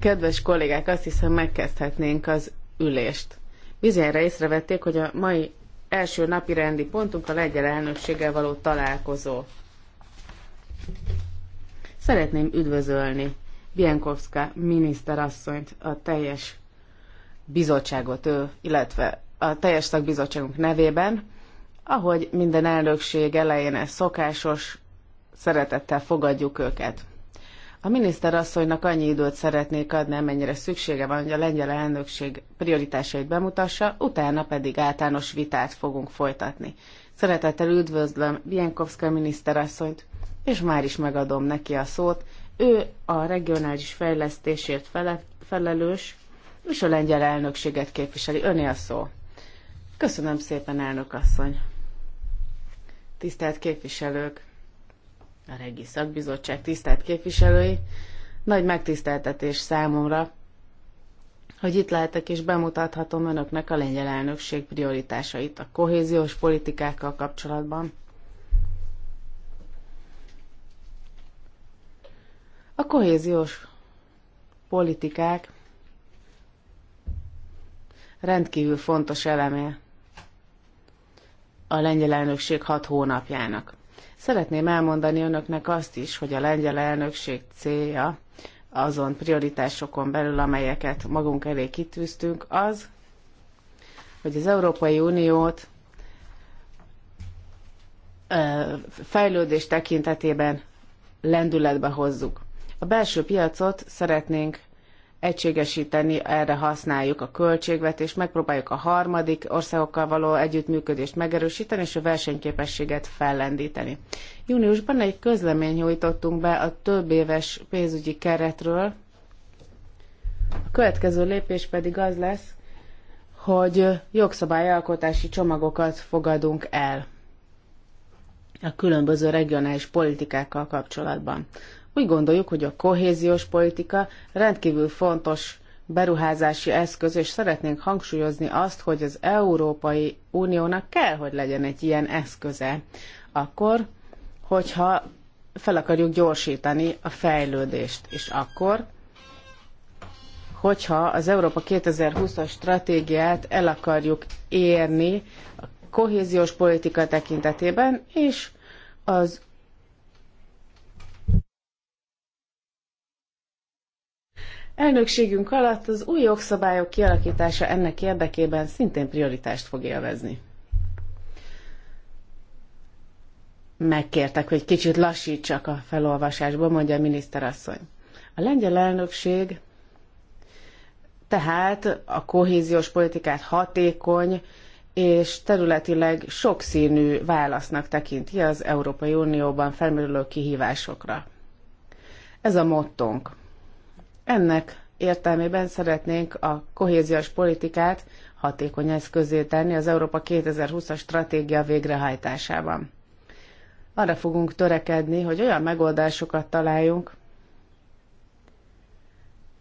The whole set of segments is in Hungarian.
Kedves kollégák, azt hiszem megkezdhetnénk az ülést. Bizonyára észrevették, hogy a mai első napi rendi pontunk a lengyel elnökséggel való találkozó. Szeretném üdvözölni Bienkowska miniszterasszonyt, a teljes bizottságot ő, illetve a teljes szakbizottságunk nevében. Ahogy minden elnökség elején ez szokásos, szeretettel fogadjuk őket. A miniszter asszonynak annyi időt szeretnék adni, amennyire szüksége van, hogy a lengyel elnökség prioritásait bemutassa, utána pedig általános vitát fogunk folytatni. Szeretettel üdvözlöm Bienkowska miniszterasszonyt, és már is megadom neki a szót. Ő a regionális fejlesztésért fele, felelős, és a lengyel elnökséget képviseli. Öné a szó. Köszönöm szépen, elnök asszony. Tisztelt képviselők! a Regi Szakbizottság tisztelt képviselői. Nagy megtiszteltetés számomra, hogy itt lehetek és bemutathatom önöknek a lengyel elnökség prioritásait a kohéziós politikákkal kapcsolatban. A kohéziós politikák rendkívül fontos eleme a lengyel elnökség hat hónapjának. Szeretném elmondani önöknek azt is, hogy a lengyel elnökség célja azon prioritásokon belül, amelyeket magunk elé kitűztünk, az, hogy az Európai Uniót fejlődés tekintetében lendületbe hozzuk. A belső piacot szeretnénk egységesíteni, erre használjuk a költségvetést, megpróbáljuk a harmadik országokkal való együttműködést megerősíteni, és a versenyképességet fellendíteni. Júniusban egy közlemény nyújtottunk be a több éves pénzügyi keretről. A következő lépés pedig az lesz, hogy jogszabályalkotási csomagokat fogadunk el a különböző regionális politikákkal kapcsolatban. Úgy gondoljuk, hogy a kohéziós politika rendkívül fontos beruházási eszköz, és szeretnénk hangsúlyozni azt, hogy az Európai Uniónak kell, hogy legyen egy ilyen eszköze, akkor, hogyha fel akarjuk gyorsítani a fejlődést, és akkor, hogyha az Európa 2020-as stratégiát el akarjuk érni a kohéziós politika tekintetében, és az Elnökségünk alatt az új jogszabályok kialakítása ennek érdekében szintén prioritást fog élvezni. Megkértek, hogy kicsit lassítsak a felolvasásban, mondja a miniszterasszony. A lengyel elnökség tehát a kohéziós politikát hatékony és területileg sokszínű válasznak tekinti az Európai Unióban felmerülő kihívásokra. Ez a mottónk. Ennek értelmében szeretnénk a kohéziós politikát hatékony eszközé tenni az Európa 2020-as stratégia végrehajtásában. Arra fogunk törekedni, hogy olyan megoldásokat találjunk,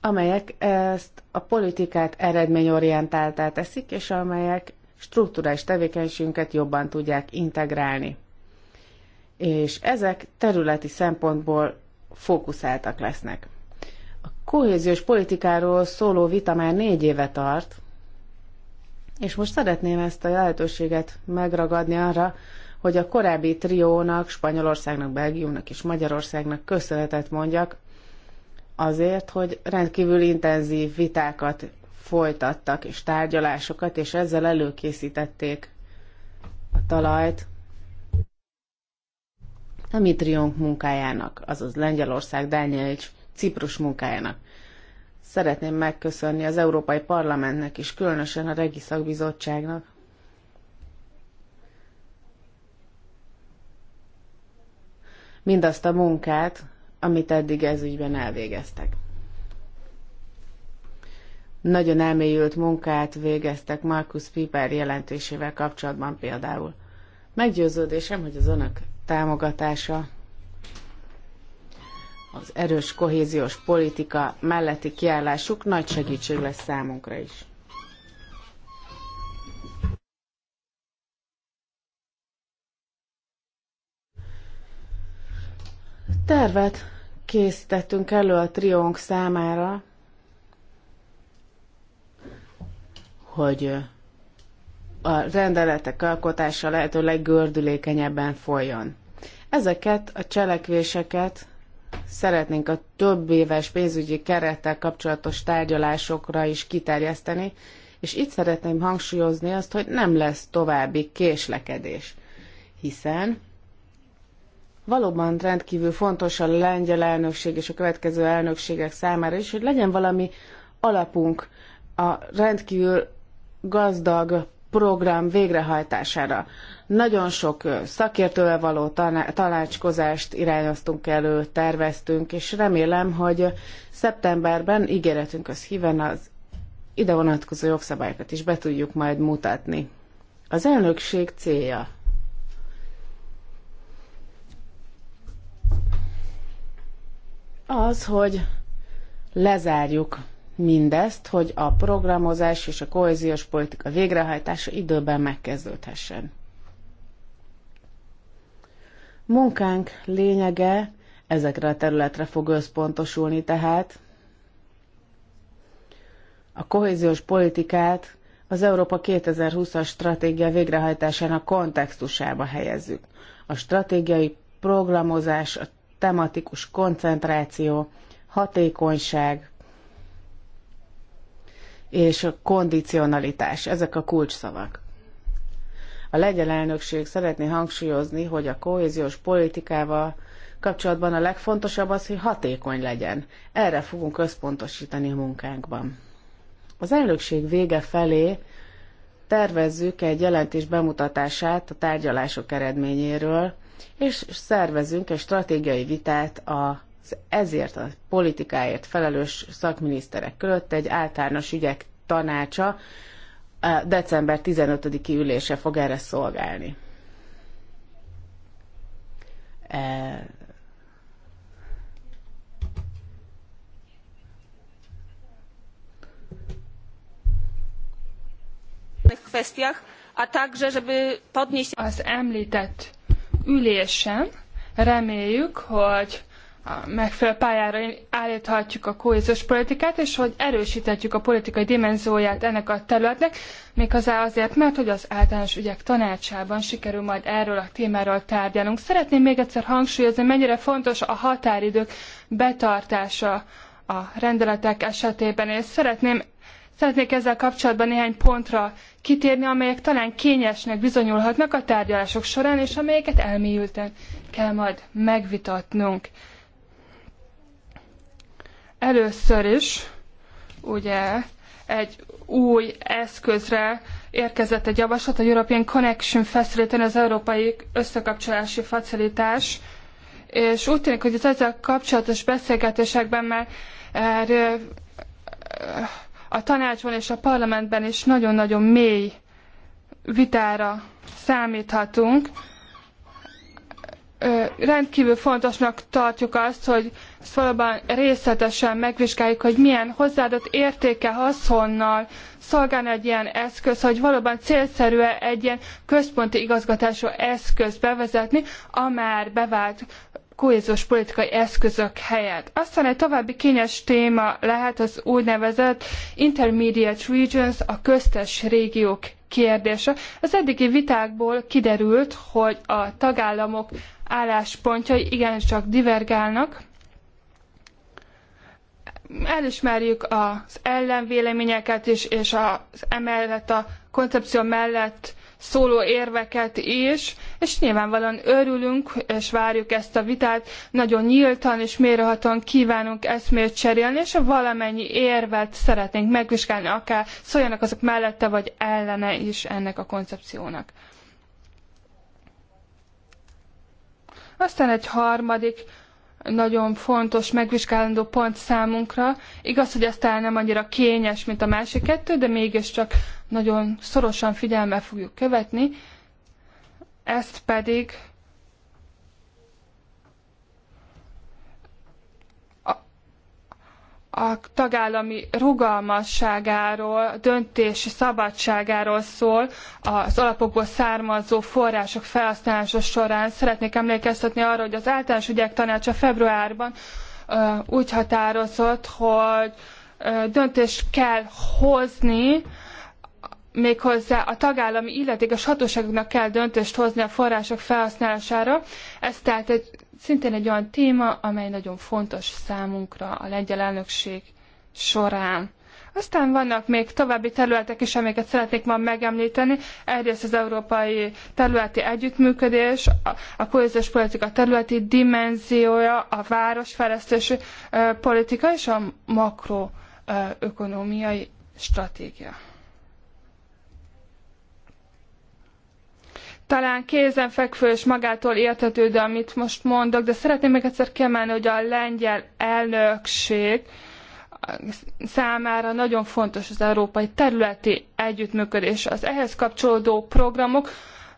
amelyek ezt a politikát eredményorientáltá teszik, és amelyek struktúrás tevékenységünket jobban tudják integrálni. És ezek területi szempontból fókuszáltak lesznek kohéziós politikáról szóló vita már négy éve tart, és most szeretném ezt a lehetőséget megragadni arra, hogy a korábbi triónak, Spanyolországnak, Belgiumnak és Magyarországnak köszönetet mondjak azért, hogy rendkívül intenzív vitákat folytattak és tárgyalásokat, és ezzel előkészítették a talajt a mi triónk munkájának, azaz Lengyelország, Dániel és Ciprus munkájának. Szeretném megköszönni az Európai Parlamentnek is, különösen a Regi Szakbizottságnak, mindazt a munkát, amit eddig ez ügyben elvégeztek. Nagyon elmélyült munkát végeztek Markus Piper jelentésével kapcsolatban például. Meggyőződésem, hogy az önök támogatása az erős kohéziós politika melletti kiállásuk nagy segítség lesz számunkra is. Tervet készítettünk elő a triónk számára, hogy a rendeletek alkotása lehető leggördülékenyebben folyjon. Ezeket a cselekvéseket szeretnénk a több éves pénzügyi kerettel kapcsolatos tárgyalásokra is kiterjeszteni, és itt szeretném hangsúlyozni azt, hogy nem lesz további késlekedés, hiszen valóban rendkívül fontos a lengyel elnökség és a következő elnökségek számára is, hogy legyen valami alapunk a rendkívül gazdag program végrehajtására. Nagyon sok szakértővel való tanácskozást irányoztunk elő, terveztünk, és remélem, hogy szeptemberben ígéretünk az híven az ide vonatkozó jogszabályokat is be tudjuk majd mutatni. Az elnökség célja az, hogy lezárjuk mindezt, hogy a programozás és a kohéziós politika végrehajtása időben megkezdődhessen. Munkánk lényege ezekre a területre fog összpontosulni tehát. A kohéziós politikát az Európa 2020-as stratégia végrehajtásának kontextusába helyezzük. A stratégiai programozás, a tematikus koncentráció, hatékonyság és a kondicionalitás, ezek a kulcsszavak. A lengyel elnökség szeretné hangsúlyozni, hogy a kohéziós politikával kapcsolatban a legfontosabb az, hogy hatékony legyen. Erre fogunk összpontosítani a munkánkban. Az elnökség vége felé tervezzük egy jelentés bemutatását a tárgyalások eredményéről, és szervezünk egy stratégiai vitát a ezért a politikáért felelős szakminiszterek között egy általános ügyek tanácsa, a december 15-i ülése fog erre szolgálni. E, Az említett ülésen reméljük, hogy megfelelő pályára állíthatjuk a kohéziós politikát, és hogy erősíthetjük a politikai dimenzióját ennek a területnek, méghozzá azért, mert hogy az általános ügyek tanácsában sikerül majd erről a témáról tárgyalnunk. Szeretném még egyszer hangsúlyozni, mennyire fontos a határidők betartása a rendeletek esetében, és szeretném Szeretnék ezzel kapcsolatban néhány pontra kitérni, amelyek talán kényesnek bizonyulhatnak a tárgyalások során, és amelyeket elmélyülten kell majd megvitatnunk. Először is, ugye, egy új eszközre érkezett egy javaslat, a European Connection Facility, az Európai Összekapcsolási Facilitás, és úgy tűnik, hogy az ezzel kapcsolatos beszélgetésekben már eh, eh, a tanácsban és a parlamentben is nagyon-nagyon mély vitára számíthatunk. Eh, rendkívül fontosnak tartjuk azt, hogy szóban részletesen megvizsgáljuk, hogy milyen hozzáadott értéke haszonnal szolgálna egy ilyen eszköz, hogy valóban célszerű -e egy ilyen központi igazgatású eszköz bevezetni, a már bevált kohéziós politikai eszközök helyett. Aztán egy további kényes téma lehet az úgynevezett Intermediate Regions, a köztes régiók kérdése. Az eddigi vitákból kiderült, hogy a tagállamok álláspontjai igencsak divergálnak, elismerjük az ellenvéleményeket is, és az emellett a koncepció mellett szóló érveket is, és nyilvánvalóan örülünk, és várjuk ezt a vitát, nagyon nyíltan és mérehatóan kívánunk eszmét cserélni, és valamennyi érvet szeretnénk megvizsgálni, akár szóljanak azok mellette vagy ellene is ennek a koncepciónak. Aztán egy harmadik nagyon fontos, megvizsgálandó pont számunkra. Igaz, hogy ez talán nem annyira kényes, mint a másik kettő, de mégiscsak nagyon szorosan figyelmel fogjuk követni. Ezt pedig a tagállami rugalmasságáról, döntési szabadságáról szól az alapokból származó források felhasználása során. Szeretnék emlékeztetni arra, hogy az általános ügyek tanácsa februárban úgy határozott, hogy döntést kell hozni, méghozzá a tagállami illetékes hatóságoknak kell döntést hozni a források felhasználására. Ez tehát egy szintén egy olyan téma, amely nagyon fontos számunkra a lengyel elnökség során. Aztán vannak még további területek is, amiket szeretnék ma megemlíteni. Egyrészt az európai területi együttműködés, a kohéziós politika területi dimenziója, a városfejlesztési politika és a makroökonomiai stratégia. talán kézenfekvő és magától értetődő, amit most mondok, de szeretném még egyszer kiemelni, hogy a lengyel elnökség számára nagyon fontos az európai területi együttműködés. Az ehhez kapcsolódó programok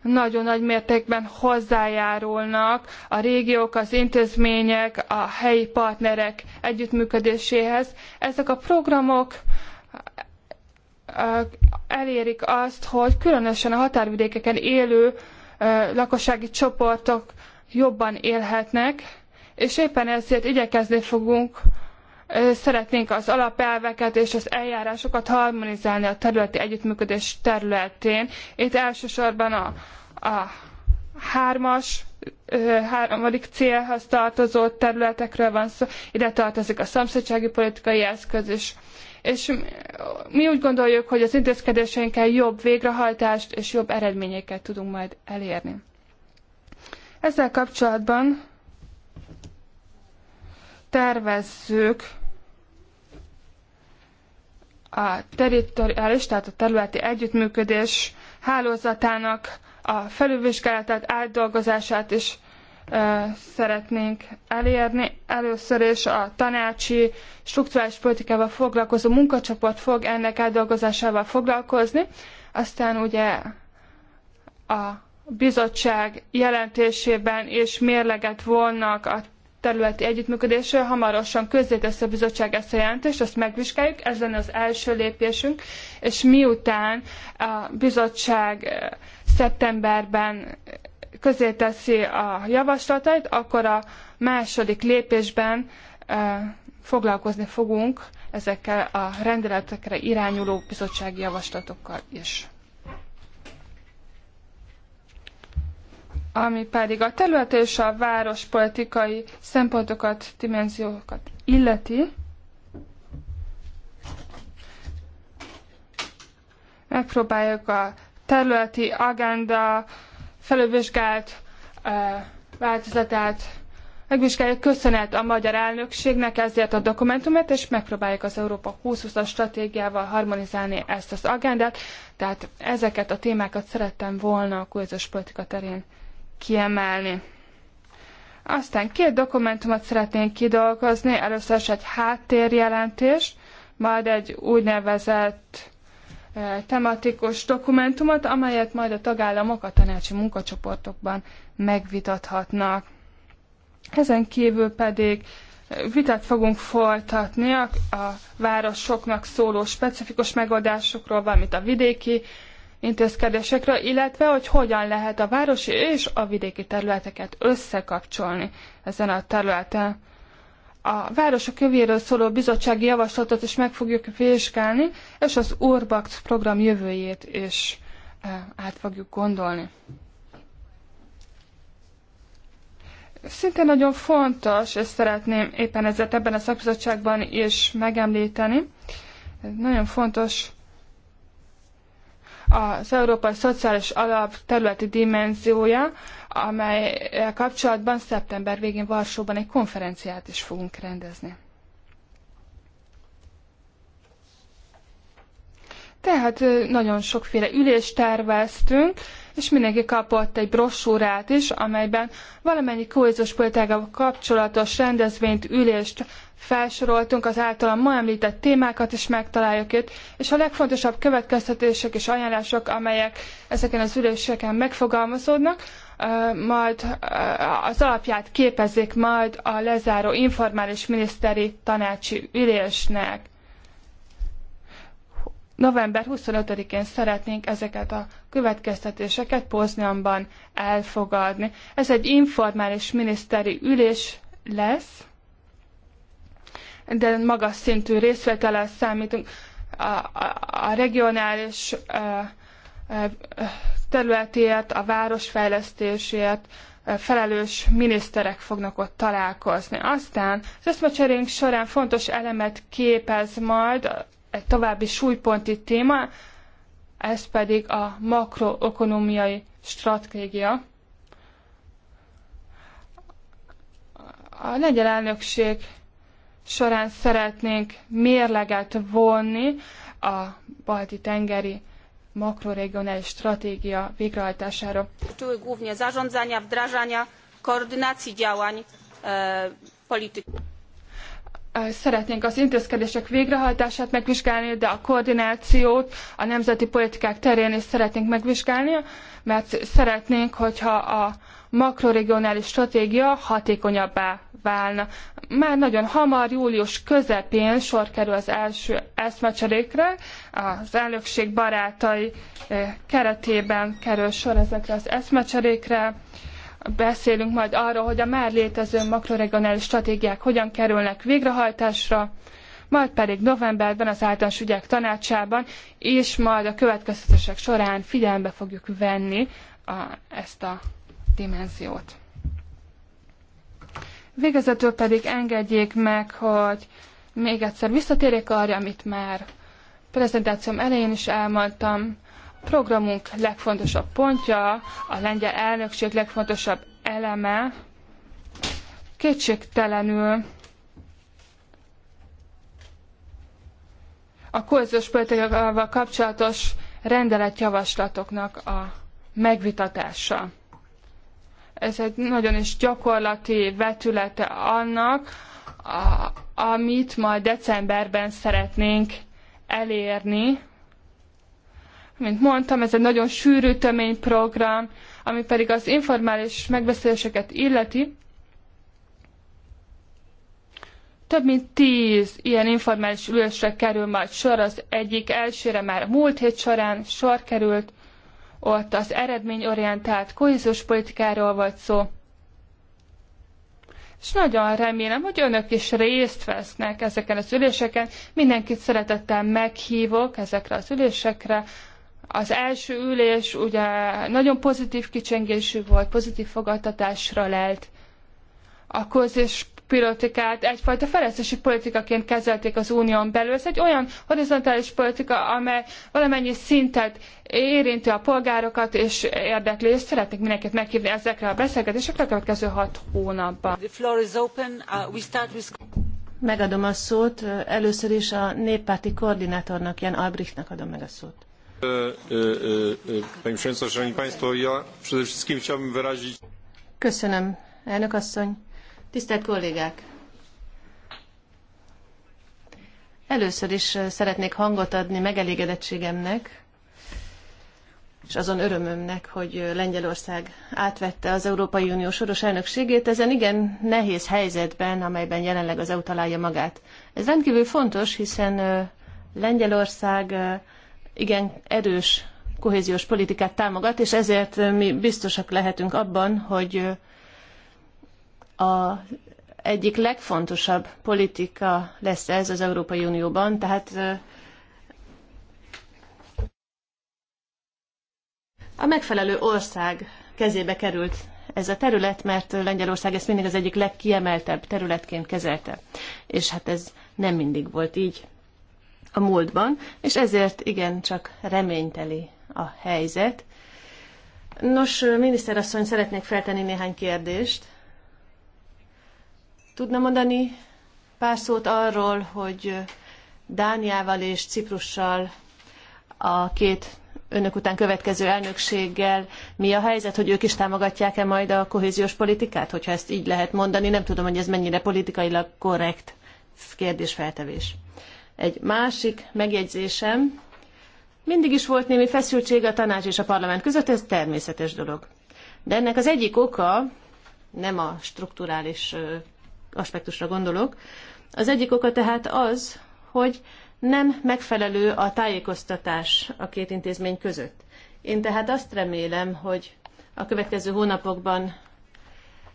nagyon nagy mértékben hozzájárulnak a régiók, az intézmények, a helyi partnerek együttműködéséhez. Ezek a programok elérik azt, hogy különösen a határvidékeken élő lakossági csoportok jobban élhetnek, és éppen ezért igyekezni fogunk, szeretnénk az alapelveket és az eljárásokat harmonizálni a területi együttműködés területén. Itt elsősorban a, a hármas, harmadik célhoz tartozó területekről van szó, ide tartozik a szomszédsági politikai eszköz is és mi úgy gondoljuk, hogy az intézkedéseinkkel jobb végrehajtást és jobb eredményeket tudunk majd elérni. Ezzel kapcsolatban tervezzük a territoriális, tehát a területi együttműködés hálózatának a felülvizsgálatát, átdolgozását és szeretnénk elérni. Először is a tanácsi struktúrális politikával foglalkozó munkacsoport fog ennek eldolgozásával foglalkozni. Aztán ugye a bizottság jelentésében és mérleget vonnak a területi együttműködésről. Hamarosan közzétesz a bizottság ezt a jelentést, azt megvizsgáljuk, ez lenne az első lépésünk, és miután a bizottság szeptemberben közé teszi a javaslatait, akkor a második lépésben foglalkozni fogunk ezekkel a rendeletekre irányuló bizottsági javaslatokkal is. Ami pedig a terület és a város politikai szempontokat, dimenziókat illeti, megpróbáljuk a területi agenda felülvizsgált változatát megvizsgáljuk. Köszönet a magyar elnökségnek ezért a dokumentumot, és megpróbáljuk az Európa 2020-as stratégiával harmonizálni ezt az agendát. Tehát ezeket a témákat szerettem volna a kohéziós politika terén kiemelni. Aztán két dokumentumot szeretnénk kidolgozni, először is egy háttérjelentést, majd egy úgynevezett tematikus dokumentumot, amelyet majd a tagállamok a tanácsi munkacsoportokban megvitathatnak. Ezen kívül pedig vitát fogunk folytatni a, a városoknak szóló specifikus megoldásokról, valamint a vidéki intézkedésekről, illetve hogy hogyan lehet a városi és a vidéki területeket összekapcsolni ezen a területen a Városok Jövőjéről szóló bizottsági javaslatot is meg fogjuk vizsgálni, és az Urbax program jövőjét is e, át fogjuk gondolni. Szintén nagyon fontos, és szeretném éppen ezért ebben a szakbizottságban is megemlíteni, nagyon fontos az Európai Szociális Alap területi dimenziója, amely kapcsolatban szeptember végén Varsóban egy konferenciát is fogunk rendezni. Tehát nagyon sokféle ülést terveztünk, és mindenki kapott egy brosúrát is, amelyben valamennyi kohéziós politikával kapcsolatos rendezvényt, ülést felsoroltunk, az általam ma említett témákat is megtaláljuk itt, és a legfontosabb következtetések és ajánlások, amelyek ezeken az üléseken megfogalmazódnak, majd az alapját képezik majd a lezáró informális miniszteri tanácsi ülésnek november 25-én szeretnénk ezeket a következtetéseket Poznanban elfogadni. Ez egy informális miniszteri ülés lesz, de magas szintű részvétele számítunk a, a, a regionális a, a, területért, a városfejlesztésért felelős miniszterek fognak ott találkozni. Aztán az eszmecserénk során fontos elemet képez majd egy további súlyponti téma, ez pedig a makroökonomiai stratégia. A lengyel elnökség során szeretnénk mérleget vonni a balti tengeri makroregionális stratégia végrehajtására. Głównie zarządzania, wdrażania, koordynacji działań e, szeretnénk az intézkedések végrehajtását megvizsgálni, de a koordinációt a nemzeti politikák terén is szeretnénk megvizsgálni, mert szeretnénk, hogyha a makroregionális stratégia hatékonyabbá válna. Már nagyon hamar, július közepén sor kerül az első eszmecserékre, az elnökség barátai keretében kerül sor ezekre az eszmecserékre, beszélünk majd arról, hogy a már létező makroregionális stratégiák hogyan kerülnek végrehajtásra, majd pedig novemberben az általános ügyek tanácsában, és majd a következtetések során figyelembe fogjuk venni a, ezt a dimenziót. Végezetül pedig engedjék meg, hogy még egyszer visszatérjek arra, amit már prezentációm elején is elmondtam, programunk legfontosabb pontja, a lengyel elnökség legfontosabb eleme kétségtelenül a kohéziós politikával kapcsolatos rendeletjavaslatoknak a megvitatása. Ez egy nagyon is gyakorlati vetülete annak, a, amit majd decemberben szeretnénk elérni, mint mondtam, ez egy nagyon sűrű töményprogram, ami pedig az informális megbeszéléseket illeti. Több mint tíz ilyen informális ülésre kerül majd sor, az egyik elsőre már a múlt hét során sor került, ott az eredményorientált kohéziós politikáról volt szó. És nagyon remélem, hogy önök is részt vesznek ezeken az üléseken. Mindenkit szeretettel meghívok ezekre az ülésekre, az első ülés ugye nagyon pozitív kicsengésű volt, pozitív fogadtatásra lelt. A közös politikát egyfajta fejlesztési politikaként kezelték az unión belül. Ez egy olyan horizontális politika, amely valamennyi szintet érinti a polgárokat és érdekli, és szeretnék mindenkit meghívni ezekre a beszélgetésekre a következő hat hónapban. Uh, Megadom a szót. Először is a néppárti koordinátornak, Jan Albrichtnak adom meg a szót. E, e, e, Köszönöm, elnök asszony. Tisztelt kollégák! Először is szeretnék hangot adni megelégedettségemnek, és azon örömömnek, hogy Lengyelország átvette az Európai Unió soros elnökségét ezen igen nehéz helyzetben, amelyben jelenleg az EU találja magát. Ez rendkívül fontos, hiszen Lengyelország igen erős kohéziós politikát támogat, és ezért mi biztosak lehetünk abban, hogy a egyik legfontosabb politika lesz ez az Európai Unióban, tehát a megfelelő ország kezébe került ez a terület, mert Lengyelország ezt mindig az egyik legkiemeltebb területként kezelte. És hát ez nem mindig volt így a múltban, és ezért igen csak reményteli a helyzet. Nos, miniszterasszony, szeretnék feltenni néhány kérdést. Tudna mondani pár szót arról, hogy Dániával és Ciprussal a két önök után következő elnökséggel mi a helyzet, hogy ők is támogatják-e majd a kohéziós politikát, hogyha ezt így lehet mondani? Nem tudom, hogy ez mennyire politikailag korrekt kérdésfeltevés. feltevés. Egy másik megjegyzésem, mindig is volt némi feszültség a tanács és a parlament között, ez természetes dolog. De ennek az egyik oka, nem a strukturális aspektusra gondolok, az egyik oka tehát az, hogy nem megfelelő a tájékoztatás a két intézmény között. Én tehát azt remélem, hogy a következő hónapokban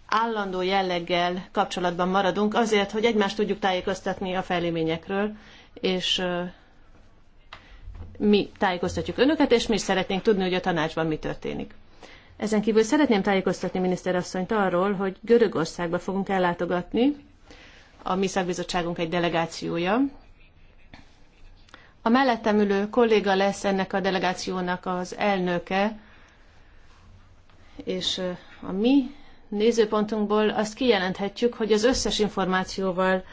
állandó jelleggel kapcsolatban maradunk azért, hogy egymást tudjuk tájékoztatni a fejleményekről, és mi tájékoztatjuk önöket, és mi is szeretnénk tudni, hogy a tanácsban mi történik. Ezen kívül szeretném tájékoztatni miniszterasszonyt arról, hogy Görögországba fogunk ellátogatni, a mi szakbizottságunk egy delegációja. A mellettem ülő kolléga lesz ennek a delegációnak az elnöke, és a mi nézőpontunkból azt kijelenthetjük, hogy az összes információval,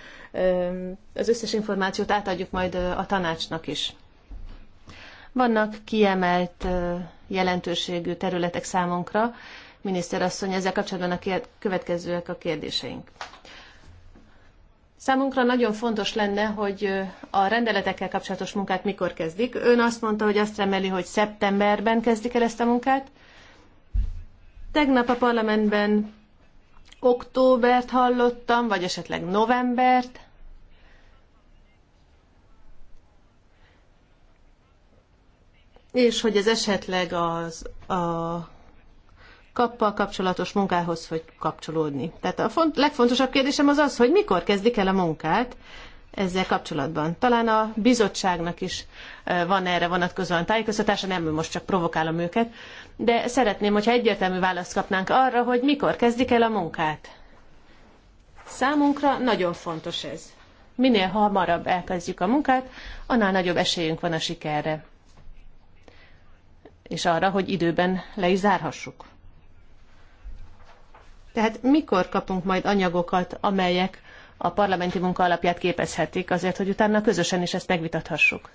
az összes információt átadjuk majd a tanácsnak is. Vannak kiemelt jelentőségű területek számunkra. Miniszterasszony, ezzel kapcsolatban a következőek a kérdéseink. Számunkra nagyon fontos lenne, hogy a rendeletekkel kapcsolatos munkát mikor kezdik. Ön azt mondta, hogy azt remeli, hogy szeptemberben kezdik el ezt a munkát. Tegnap a parlamentben októbert hallottam, vagy esetleg novembert. És hogy ez esetleg az a kappal kapcsolatos munkához hogy kapcsolódni. Tehát a font, legfontosabb kérdésem az az, hogy mikor kezdik el a munkát ezzel kapcsolatban. Talán a bizottságnak is van erre vonatkozóan tájékoztatása, nem most csak provokálom őket de szeretném, hogyha egyértelmű választ kapnánk arra, hogy mikor kezdik el a munkát. Számunkra nagyon fontos ez. Minél hamarabb elkezdjük a munkát, annál nagyobb esélyünk van a sikerre. És arra, hogy időben le is zárhassuk. Tehát mikor kapunk majd anyagokat, amelyek a parlamenti munka alapját képezhetik, azért, hogy utána közösen is ezt megvitathassuk?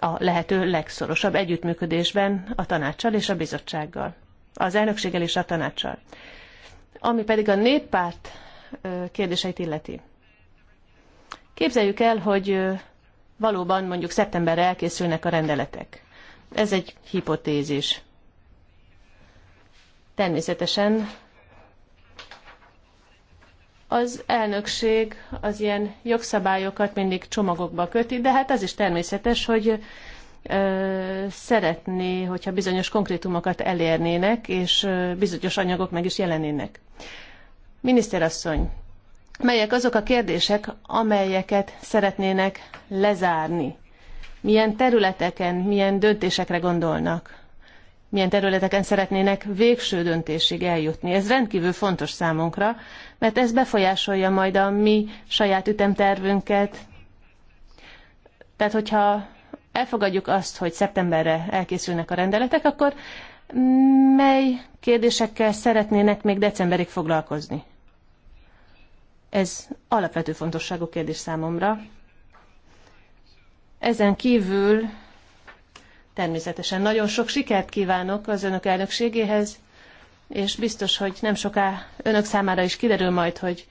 a lehető legszorosabb együttműködésben a tanácssal és a bizottsággal, az elnökséggel és a tanácssal. Ami pedig a néppárt kérdéseit illeti. Képzeljük el, hogy valóban mondjuk szeptemberre elkészülnek a rendeletek. Ez egy hipotézis. Természetesen az elnökség az ilyen jogszabályokat mindig csomagokba köti, de hát az is természetes, hogy ö, szeretné, hogyha bizonyos konkrétumokat elérnének, és ö, bizonyos anyagok meg is jelenének. Miniszterasszony, melyek azok a kérdések, amelyeket szeretnének lezárni? Milyen területeken, milyen döntésekre gondolnak? milyen területeken szeretnének végső döntésig eljutni. Ez rendkívül fontos számunkra, mert ez befolyásolja majd a mi saját ütemtervünket. Tehát, hogyha elfogadjuk azt, hogy szeptemberre elkészülnek a rendeletek, akkor mely kérdésekkel szeretnének még decemberig foglalkozni? Ez alapvető fontosságú kérdés számomra. Ezen kívül természetesen. Nagyon sok sikert kívánok az önök elnökségéhez, és biztos, hogy nem soká önök számára is kiderül majd, hogy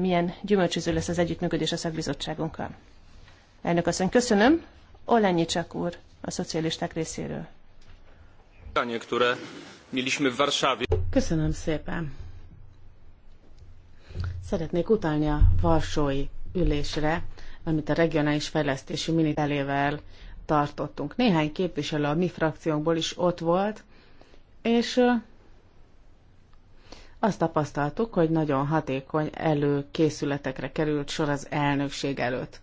milyen gyümölcsöző lesz az együttműködés a szakbizottságunkkal. Elnök asszony, köszönöm. Olennyi Csak úr, a szocialisták részéről. Köszönöm szépen. Szeretnék utalni a Varsói ülésre, amit a regionális fejlesztési minitelével tartottunk. Néhány képviselő a mi frakciónkból is ott volt, és azt tapasztaltuk, hogy nagyon hatékony előkészületekre került sor az elnökség előtt.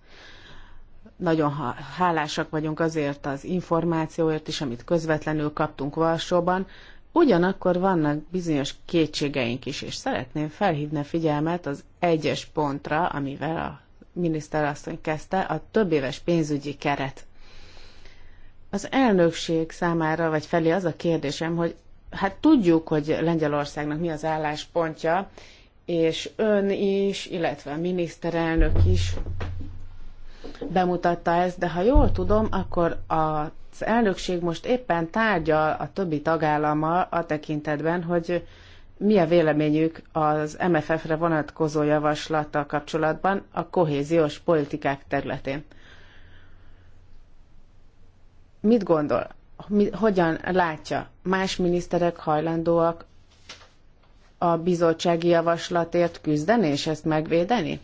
Nagyon hálásak vagyunk azért az információért is, amit közvetlenül kaptunk Varsóban, ugyanakkor vannak bizonyos kétségeink is, és szeretném felhívni a figyelmet az egyes pontra, amivel a miniszter asszony kezdte, a többéves pénzügyi keret. Az elnökség számára, vagy felé az a kérdésem, hogy hát tudjuk, hogy Lengyelországnak mi az álláspontja, és ön is, illetve a miniszterelnök is bemutatta ezt, de ha jól tudom, akkor az elnökség most éppen tárgyal a többi tagállammal a tekintetben, hogy mi a véleményük az MFF-re vonatkozó javaslattal kapcsolatban a kohéziós politikák területén mit gondol, mi, hogyan látja, más miniszterek hajlandóak a bizottsági javaslatért küzdeni és ezt megvédeni?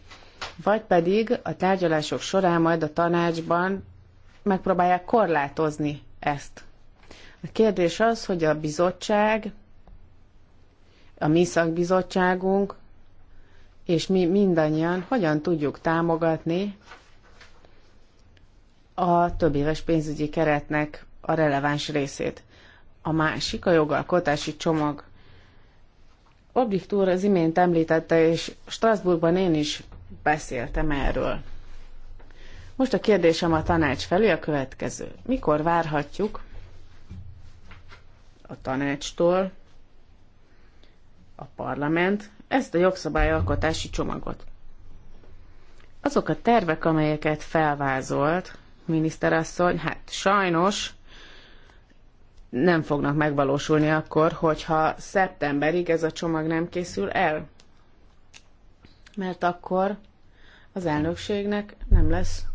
Vagy pedig a tárgyalások során majd a tanácsban megpróbálják korlátozni ezt. A kérdés az, hogy a bizottság, a mi szakbizottságunk, és mi mindannyian hogyan tudjuk támogatni a több éves pénzügyi keretnek a releváns részét. A másik a jogalkotási csomag. Objekt úr az imént említette, és Strasbourgban én is beszéltem erről. Most a kérdésem a tanács felé a következő. Mikor várhatjuk a tanácstól a parlament ezt a jogszabályalkotási csomagot? Azok a tervek, amelyeket felvázolt, miniszterasszony, hát sajnos nem fognak megvalósulni akkor, hogyha szeptemberig ez a csomag nem készül el. Mert akkor az elnökségnek nem lesz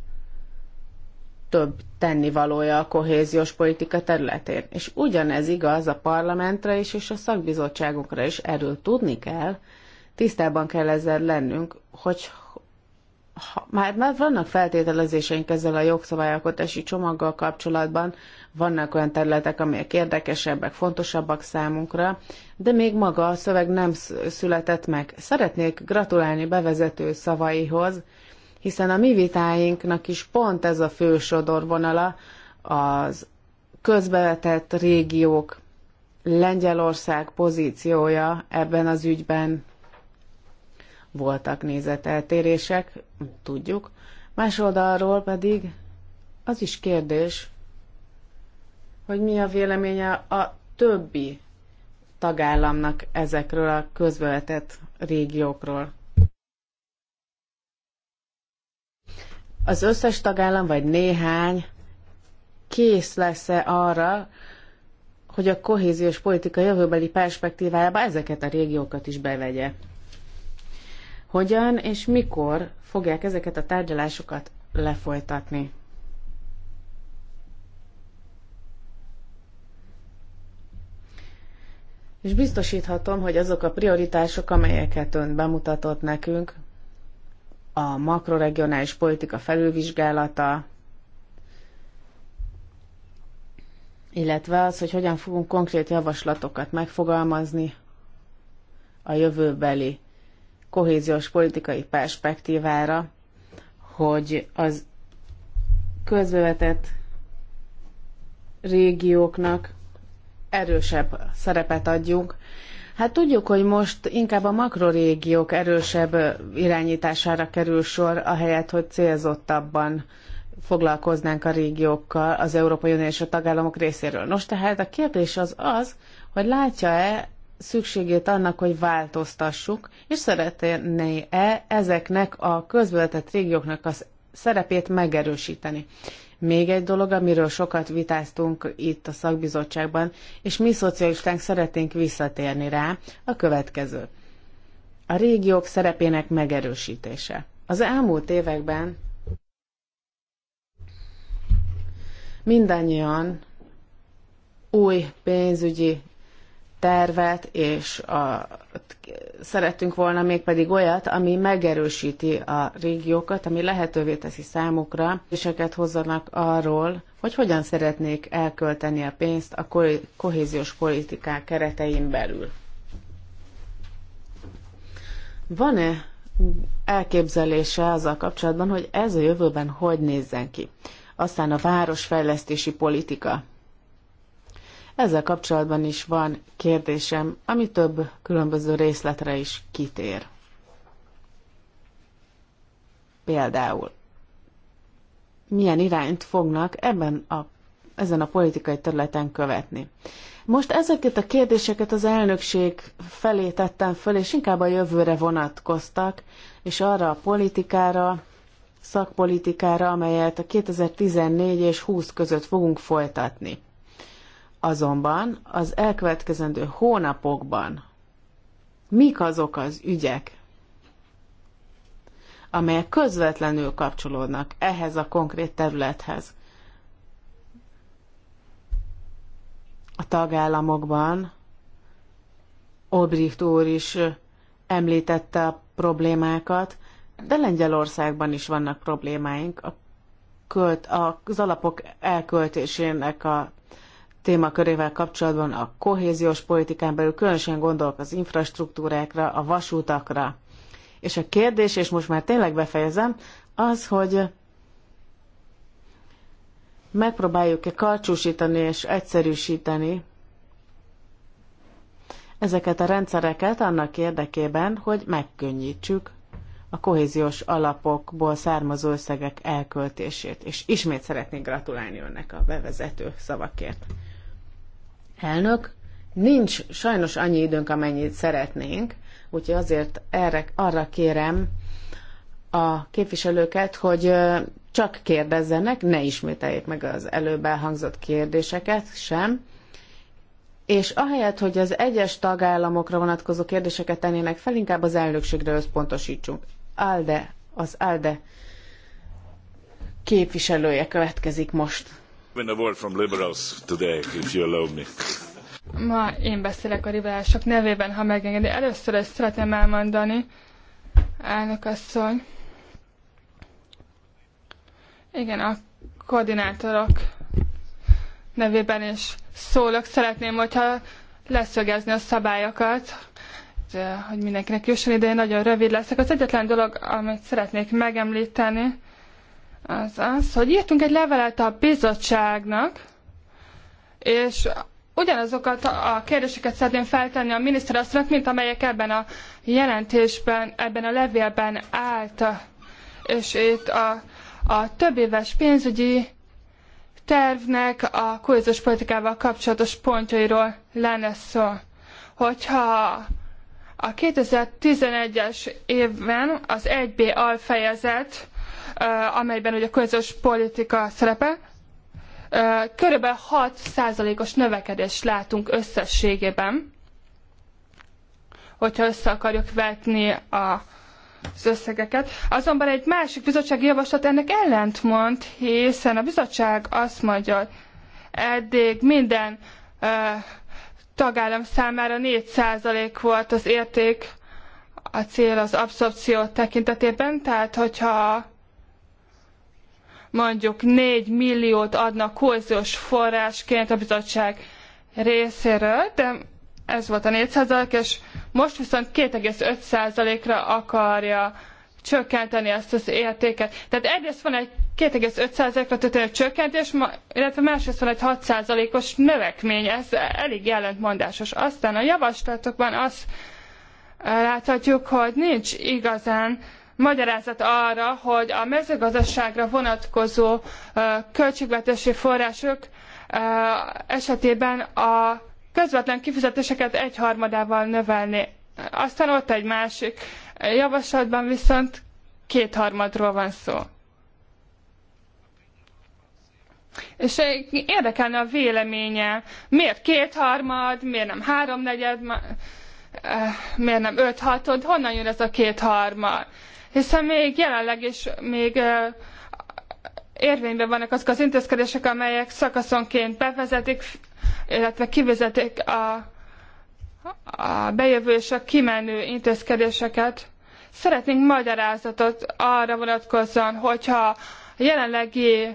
több tennivalója a kohéziós politika területén. És ugyanez igaz a parlamentre is, és a szakbizottságokra is. Erről tudni kell, tisztában kell ezzel lennünk, hogy ha, már, már vannak feltételezéseink ezzel a jogszabályalkotási csomaggal kapcsolatban, vannak olyan területek, amelyek érdekesebbek, fontosabbak számunkra, de még maga a szöveg nem született meg. Szeretnék gratulálni bevezető szavaihoz, hiszen a mi vitáinknak is pont ez a fő sodorvonala, az közbevetett régiók, Lengyelország pozíciója ebben az ügyben voltak nézeteltérések, tudjuk. Más oldalról pedig az is kérdés, hogy mi a véleménye a többi tagállamnak ezekről a közvetett régiókról. Az összes tagállam, vagy néhány kész lesz-e arra, hogy a kohéziós politika jövőbeli perspektívájába ezeket a régiókat is bevegye. Hogyan és mikor fogják ezeket a tárgyalásokat lefolytatni? És biztosíthatom, hogy azok a prioritások, amelyeket ön bemutatott nekünk, a makroregionális politika felülvizsgálata, illetve az, hogy hogyan fogunk konkrét javaslatokat megfogalmazni a jövőbeli kohéziós politikai perspektívára, hogy az közbevetett régióknak erősebb szerepet adjunk. Hát tudjuk, hogy most inkább a makrorégiók erősebb irányítására kerül sor, ahelyett, hogy célzottabban foglalkoznánk a régiókkal az Európai Unió és a tagállamok részéről. Nos, tehát a kérdés az az, hogy látja-e szükségét annak, hogy változtassuk, és szeretné-e ezeknek a közvetett régióknak a szerepét megerősíteni. Még egy dolog, amiről sokat vitáztunk itt a szakbizottságban, és mi szocialistánk szeretnénk visszatérni rá, a következő. A régiók szerepének megerősítése. Az elmúlt években mindannyian új pénzügyi tervet, és a, szerettünk volna mégpedig olyat, ami megerősíti a régiókat, ami lehetővé teszi számukra, és őket hozzanak arról, hogy hogyan szeretnék elkölteni a pénzt a kohéziós politikák keretein belül. Van-e elképzelése azzal kapcsolatban, hogy ez a jövőben hogy nézzen ki? Aztán a városfejlesztési politika. Ezzel kapcsolatban is van kérdésem, ami több különböző részletre is kitér. Például, milyen irányt fognak ebben a, ezen a politikai területen követni. Most ezeket a kérdéseket az elnökség felé tettem föl, és inkább a jövőre vonatkoztak, és arra a politikára, szakpolitikára, amelyet a 2014 és 20 között fogunk folytatni. Azonban az elkövetkezendő hónapokban mik azok az ügyek, amelyek közvetlenül kapcsolódnak ehhez a konkrét területhez. A tagállamokban Obricht úr is említette a problémákat, de Lengyelországban is vannak problémáink. A költ, az alapok elköltésének a témakörével kapcsolatban a kohéziós politikán belül különösen gondolok az infrastruktúrákra, a vasútakra. És a kérdés, és most már tényleg befejezem, az, hogy megpróbáljuk-e karcsúsítani és egyszerűsíteni ezeket a rendszereket annak érdekében, hogy megkönnyítsük a kohéziós alapokból származó összegek elköltését. És ismét szeretnék gratulálni önnek a bevezető szavakért. Elnök, nincs sajnos annyi időnk, amennyit szeretnénk, úgyhogy azért erre, arra kérem a képviselőket, hogy csak kérdezzenek, ne ismételjék meg az előbb elhangzott kérdéseket sem, és ahelyett, hogy az egyes tagállamokra vonatkozó kérdéseket tennének fel, inkább az elnökségre összpontosítsunk. Alde, az Alde képviselője következik most. Win a word from liberals today, if you allow me. Ma én beszélek a liberálisok nevében, ha megengedi. Először ezt szeretném elmondani, elnök asszony. Igen, a koordinátorok nevében is szólok. Szeretném, hogyha leszögezni a szabályokat, hogy eh, mindenkinek jusson ide, nagyon rövid leszek. Az egyetlen dolog, amit szeretnék megemlíteni, az az, hogy írtunk egy levelet a bizottságnak, és ugyanazokat a kérdéseket szeretném feltenni a miniszterasszonynak, mint amelyek ebben a jelentésben, ebben a levélben állt, és itt a, a többéves pénzügyi tervnek a kohéziós politikával kapcsolatos pontjairól lenne szó. Hogyha a 2011-es évben az 1B alfejezet amelyben ugye közös politika szerepe. Körülbelül 6%-os növekedést látunk összességében, hogyha össze akarjuk vetni a az összegeket. Azonban egy másik bizottsági javaslat ennek ellentmond, hiszen a bizottság azt mondja, hogy eddig minden ö, tagállam számára 4% volt az érték, a cél az abszorpció tekintetében, tehát hogyha mondjuk 4 milliót adnak kohéziós forrásként a bizottság részéről, de ez volt a 4 és most viszont 2,5%-ra akarja csökkenteni ezt az értéket. Tehát egyrészt van egy 2,5%-ra történő csökkentés, illetve másrészt van egy 6%-os növekmény. Ez elég ellentmondásos. Aztán a javaslatokban azt láthatjuk, hogy nincs igazán magyarázat arra, hogy a mezőgazdaságra vonatkozó költségvetési források esetében a közvetlen kifizetéseket egyharmadával növelni. Aztán ott egy másik javaslatban viszont kétharmadról van szó. És érdekelne a véleménye, miért kétharmad, miért nem háromnegyed, miért nem öthatod, honnan jön ez a kétharmad? hiszen még jelenleg is még érvényben vannak azok az intézkedések, amelyek szakaszonként bevezetik, illetve kivezetik a, a bejövő és a kimenő intézkedéseket. Szeretnénk magyarázatot arra vonatkozóan, hogyha a jelenlegi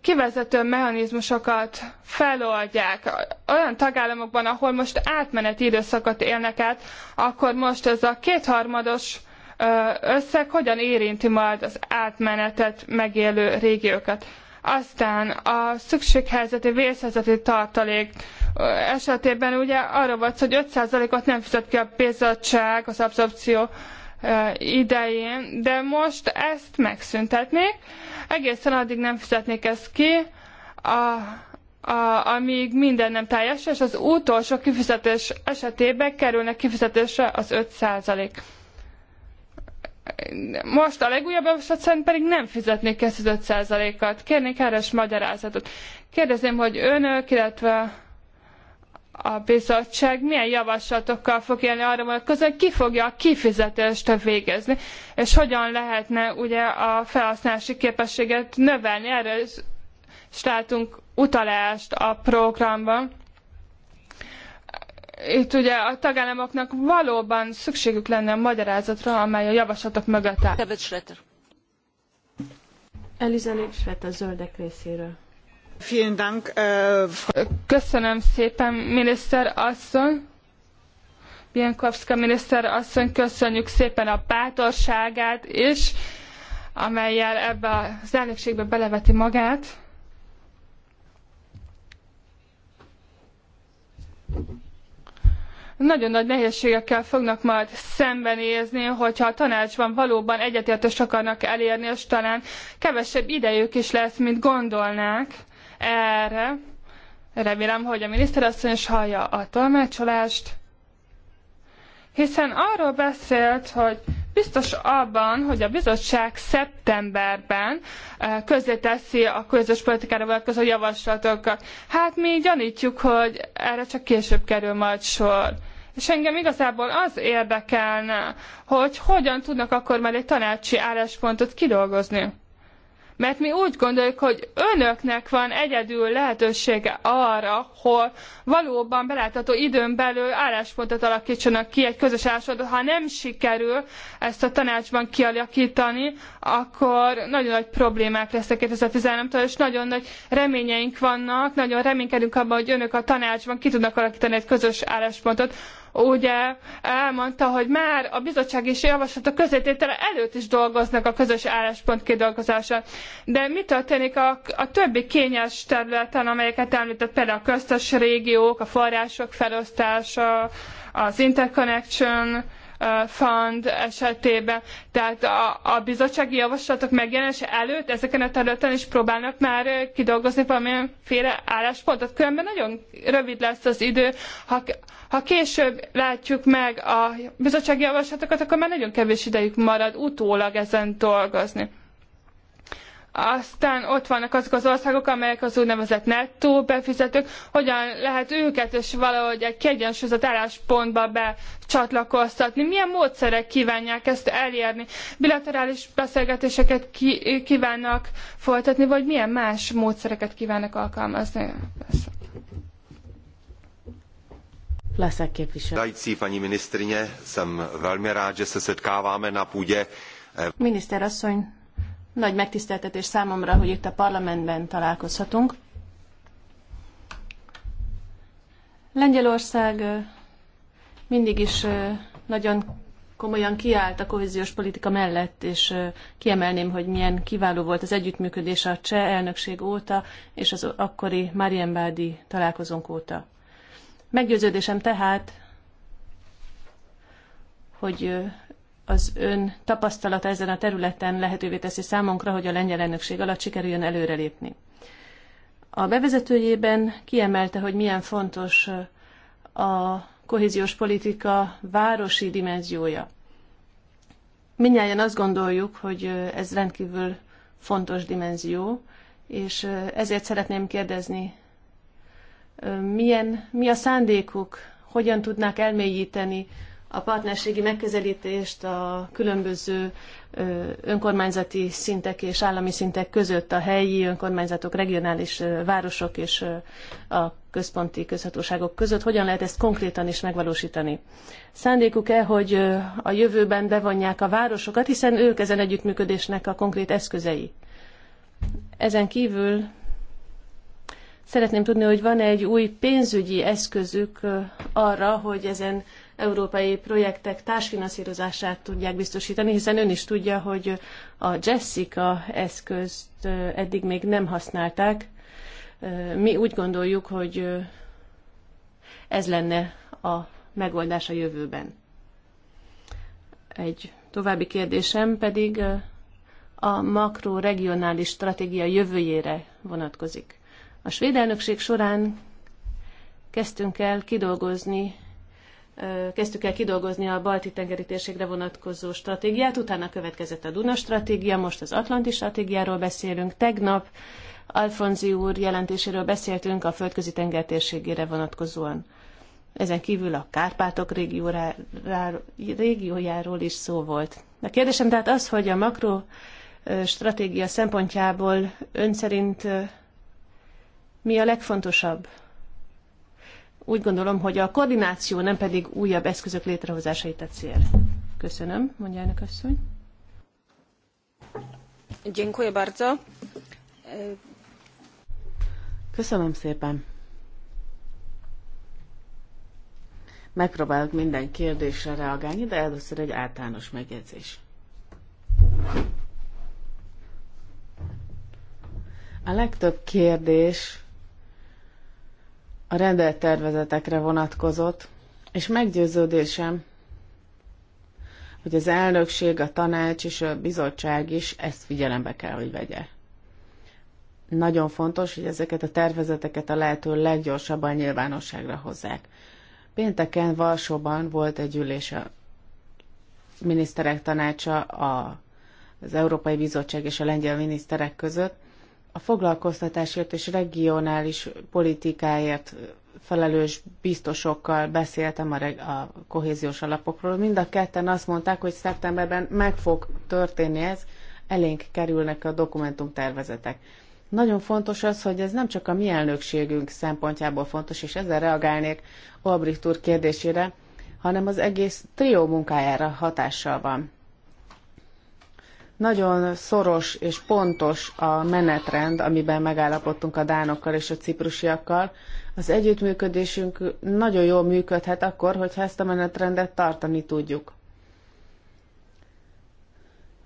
kivezető mechanizmusokat feloldják olyan tagállamokban, ahol most átmeneti időszakot élnek át, akkor most ez a kétharmados összeg hogyan érinti majd az átmenetet megélő régiókat. Aztán a szükséghelyzeti, vészhelyzeti tartalék esetében ugye arra volt, hogy 5%-ot nem fizet ki a bizottság az abszorpció idején, de most ezt megszüntetnék. Egészen addig nem fizetnék ezt ki, a, a, amíg minden nem teljes, és az utolsó kifizetés esetében kerülne kifizetésre az 5 százalék most a legújabb javaslat szerint pedig nem fizetnék ezt az 5%-at. Kérnék erre is magyarázatot. Kérdezném, hogy önök, illetve a bizottság milyen javaslatokkal fog élni arra vonatkozóan, ki fogja a kifizetést végezni, és hogyan lehetne ugye a felhasználási képességet növelni. Erre is látunk utalást a programban itt ugye a tagállamoknak valóban szükségük lenne a magyarázatra, amely a javaslatok mögött áll. Elizabeth Schroeter, zöldek részéről. Äh, Köszönöm szépen, miniszter asszony. Bienkowska miniszter asszony, köszönjük szépen a bátorságát is, amelyel ebbe az elnökségbe beleveti magát nagyon nagy nehézségekkel fognak majd szembenézni, hogyha a tanácsban valóban egyetértést akarnak elérni, és talán kevesebb idejük is lesz, mint gondolnák erre. Remélem, hogy a miniszterasszony is hallja a tolmácsolást hiszen arról beszélt, hogy biztos abban, hogy a bizottság szeptemberben eh, közzéteszi a közös politikára vonatkozó javaslatokat. Hát mi gyanítjuk, hogy erre csak később kerül majd sor. És engem igazából az érdekelne, hogy hogyan tudnak akkor már egy tanácsi álláspontot kidolgozni. Mert mi úgy gondoljuk, hogy önöknek van egyedül lehetősége arra, hogy valóban belátható időn belül álláspontot alakítsanak ki, egy közös álláspontot. Ha nem sikerül ezt a tanácsban kialakítani, akkor nagyon nagy problémák lesznek 2013-tól, és nagyon nagy reményeink vannak, nagyon reménykedünk abban, hogy önök a tanácsban ki tudnak alakítani egy közös álláspontot, ugye elmondta, hogy már a bizottság is javaslata közététele előtt is dolgoznak a közös álláspont kidolgozásán. De mi történik a, a többi kényes területen, amelyeket említett, például a köztes régiók, a források felosztása, az interconnection, Fund esetében. Tehát a, a bizottsági javaslatok megjelenése előtt ezeken a területen is próbálnak már kidolgozni valamilyenféle álláspontot. Különben nagyon rövid lesz az idő. Ha, ha később látjuk meg a bizottsági javaslatokat, akkor már nagyon kevés idejük marad utólag ezen dolgozni. Aztán ott vannak azok az országok, amelyek az úgynevezett nettó befizetők. Hogyan lehet őket is valahogy egy kiegyensúlyozott álláspontba becsatlakoztatni? Milyen módszerek kívánják ezt elérni? Bilaterális beszélgetéseket ki- kívánnak folytatni, vagy milyen más módszereket kívánnak alkalmazni? Leszek képviselő. Dající, paní ministrině, jsem velmi rád, že se setkáváme na půdě. Eh, Miniszter asszony, nagy megtiszteltetés számomra, hogy itt a parlamentben találkozhatunk. Lengyelország mindig is nagyon komolyan kiállt a kohéziós politika mellett, és kiemelném, hogy milyen kiváló volt az együttműködés a cseh elnökség óta, és az akkori Marienbádi találkozónk óta. Meggyőződésem tehát, hogy az ön tapasztalata ezen a területen lehetővé teszi számunkra, hogy a lengyel elnökség alatt sikerüljön előrelépni. A bevezetőjében kiemelte, hogy milyen fontos a kohéziós politika városi dimenziója. Mindjárt azt gondoljuk, hogy ez rendkívül fontos dimenzió, és ezért szeretném kérdezni, milyen, mi a szándékuk, hogyan tudnák elmélyíteni a partnerségi megközelítést a különböző önkormányzati szintek és állami szintek között a helyi önkormányzatok, regionális városok és a központi közhatóságok között. Hogyan lehet ezt konkrétan is megvalósítani? Szándékuk-e, hogy a jövőben bevonják a városokat, hiszen ők ezen együttműködésnek a konkrét eszközei? Ezen kívül szeretném tudni, hogy van -e egy új pénzügyi eszközük arra, hogy ezen európai projektek társfinanszírozását tudják biztosítani, hiszen ön is tudja, hogy a Jessica eszközt eddig még nem használták. Mi úgy gondoljuk, hogy ez lenne a megoldás a jövőben. Egy további kérdésem pedig a makroregionális stratégia jövőjére vonatkozik. A svéd elnökség során kezdtünk el kidolgozni kezdtük el kidolgozni a balti tengeri térségre vonatkozó stratégiát, utána következett a Duna stratégia, most az Atlanti stratégiáról beszélünk. Tegnap Alfonzi úr jelentéséről beszéltünk a földközi tenger térségére vonatkozóan. Ezen kívül a Kárpátok régiójáról is szó volt. A kérdésem tehát az, hogy a makro stratégia szempontjából ön szerint mi a legfontosabb? úgy gondolom, hogy a koordináció, nem pedig újabb eszközök létrehozása itt a cél. Köszönöm, mondja elnök asszony. bardzo. Köszönöm szépen. Megpróbálok minden kérdésre reagálni, de először egy általános megjegyzés. A legtöbb kérdés a rendelt tervezetekre vonatkozott, és meggyőződésem, hogy az elnökség, a tanács és a bizottság is ezt figyelembe kell, hogy vegye. Nagyon fontos, hogy ezeket a tervezeteket a lehető leggyorsabban nyilvánosságra hozzák. Pénteken Varsóban volt egy ülés a miniszterek tanácsa a, az Európai Bizottság és a lengyel miniszterek között, a foglalkoztatásért és regionális politikáért felelős biztosokkal beszéltem a, a kohéziós alapokról. Mind a ketten azt mondták, hogy szeptemberben meg fog történni ez, elénk kerülnek a dokumentumtervezetek. Nagyon fontos az, hogy ez nem csak a mi elnökségünk szempontjából fontos, és ezzel reagálnék Olbricht úr kérdésére, hanem az egész trió munkájára hatással van. Nagyon szoros és pontos a menetrend, amiben megállapodtunk a dánokkal és a ciprusiakkal. Az együttműködésünk nagyon jól működhet akkor, hogyha ezt a menetrendet tartani tudjuk.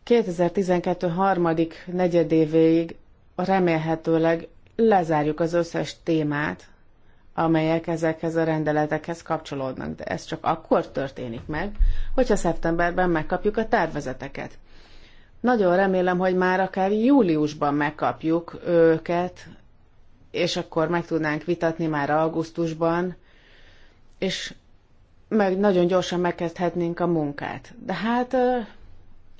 2012 harmadik negyedévéig remélhetőleg lezárjuk az összes témát, amelyek ezekhez a rendeletekhez kapcsolódnak, de ez csak akkor történik meg, hogyha szeptemberben megkapjuk a tervezeteket. Nagyon remélem, hogy már akár júliusban megkapjuk őket, és akkor meg tudnánk vitatni már augusztusban, és meg nagyon gyorsan megkezdhetnénk a munkát. De hát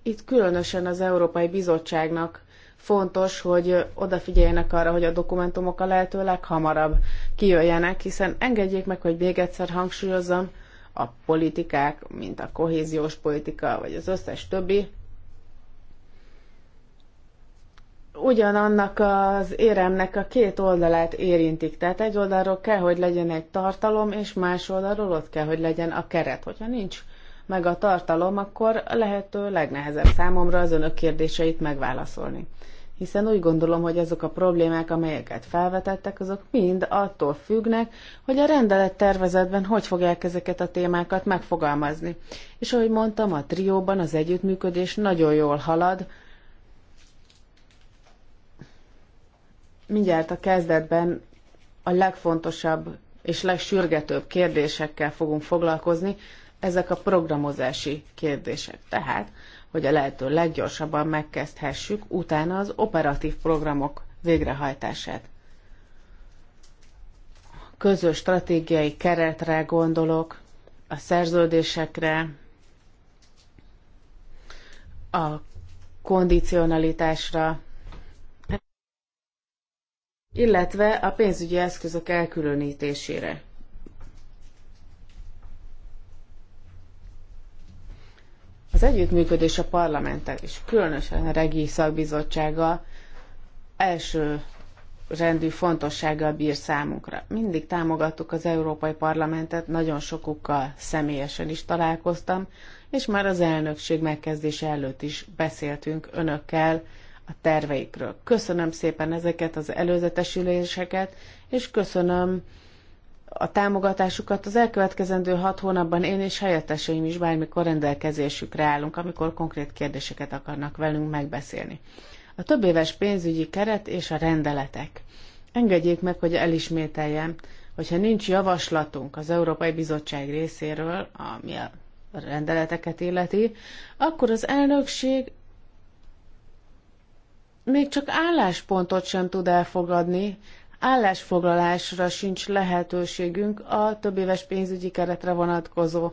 itt különösen az Európai Bizottságnak fontos, hogy odafigyeljenek arra, hogy a dokumentumok a lehető leghamarabb kijöjjenek, hiszen engedjék meg, hogy még egyszer hangsúlyozzam, a politikák, mint a kohéziós politika, vagy az összes többi, ugyanannak az éremnek a két oldalát érintik. Tehát egy oldalról kell, hogy legyen egy tartalom, és más oldalról ott kell, hogy legyen a keret. Hogyha nincs meg a tartalom, akkor lehető legnehezebb számomra az önök kérdéseit megválaszolni. Hiszen úgy gondolom, hogy azok a problémák, amelyeket felvetettek, azok mind attól függnek, hogy a rendelet tervezetben hogy fogják ezeket a témákat megfogalmazni. És ahogy mondtam, a trióban az együttműködés nagyon jól halad, mindjárt a kezdetben a legfontosabb és legsürgetőbb kérdésekkel fogunk foglalkozni, ezek a programozási kérdések. Tehát, hogy a lehető leggyorsabban megkezdhessük utána az operatív programok végrehajtását. Közös stratégiai keretre gondolok, a szerződésekre, a kondicionalitásra, illetve a pénzügyi eszközök elkülönítésére. Az együttműködés a parlamenttel és különösen a regi szakbizottsága első rendű fontossággal bír számunkra. Mindig támogattuk az Európai Parlamentet, nagyon sokukkal személyesen is találkoztam, és már az elnökség megkezdése előtt is beszéltünk önökkel a terveikről. Köszönöm szépen ezeket az előzetes üléseket, és köszönöm a támogatásukat az elkövetkezendő hat hónapban én és helyetteseim is bármikor rendelkezésükre állunk, amikor konkrét kérdéseket akarnak velünk megbeszélni. A több éves pénzügyi keret és a rendeletek. Engedjék meg, hogy elismételjem, hogyha nincs javaslatunk az Európai Bizottság részéről, ami a rendeleteket illeti, akkor az elnökség még csak álláspontot sem tud elfogadni, állásfoglalásra sincs lehetőségünk a éves pénzügyi keretre vonatkozó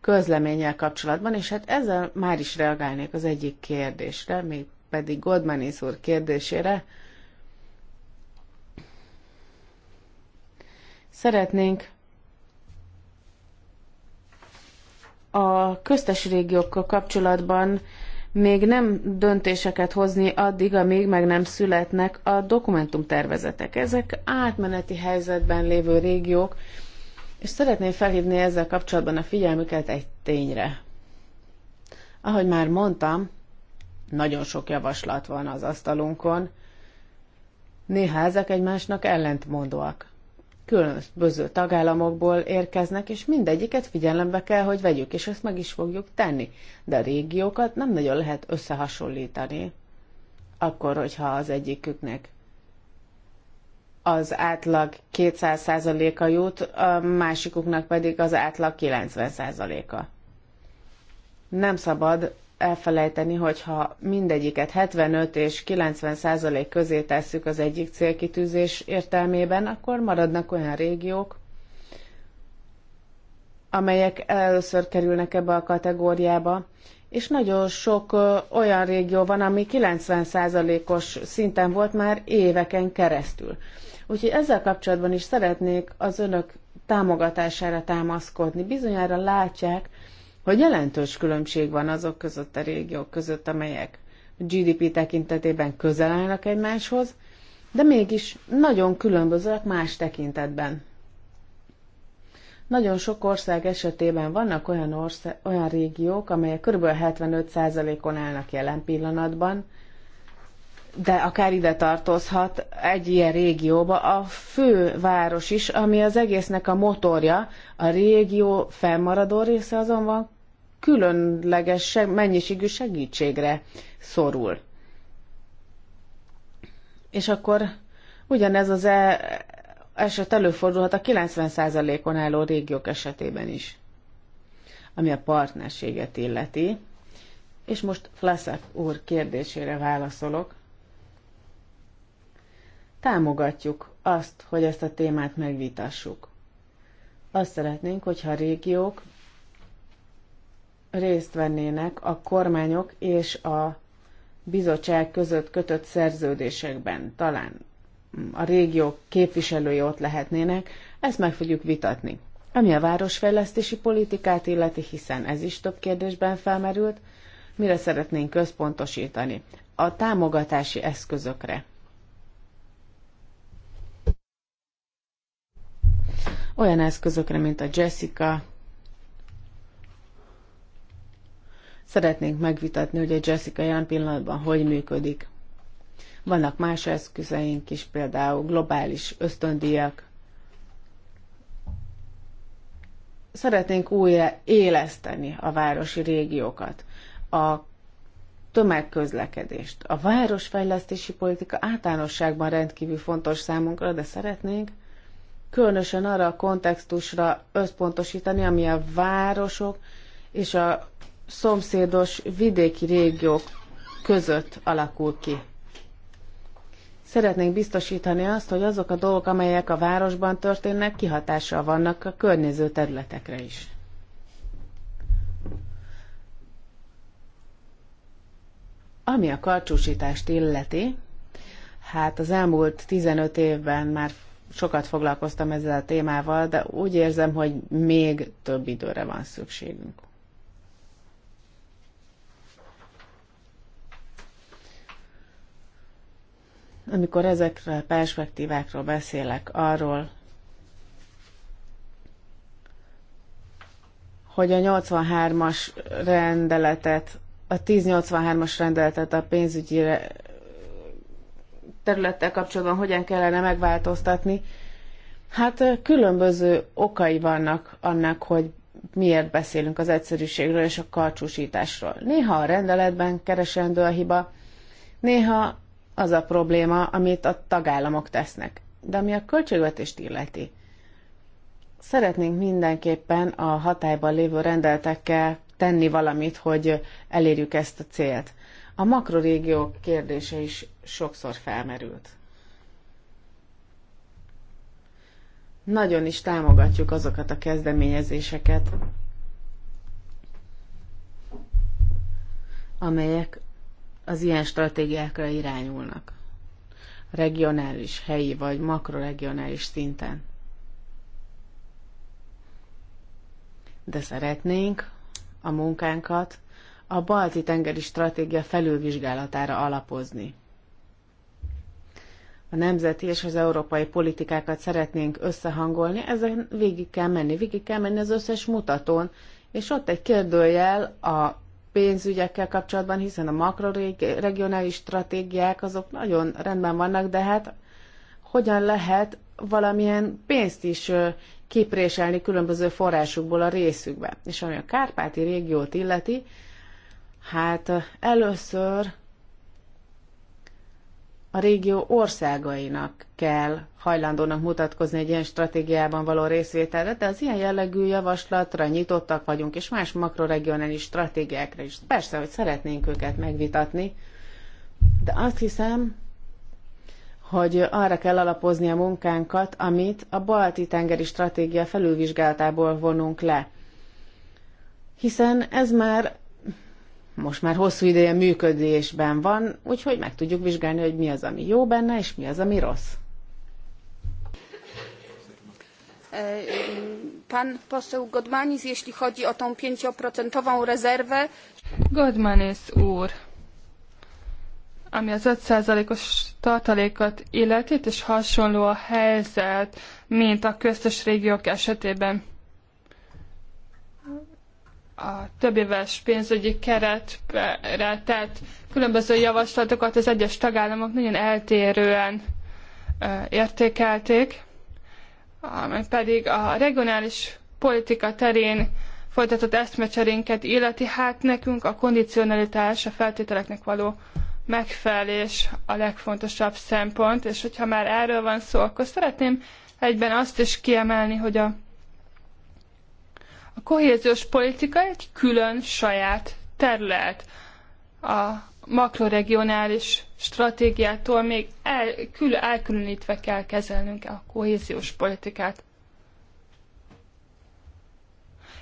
közleménnyel kapcsolatban, és hát ezzel már is reagálnék az egyik kérdésre, még pedig Godmanis úr kérdésére. Szeretnénk a köztes régiókkal kapcsolatban még nem döntéseket hozni addig, amíg meg nem születnek a dokumentumtervezetek. Ezek átmeneti helyzetben lévő régiók, és szeretném felhívni ezzel kapcsolatban a figyelmüket egy tényre. Ahogy már mondtam, nagyon sok javaslat van az asztalunkon, néha ezek egymásnak ellentmondóak különböző tagállamokból érkeznek, és mindegyiket figyelembe kell, hogy vegyük, és ezt meg is fogjuk tenni. De a régiókat nem nagyon lehet összehasonlítani, akkor, hogyha az egyiküknek az átlag 200%-a jut, a másikuknak pedig az átlag 90%-a. Nem szabad elfelejteni, hogyha mindegyiket 75 és 90 százalék közé tesszük az egyik célkitűzés értelmében, akkor maradnak olyan régiók, amelyek először kerülnek ebbe a kategóriába, és nagyon sok olyan régió van, ami 90 százalékos szinten volt már éveken keresztül. Úgyhogy ezzel kapcsolatban is szeretnék az önök támogatására támaszkodni. Bizonyára látják, hogy jelentős különbség van azok között a régiók között, amelyek GDP tekintetében közel állnak egymáshoz, de mégis nagyon különbözőek más tekintetben. Nagyon sok ország esetében vannak olyan, ország, olyan régiók, amelyek kb. 75%-on állnak jelen pillanatban, de akár ide tartozhat egy ilyen régióba a főváros is, ami az egésznek a motorja, a régió fennmaradó része azonban különleges mennyiségű segítségre szorul. És akkor ugyanez az e- eset előfordulhat a 90%-on álló régiók esetében is, ami a partnerséget illeti. És most Flaszek úr kérdésére válaszolok. Támogatjuk azt, hogy ezt a témát megvitassuk. Azt szeretnénk, hogyha a régiók részt vennének a kormányok és a bizottság között kötött szerződésekben. Talán a régiók képviselői ott lehetnének, ezt meg fogjuk vitatni. Ami a városfejlesztési politikát illeti, hiszen ez is több kérdésben felmerült, mire szeretnénk központosítani? A támogatási eszközökre. Olyan eszközökre, mint a Jessica, Szeretnénk megvitatni, hogy a Jessica jelen pillanatban hogy működik. Vannak más eszközeink is, például globális ösztöndíjak. Szeretnénk újra éleszteni a városi régiókat, a tömegközlekedést. A városfejlesztési politika általánosságban rendkívül fontos számunkra, de szeretnénk különösen arra a kontextusra összpontosítani, ami a városok és a szomszédos vidéki régiók között alakul ki. Szeretnénk biztosítani azt, hogy azok a dolgok, amelyek a városban történnek, kihatással vannak a környező területekre is. Ami a karcsúsítást illeti, hát az elmúlt 15 évben már sokat foglalkoztam ezzel a témával, de úgy érzem, hogy még több időre van szükségünk. amikor ezekről a perspektívákról beszélek, arról, hogy a 83-as rendeletet, a 1083-as rendeletet a pénzügyi területtel kapcsolatban hogyan kellene megváltoztatni. Hát különböző okai vannak annak, hogy miért beszélünk az egyszerűségről és a karcsúsításról. Néha a rendeletben keresendő a hiba, néha az a probléma, amit a tagállamok tesznek. De ami a költségvetést illeti, szeretnénk mindenképpen a hatályban lévő rendeltekkel tenni valamit, hogy elérjük ezt a célt. A makrorégiók kérdése is sokszor felmerült. Nagyon is támogatjuk azokat a kezdeményezéseket, amelyek az ilyen stratégiákra irányulnak. Regionális, helyi vagy makroregionális szinten. De szeretnénk a munkánkat a balti tengeri stratégia felülvizsgálatára alapozni. A nemzeti és az európai politikákat szeretnénk összehangolni, ezen végig kell menni, végig kell menni az összes mutatón, és ott egy kérdőjel a pénzügyekkel kapcsolatban, hiszen a makroregionális stratégiák azok nagyon rendben vannak, de hát hogyan lehet valamilyen pénzt is kipréselni különböző forrásukból a részükbe. És ami a kárpáti régiót illeti, hát először a régió országainak kell hajlandónak mutatkozni egy ilyen stratégiában való részvételre, de az ilyen jellegű javaslatra nyitottak vagyunk, és más makroregionális stratégiákra is. Persze, hogy szeretnénk őket megvitatni, de azt hiszem, hogy arra kell alapozni a munkánkat, amit a balti tengeri stratégia felülvizsgálatából vonunk le. Hiszen ez már most már hosszú ideje működésben van, úgyhogy meg tudjuk vizsgálni, hogy mi az, ami jó benne, és mi az, ami rossz. E, pan poseł Godmanis, jeśli chodzi o tą 5% rezerwę. Godmanis úr, ami az 5%-os tartalékot illeti, és hasonló a helyzet, mint a köztes régiók esetében a többéves pénzügyi keretre tett különböző javaslatokat az egyes tagállamok nagyon eltérően értékelték, amely pedig a regionális politika terén folytatott eszmecserénket illeti, hát nekünk a kondicionalitás, a feltételeknek való megfelelés a legfontosabb szempont, és hogyha már erről van szó, akkor szeretném egyben azt is kiemelni, hogy a a kohéziós politika egy külön saját terület. A makroregionális stratégiától még el, külön, elkülönítve kell kezelnünk a kohéziós politikát.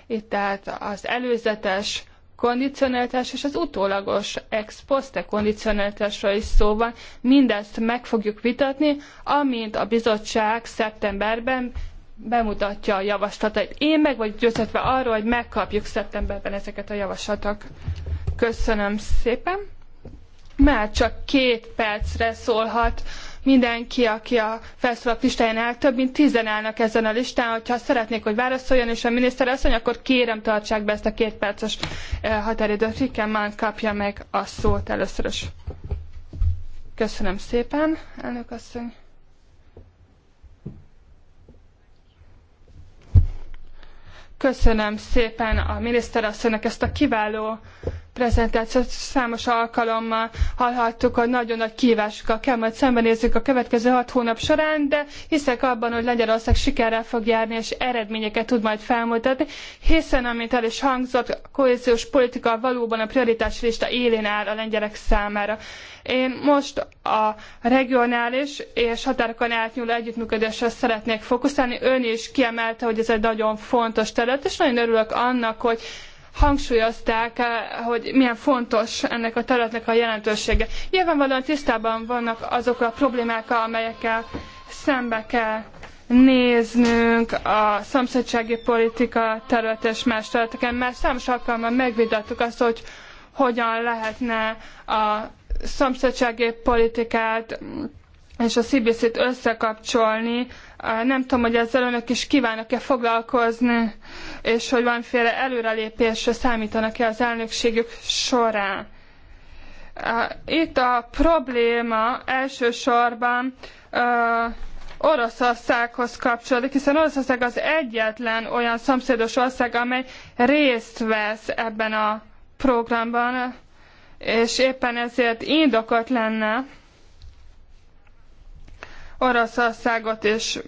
Itt tehát az előzetes kondicionáltás és az utólagos ex poste kondicionalitásra is szó van. Mindezt meg fogjuk vitatni, amint a bizottság szeptemberben bemutatja a javaslatait. Én meg vagyok győzhetve arról, hogy megkapjuk szeptemberben ezeket a javaslatok. Köszönöm szépen. Már csak két percre szólhat mindenki, aki a felszólalt listáján áll, több mint tizen állnak ezen a listán, hogyha szeretnék, hogy válaszoljon, és a miniszter asszony, akkor kérem tartsák be ezt a két perces eh, határidőt. Rikemán kapja meg a szót először is. Köszönöm szépen, elnök asszony. Köszönöm szépen a asszonynak ezt a kiváló prezentációt számos alkalommal hallhattuk, hogy nagyon nagy kívásokkal kell majd szembenézzük a következő hat hónap során, de hiszek abban, hogy Lengyelország sikerrel fog járni, és eredményeket tud majd felmutatni, hiszen, amint el is hangzott, a kohéziós politika valóban a prioritás lista élén áll a lengyelek számára. Én most a regionális és határokon átnyúló együttműködésre szeretnék fókuszálni. Ön is kiemelte, hogy ez egy nagyon fontos terület, és nagyon örülök annak, hogy hangsúlyozták, eh, hogy milyen fontos ennek a területnek a jelentősége. Nyilvánvalóan tisztában vannak azok a problémákkal, amelyekkel szembe kell néznünk a szomszédsági politika terület és más területeken, mert számos alkalommal megvitattuk azt, hogy hogyan lehetne a szomszédsági politikát és a CBC-t összekapcsolni nem tudom, hogy ezzel önök is kívánnak-e foglalkozni, és hogy valamiféle előrelépésre számítanak-e az elnökségük során. Itt a probléma elsősorban Oroszországhoz kapcsolódik, hiszen Oroszország az egyetlen olyan szomszédos ország, amely részt vesz ebben a programban, és éppen ezért indokolt lenne, Oroszországot is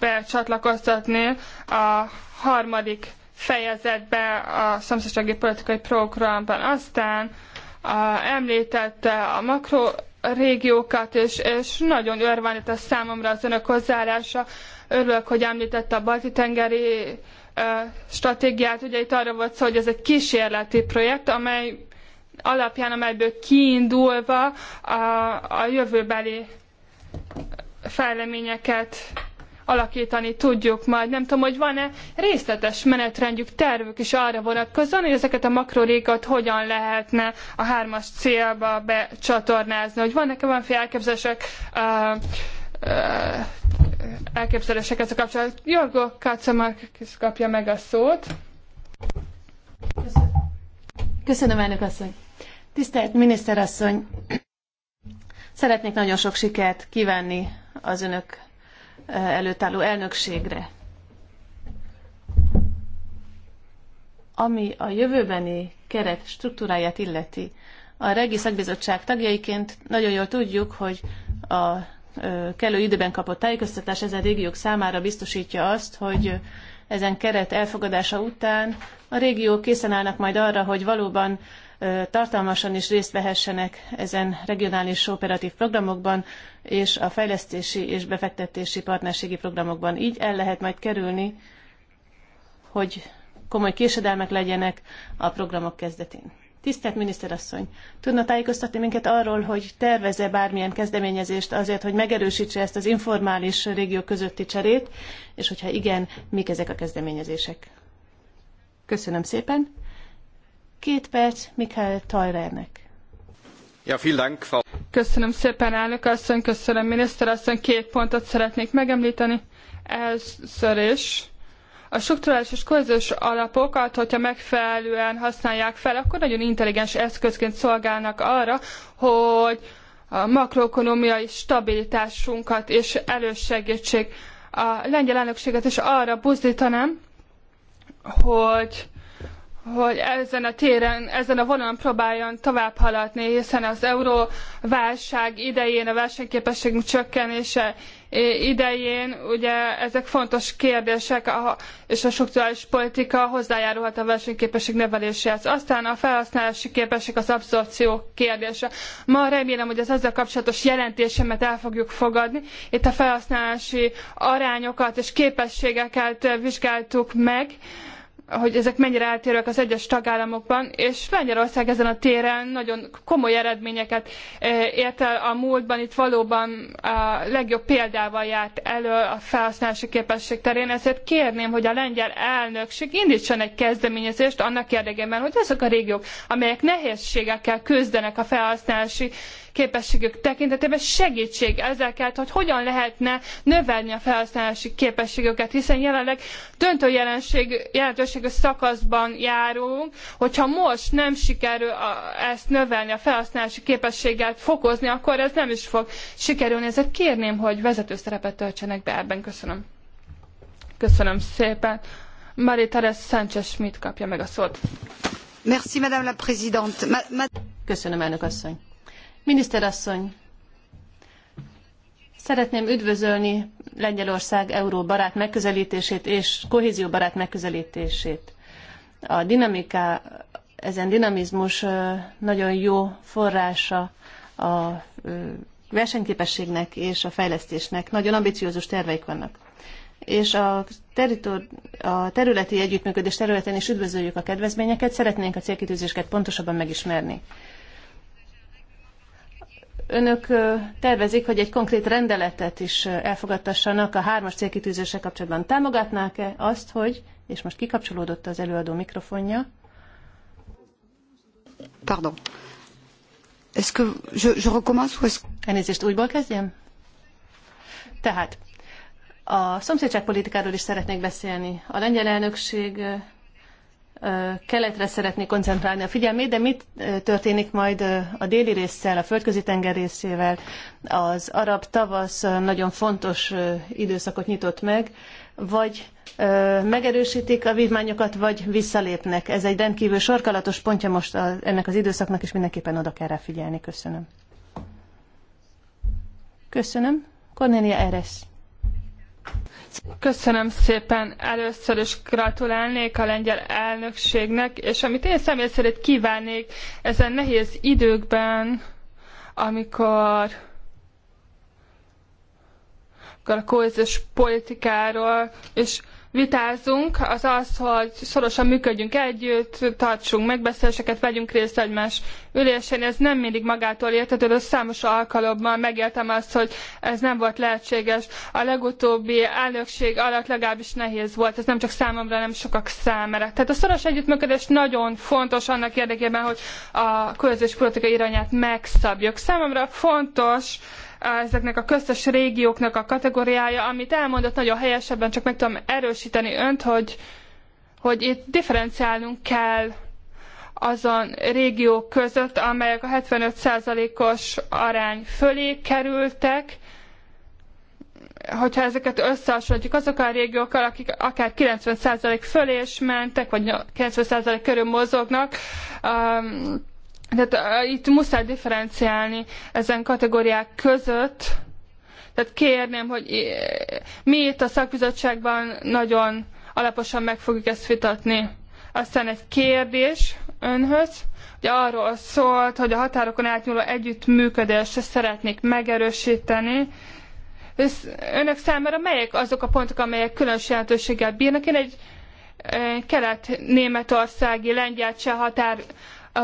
becsatlakoztatni a harmadik fejezetbe a szomszédsági politikai programban. Aztán a, említette a makro régiókat, és, és nagyon a számomra az önök hozzáállása. Örülök, hogy említette a balti-tengeri stratégiát. Ugye itt arra volt szó, hogy ez egy kísérleti projekt, amely alapján, amelyből kiindulva a, a jövőbeli fejleményeket alakítani tudjuk majd. Nem tudom, hogy van-e részletes menetrendjük, tervük is arra vonatkozóan, hogy ezeket a makrorékat hogyan lehetne a hármas célba becsatornázni, hogy vannak-e valamiféle elképzelések, uh, uh, elképzelések ezzel kapcsolatban. Jorgo Kacamarkis kapja meg a szót. Köszönöm, elnök asszony. Tisztelt asszony. Szeretnék nagyon sok sikert kívánni az önök eh, előtt álló elnökségre. Ami a jövőbeni keret struktúráját illeti, a Regi Szakbizottság tagjaiként nagyon jól tudjuk, hogy a kellő időben kapott tájékoztatás ezen régiók számára biztosítja azt, hogy ezen keret elfogadása után a régiók készen állnak majd arra, hogy valóban tartalmasan is részt vehessenek ezen regionális operatív programokban és a fejlesztési és befektetési partnerségi programokban. Így el lehet majd kerülni, hogy komoly késedelmek legyenek a programok kezdetén. Tisztelt miniszterasszony, tudna tájékoztatni minket arról, hogy tervez-e bármilyen kezdeményezést azért, hogy megerősítse ezt az informális régió közötti cserét, és hogyha igen, mik ezek a kezdeményezések? Köszönöm szépen. Két perc Mikael Tajrernek. Köszönöm szépen, elnök asszony, köszönöm miniszter asszony. Két pontot szeretnék megemlíteni. Először is a strukturális és kohéziós alapokat, hogyha megfelelően használják fel, akkor nagyon intelligens eszközként szolgálnak arra, hogy a makroekonomiai stabilitásunkat és elősegítsék. A lengyel elnökséget is arra buzdítanám, hogy hogy ezen a téren, ezen a vonalon próbáljon tovább haladni, hiszen az euró válság idején, a versenyképességünk csökkenése idején, ugye ezek fontos kérdések, és a strukturális politika hozzájárulhat a versenyképesség növeléséhez. Aztán a felhasználási képesség az abszorció kérdése. Ma remélem, hogy az ezzel kapcsolatos jelentésemet el fogjuk fogadni. Itt a felhasználási arányokat és képességeket vizsgáltuk meg, hogy ezek mennyire eltérőek az egyes tagállamokban, és Lengyelország ezen a téren nagyon komoly eredményeket eh, ért el a múltban, itt valóban a legjobb példával járt elő a felhasználási képesség terén, ezért kérném, hogy a lengyel elnökség indítson egy kezdeményezést annak érdekében, hogy azok a régiók, amelyek nehézségekkel küzdenek a felhasználási képességük tekintetében segítség ezeket, hogy hogyan lehetne növelni a felhasználási képességüket, hiszen jelenleg döntő jelenség, jelentőségű szakaszban járunk, hogyha most nem sikerül a, ezt növelni, a felhasználási képességet fokozni, akkor ez nem is fog sikerülni. Ezért kérném, hogy vezető szerepet töltsenek be ebben. Köszönöm. Köszönöm szépen. Marie Teres Sánchez Schmidt kapja meg a szót. Merci, Madame la Présidente. Ma, ma... Köszönöm, elnök asszony. Miniszterasszony, szeretném üdvözölni Lengyelország euróbarát megközelítését és kohézióbarát megközelítését. A dinamika, ezen dinamizmus nagyon jó forrása a versenyképességnek és a fejlesztésnek. Nagyon ambiciózus terveik vannak és a, teritor, a területi együttműködés területén is üdvözöljük a kedvezményeket, szeretnénk a célkitűzéseket pontosabban megismerni önök tervezik, hogy egy konkrét rendeletet is elfogadtassanak a hármas célkitűzéssel kapcsolatban. Támogatnák-e azt, hogy, és most kikapcsolódott az előadó mikrofonja. Pardon. Est-ce que je, je recommence ou est-ce... Elnézést, újból kezdjem? Tehát, a szomszédságpolitikáról is szeretnék beszélni. A lengyel elnökség keletre szeretné koncentrálni a figyelmét, de mit történik majd a déli résszel, a földközi tenger részével? Az arab tavasz nagyon fontos időszakot nyitott meg, vagy megerősítik a vívmányokat, vagy visszalépnek. Ez egy rendkívül sarkalatos pontja most ennek az időszaknak, és mindenképpen oda kell rá figyelni. Köszönöm. Köszönöm. Cornelia Eres. Köszönöm szépen. Először is gratulálnék a lengyel elnökségnek, és amit én személy szerint kívánnék ezen nehéz időkben, amikor a kohéziós politikáról és vitázunk, az az, hogy szorosan működjünk együtt, tartsunk megbeszéléseket, vegyünk részt egymás ülésén. Ez nem mindig magától értetődő, de számos alkalommal megéltem azt, hogy ez nem volt lehetséges. A legutóbbi elnökség alatt legalábbis nehéz volt, ez nem csak számomra, hanem sokak számára. Tehát a szoros együttműködés nagyon fontos annak érdekében, hogy a közös politika irányát megszabjuk. Számomra fontos, ezeknek a köztes régióknak a kategóriája, amit elmondott nagyon helyesebben, csak meg tudom erősíteni önt, hogy, hogy itt differenciálnunk kell azon régiók között, amelyek a 75%-os arány fölé kerültek, hogyha ezeket összehasonlítjuk azokkal a régiókkal, akik akár 90% fölé is mentek, vagy 90% körül mozognak, um, tehát itt muszáj differenciálni ezen kategóriák között. Tehát kérném, hogy mi itt a szakbizottságban nagyon alaposan meg fogjuk ezt vitatni. Aztán egy kérdés önhöz, hogy arról szólt, hogy a határokon átnyúló együttműködést szeretnék megerősíteni. Önök számára melyek azok a pontok, amelyek különös jelentőséggel bírnak? Én egy kelet-németországi lengyel cseh határ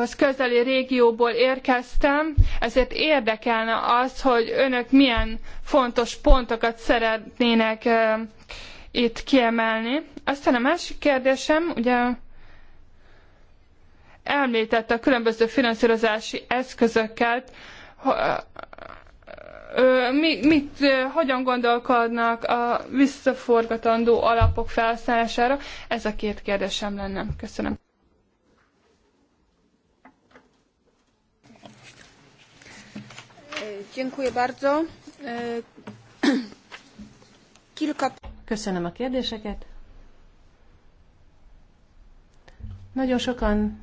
az közeli régióból érkeztem, ezért érdekelne az, hogy önök milyen fontos pontokat szeretnének itt kiemelni. Aztán a másik kérdésem, ugye említette a különböző finanszírozási eszközöket, mi, mit, hogyan gondolkodnak a visszaforgatandó alapok felhasználására? Ez a két kérdésem lenne. Köszönöm. E, Köszönöm a kérdéseket. Nagyon sokan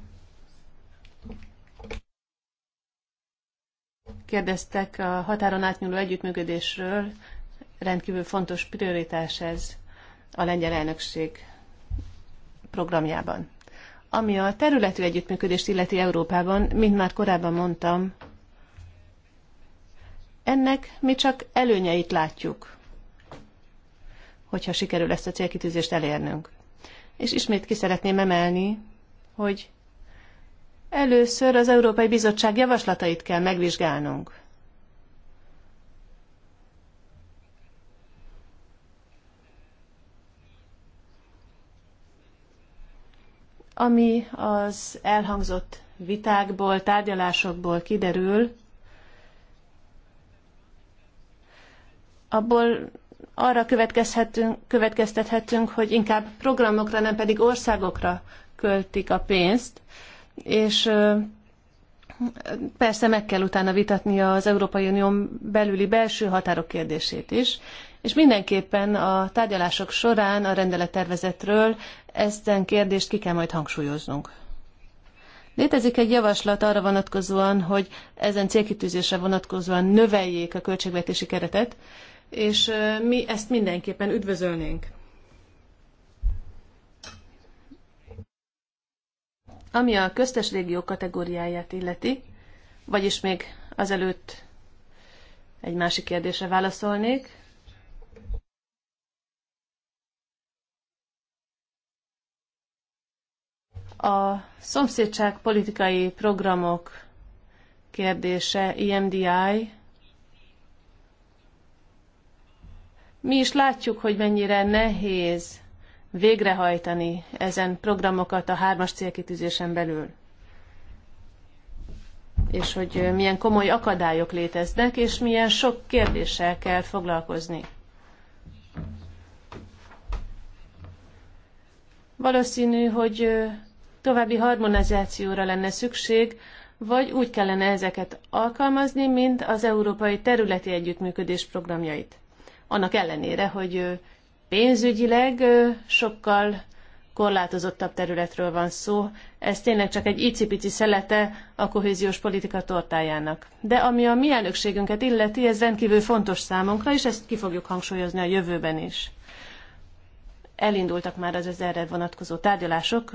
kérdeztek a határon átnyúló együttműködésről. Rendkívül fontos prioritás ez a lengyel elnökség programjában. Ami a területű együttműködést illeti Európában, mint már korábban mondtam, ennek mi csak előnyeit látjuk, hogyha sikerül ezt a célkitűzést elérnünk. És ismét ki szeretném emelni, hogy először az Európai Bizottság javaslatait kell megvizsgálnunk. Ami az elhangzott vitákból, tárgyalásokból kiderül, abból arra következhetünk, következtethetünk, hogy inkább programokra, nem pedig országokra költik a pénzt, és persze meg kell utána vitatnia az Európai Unión belüli belső határok kérdését is, és mindenképpen a tárgyalások során a rendelettervezetről ezen kérdést ki kell majd hangsúlyoznunk. Létezik egy javaslat arra vonatkozóan, hogy ezen célkitűzésre vonatkozóan növeljék a költségvetési keretet, és mi ezt mindenképpen üdvözölnénk. Ami a köztes régió kategóriáját illeti, vagyis még azelőtt egy másik kérdésre válaszolnék. A szomszédság politikai programok kérdése, IMDI, Mi is látjuk, hogy mennyire nehéz végrehajtani ezen programokat a hármas célkitűzésen belül és hogy milyen komoly akadályok léteznek, és milyen sok kérdéssel kell foglalkozni. Valószínű, hogy további harmonizációra lenne szükség, vagy úgy kellene ezeket alkalmazni, mint az Európai Területi Együttműködés programjait annak ellenére, hogy pénzügyileg sokkal korlátozottabb területről van szó. Ez tényleg csak egy icipici szelete a kohéziós politika tortájának. De ami a mi elnökségünket illeti, ez rendkívül fontos számunkra, és ezt ki fogjuk hangsúlyozni a jövőben is. Elindultak már az ez erre vonatkozó tárgyalások,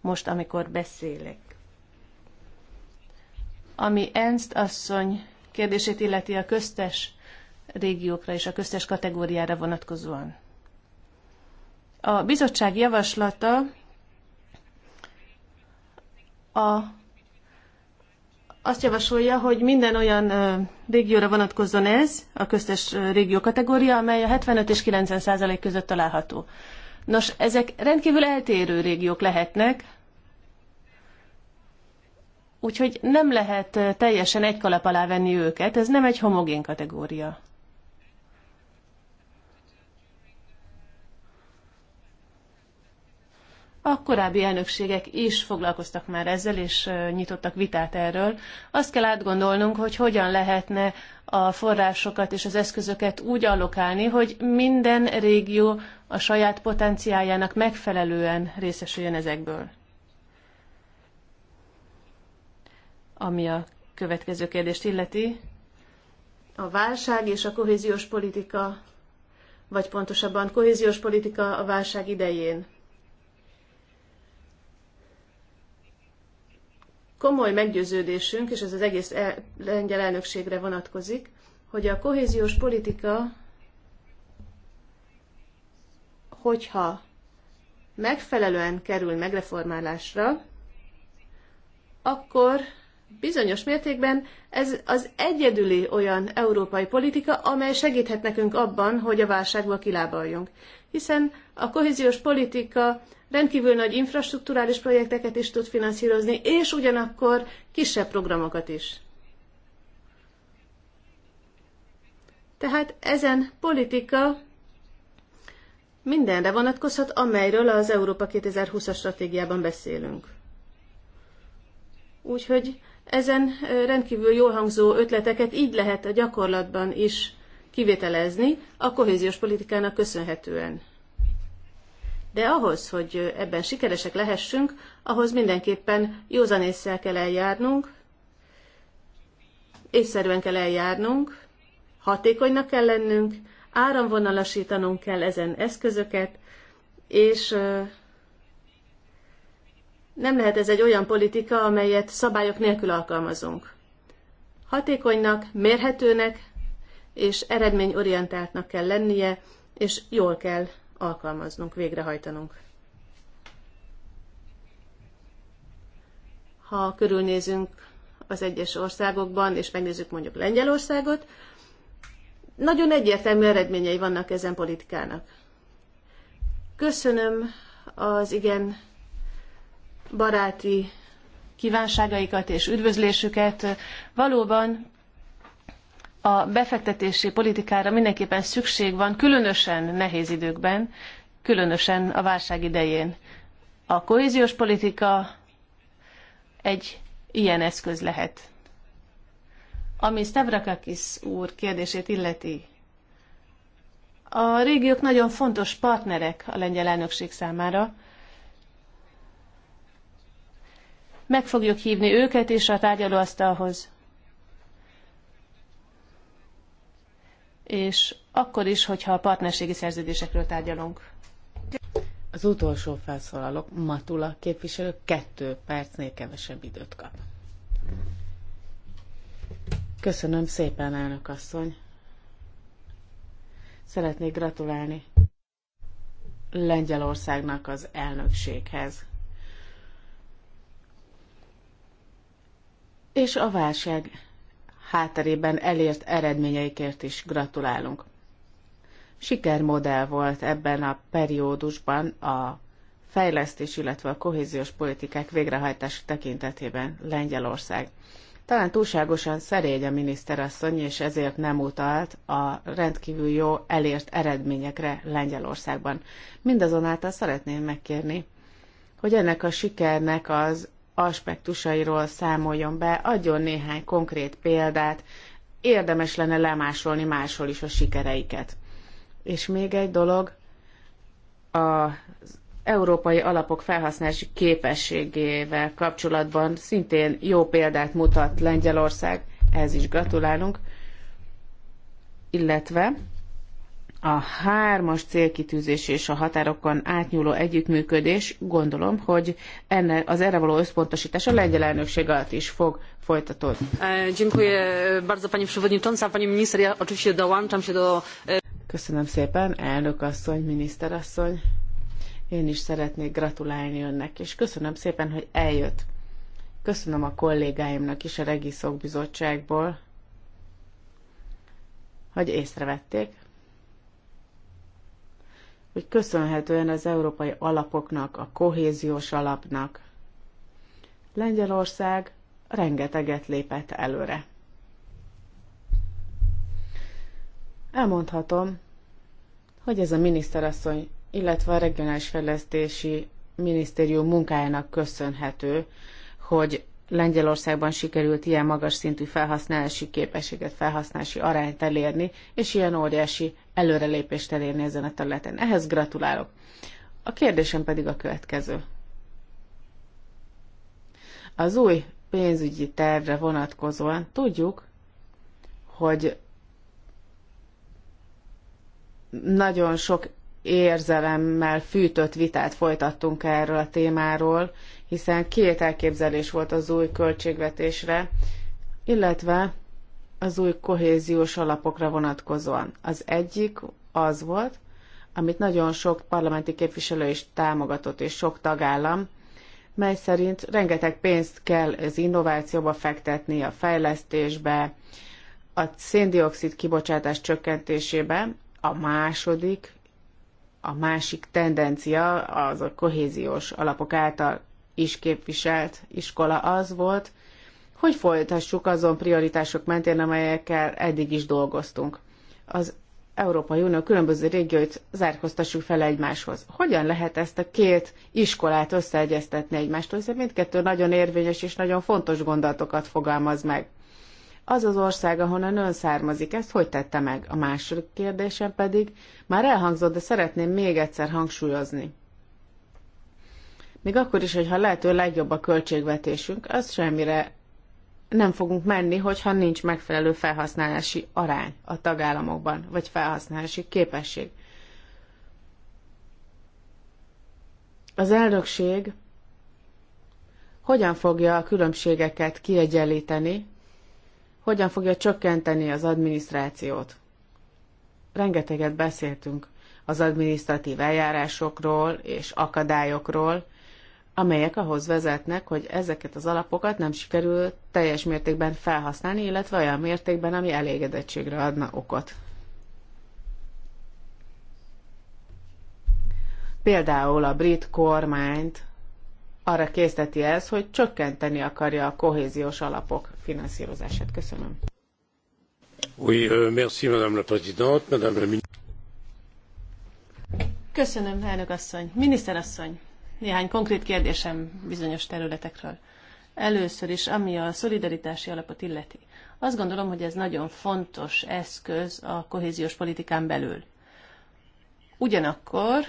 most, amikor beszélek. Ami Ernst asszony kérdését illeti a köztes régiókra és a köztes kategóriára vonatkozóan. A bizottság javaslata a, azt javasolja, hogy minden olyan régióra vonatkozzon ez, a köztes régió kategória, amely a 75 és 90 százalék között található. Nos, ezek rendkívül eltérő régiók lehetnek, úgyhogy nem lehet teljesen egy kalap alá venni őket, ez nem egy homogén kategória. A korábbi elnökségek is foglalkoztak már ezzel, és nyitottak vitát erről. Azt kell átgondolnunk, hogy hogyan lehetne a forrásokat és az eszközöket úgy allokálni, hogy minden régió a saját potenciáljának megfelelően részesüljön ezekből. Ami a következő kérdést illeti, a válság és a kohéziós politika, vagy pontosabban kohéziós politika a válság idején komoly meggyőződésünk, és ez az egész el, lengyel elnökségre vonatkozik, hogy a kohéziós politika, hogyha megfelelően kerül megreformálásra, akkor bizonyos mértékben ez az egyedüli olyan európai politika, amely segíthet nekünk abban, hogy a válságból kilábaljunk. Hiszen a kohéziós politika rendkívül nagy infrastruktúrális projekteket is tud finanszírozni, és ugyanakkor kisebb programokat is. Tehát ezen politika mindenre vonatkozhat, amelyről az Európa 2020-as stratégiában beszélünk. Úgyhogy ezen rendkívül jól hangzó ötleteket így lehet a gyakorlatban is kivételezni a kohéziós politikának köszönhetően. De ahhoz, hogy ebben sikeresek lehessünk, ahhoz mindenképpen józan észsel kell eljárnunk, észszerűen kell eljárnunk, hatékonynak kell lennünk, áramvonalasítanunk kell ezen eszközöket, és nem lehet ez egy olyan politika, amelyet szabályok nélkül alkalmazunk. Hatékonynak, mérhetőnek és eredményorientáltnak kell lennie, és jól kell alkalmaznunk, végrehajtanunk. Ha körülnézünk az egyes országokban, és megnézzük mondjuk Lengyelországot, nagyon egyértelmű eredményei vannak ezen politikának. Köszönöm az igen baráti kívánságaikat és üdvözlésüket. Valóban a befektetési politikára mindenképpen szükség van, különösen nehéz időkben, különösen a válság idején. A kohéziós politika egy ilyen eszköz lehet. Ami Stavrakakis úr kérdését illeti, a régiók nagyon fontos partnerek a lengyel elnökség számára. Meg fogjuk hívni őket is a tárgyalóasztalhoz és akkor is, hogyha a partnerségi szerződésekről tárgyalunk. Az utolsó felszólalok, Matula képviselő kettő percnél kevesebb időt kap. Köszönöm szépen, elnök asszony. Szeretnék gratulálni Lengyelországnak az elnökséghez. És a válság hátterében elért eredményeikért is gratulálunk. Sikermodell volt ebben a periódusban a fejlesztés, illetve a kohéziós politikák végrehajtása tekintetében Lengyelország. Talán túlságosan szerény a miniszterasszony, és ezért nem utalt a rendkívül jó elért eredményekre Lengyelországban. Mindazonáltal szeretném megkérni, hogy ennek a sikernek az aspektusairól számoljon be, adjon néhány konkrét példát, érdemes lenne lemásolni máshol is a sikereiket. És még egy dolog, az európai alapok felhasználási képességével kapcsolatban szintén jó példát mutat Lengyelország, ehhez is gratulálunk, illetve a hármas célkitűzés és a határokon átnyúló együttműködés, gondolom, hogy enne, az erre való összpontosítás a lengyel elnökség alatt is fog folytatódni. E, e, köszönöm szépen, elnök asszony, miniszter asszony. Én is szeretnék gratulálni önnek, és köszönöm szépen, hogy eljött. Köszönöm a kollégáimnak is a Regiszok Bizottságból, hogy észrevették, hogy köszönhetően az európai alapoknak, a kohéziós alapnak Lengyelország rengeteget lépett előre. Elmondhatom, hogy ez a miniszterasszony, illetve a regionális fejlesztési minisztérium munkájának köszönhető, hogy Lengyelországban sikerült ilyen magas szintű felhasználási képességet, felhasználási arányt elérni, és ilyen óriási előrelépést elérni ezen a területen. Ehhez gratulálok. A kérdésem pedig a következő. Az új pénzügyi tervre vonatkozóan tudjuk, hogy nagyon sok érzelemmel fűtött vitát folytattunk erről a témáról, hiszen két elképzelés volt az új költségvetésre, illetve az új kohéziós alapokra vonatkozóan. Az egyik az volt, amit nagyon sok parlamenti képviselő is támogatott, és sok tagállam, mely szerint rengeteg pénzt kell az innovációba fektetni, a fejlesztésbe, a széndiokszid kibocsátás csökkentésébe, a második a másik tendencia, az a kohéziós alapok által is képviselt iskola az volt, hogy folytassuk azon prioritások mentén, amelyekkel eddig is dolgoztunk. Az Európai Unió különböző régióit zárkoztassuk fel egymáshoz. Hogyan lehet ezt a két iskolát összeegyeztetni egymástól, hiszen mindkettő nagyon érvényes és nagyon fontos gondolatokat fogalmaz meg az az ország, ahonnan ön származik. Ezt hogy tette meg? A második kérdésem pedig már elhangzott, de szeretném még egyszer hangsúlyozni. Még akkor is, hogyha lehető legjobb a költségvetésünk, az semmire nem fogunk menni, hogyha nincs megfelelő felhasználási arány a tagállamokban, vagy felhasználási képesség. Az elnökség hogyan fogja a különbségeket kiegyenlíteni hogyan fogja csökkenteni az adminisztrációt. Rengeteget beszéltünk az adminisztratív eljárásokról és akadályokról, amelyek ahhoz vezetnek, hogy ezeket az alapokat nem sikerül teljes mértékben felhasználni, illetve olyan mértékben, ami elégedettségre adna okot. Például a brit kormányt arra készteti ez, hogy csökkenteni akarja a kohéziós alapok finanszírozását. Köszönöm. Oui, euh, merci, madame la présidente, madame la Köszönöm, elnök asszony. Miniszter asszony, néhány konkrét kérdésem bizonyos területekről. Először is, ami a szolidaritási alapot illeti. Azt gondolom, hogy ez nagyon fontos eszköz a kohéziós politikán belül. Ugyanakkor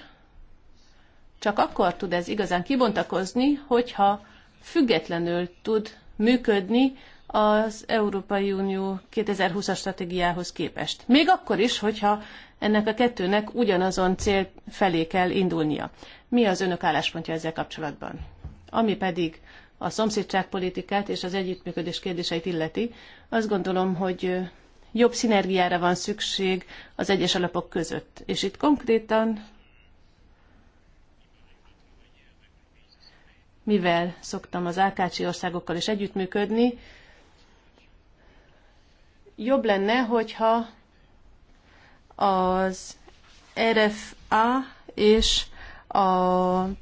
csak akkor tud ez igazán kibontakozni, hogyha függetlenül tud működni az Európai Unió 2020-as stratégiához képest. Még akkor is, hogyha ennek a kettőnek ugyanazon cél felé kell indulnia. Mi az önök álláspontja ezzel kapcsolatban? Ami pedig a szomszédságpolitikát és az együttműködés kérdéseit illeti, azt gondolom, hogy jobb szinergiára van szükség az egyes alapok között. És itt konkrétan mivel szoktam az Ákácsi országokkal is együttműködni, jobb lenne, hogyha az RFA és a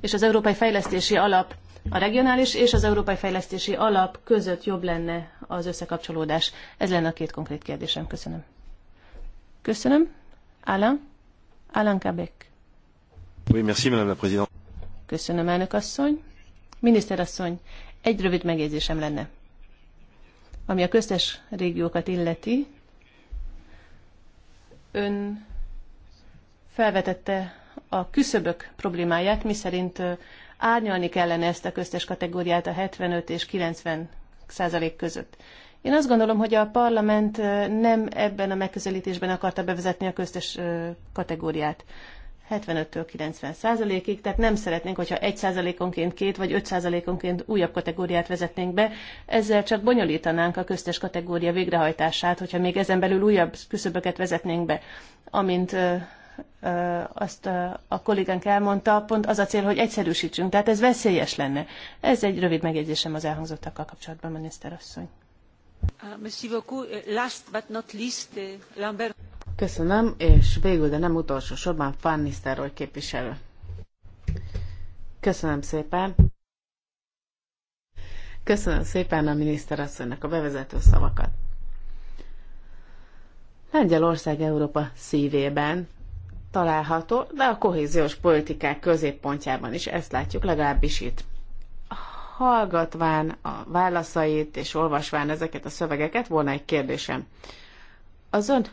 és az Európai Fejlesztési Alap a regionális és az Európai Fejlesztési Alap között jobb lenne az összekapcsolódás. Ez lenne a két konkrét kérdésem. Köszönöm. Köszönöm. Alan? Alan Kabek. Köszönöm, elnök asszony. Miniszter asszony, egy rövid megjegyzésem lenne. Ami a köztes régiókat illeti, ön felvetette a küszöbök problémáját, miszerint árnyalni kellene ezt a köztes kategóriát a 75 és 90 százalék között. Én azt gondolom, hogy a parlament nem ebben a megközelítésben akarta bevezetni a köztes kategóriát. 75-től 90 százalékig, tehát nem szeretnénk, hogyha 1 százalékonként két vagy 5 százalékonként újabb kategóriát vezetnénk be, ezzel csak bonyolítanánk a köztes kategória végrehajtását, hogyha még ezen belül újabb küszöböket vezetnénk be, amint ö, ö, azt a kollégánk elmondta, pont az a cél, hogy egyszerűsítsünk, tehát ez veszélyes lenne. Ez egy rövid megjegyzésem az elhangzottakkal kapcsolatban, miniszter asszony. Uh, merci beaucoup. Uh, last but not least, uh, Lambert. Köszönöm, és végül, de nem utolsó sorban, Fanny Nisztároly képviselő. Köszönöm szépen. Köszönöm szépen a miniszterasszonynak a bevezető szavakat. Lengyelország Európa szívében található, de a kohéziós politikák középpontjában is ezt látjuk legalábbis itt. Hallgatván a válaszait és olvasván ezeket a szövegeket volna egy kérdésem. Az ön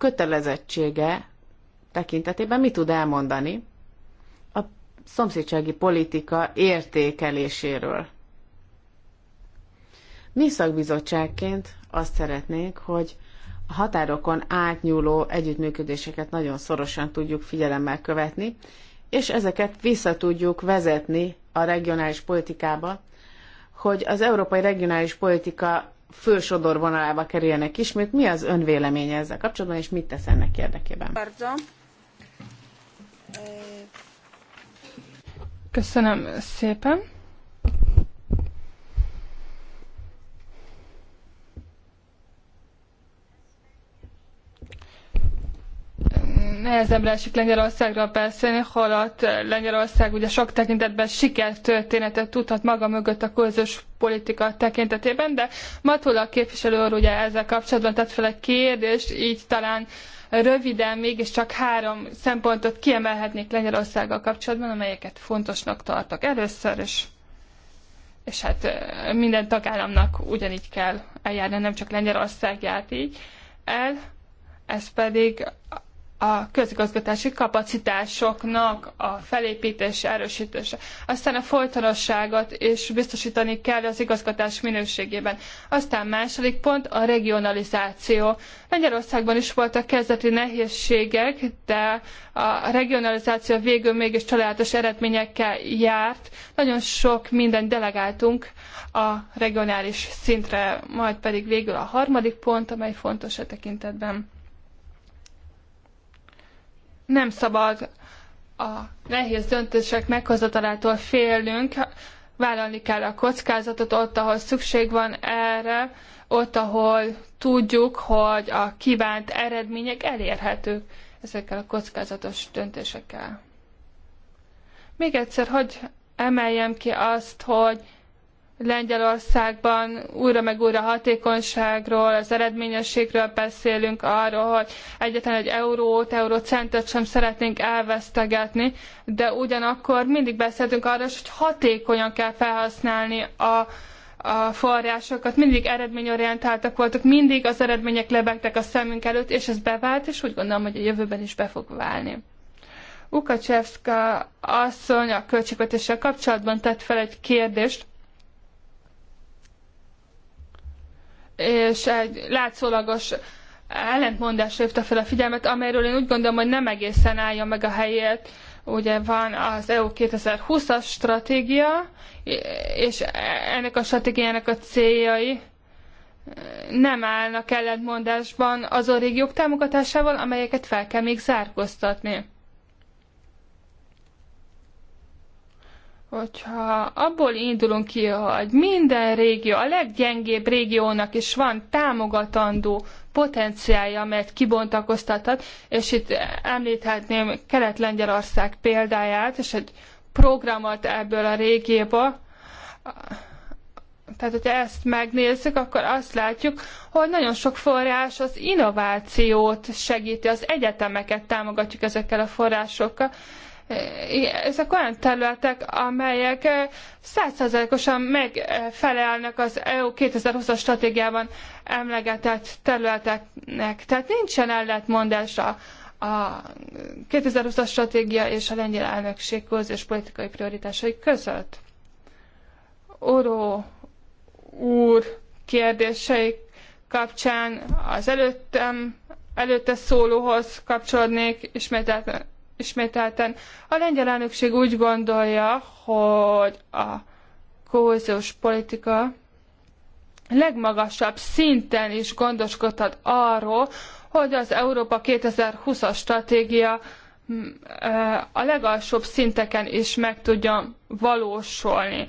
kötelezettsége tekintetében mit tud elmondani a szomszédsági politika értékeléséről. Mi szakbizottságként azt szeretnénk, hogy a határokon átnyúló együttműködéseket nagyon szorosan tudjuk figyelemmel követni, és ezeket vissza tudjuk vezetni a regionális politikába, hogy az európai regionális politika fősodor vonalába kerüljenek ismét. Mi az ön véleménye ezzel kapcsolatban, és mit tesz ennek érdekében? Köszönöm szépen. nehezemre esik Lengyelországról beszélni, holott Lengyelország ugye sok tekintetben sikertörténetet tudhat maga mögött a közös politika tekintetében, de Matula képviselő úr ugye ezzel kapcsolatban tett fel egy kérdést, így talán röviden mégiscsak három szempontot kiemelhetnék Lengyelországgal kapcsolatban, amelyeket fontosnak tartok először, is és hát minden tagállamnak ugyanígy kell eljárni, nem csak Lengyelország járt így el, ez pedig a közigazgatási kapacitásoknak a felépítése, erősítése. Aztán a folytonosságot is biztosítani kell az igazgatás minőségében. Aztán második pont a regionalizáció. Lengyelországban is voltak kezdeti nehézségek, de a regionalizáció végül mégis csodálatos eredményekkel járt. Nagyon sok mindent delegáltunk a regionális szintre, majd pedig végül a harmadik pont, amely fontos a e tekintetben nem szabad a nehéz döntések meghozatalától félnünk, vállalni kell a kockázatot ott, ahol szükség van erre, ott, ahol tudjuk, hogy a kívánt eredmények elérhetők ezekkel a kockázatos döntésekkel. Még egyszer, hogy emeljem ki azt, hogy Lengyelországban újra meg újra hatékonyságról, az eredményességről beszélünk, arról, hogy egyetlen egy eurót, eurocentet sem szeretnénk elvesztegetni, de ugyanakkor mindig beszéltünk arról, hogy hatékonyan kell felhasználni a, a forrásokat, mindig eredményorientáltak voltak, mindig az eredmények lebegtek a szemünk előtt, és ez bevált, és úgy gondolom, hogy a jövőben is be fog válni. Ukacsevska asszony a költségvetéssel kapcsolatban tett fel egy kérdést, és egy látszólagos ellentmondásra hívta fel a figyelmet, amelyről én úgy gondolom, hogy nem egészen állja meg a helyét. Ugye van az EU 2020-as stratégia, és ennek a stratégiának a céljai nem állnak ellentmondásban azon régiók támogatásával, amelyeket fel kell még zárkóztatni. hogyha abból indulunk ki, hogy minden régió, a leggyengébb régiónak is van támogatandó potenciálja, amelyet kibontakoztathat, és itt említhetném Kelet-Lengyelország példáját, és egy programot ebből a régióba. Tehát, hogyha ezt megnézzük, akkor azt látjuk, hogy nagyon sok forrás az innovációt segíti, az egyetemeket támogatjuk ezekkel a forrásokkal, ezek olyan területek, amelyek eh, százszerzelékosan megfelelnek az EU 2020-as stratégiában emlegetett területeknek. Tehát nincsen ellentmondás a, 2020-as stratégia és a lengyel elnökség és politikai prioritásai között. Oró úr kérdései kapcsán az előttem, előtte szólóhoz kapcsolódnék, ismételten ismételten. A lengyel elnökség úgy gondolja, hogy a kohéziós politika legmagasabb szinten is gondoskodhat arról, hogy az Európa 2020-as stratégia mm, e, a legalsóbb szinteken is meg tudjon valósulni.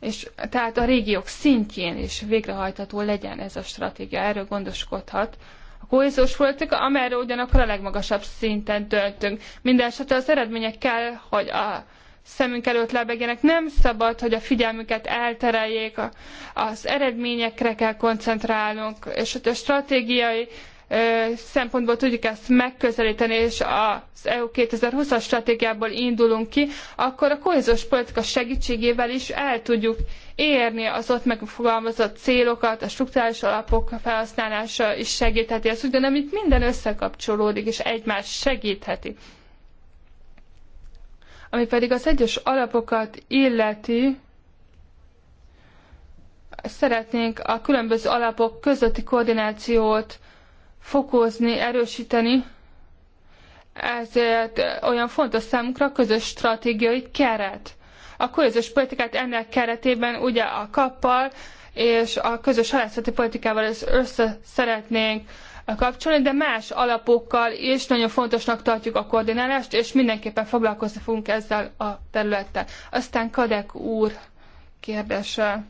És tehát a régiók szintjén is végrehajtható legyen ez a stratégia, erről gondoskodhat kohéziós politika, amelyre ugyanakkor a legmagasabb szinten döntünk. Mindenesetre az eredmények kell, hogy a szemünk előtt lebegjenek. Nem szabad, hogy a figyelmüket eltereljék, az eredményekre kell koncentrálnunk, és hogy a stratégiai szempontból tudjuk ezt megközelíteni, és az EU 2020-as stratégiából indulunk ki, akkor a kohéziós politika segítségével is el tudjuk érni az ott megfogalmazott célokat, a strukturális alapok felhasználása is segítheti ezt, gondolom, itt minden összekapcsolódik, és egymást segítheti. Ami pedig az egyes alapokat illeti, szeretnénk a különböző alapok közötti koordinációt fokozni, erősíteni, ezért olyan fontos számukra a közös stratégiai keret. A közös politikát ennek keretében ugye a kappal és a közös halászati politikával is össze szeretnénk kapcsolni, de más alapokkal is nagyon fontosnak tartjuk a koordinálást, és mindenképpen foglalkozni fogunk ezzel a területtel. Aztán Kadek úr kérdése.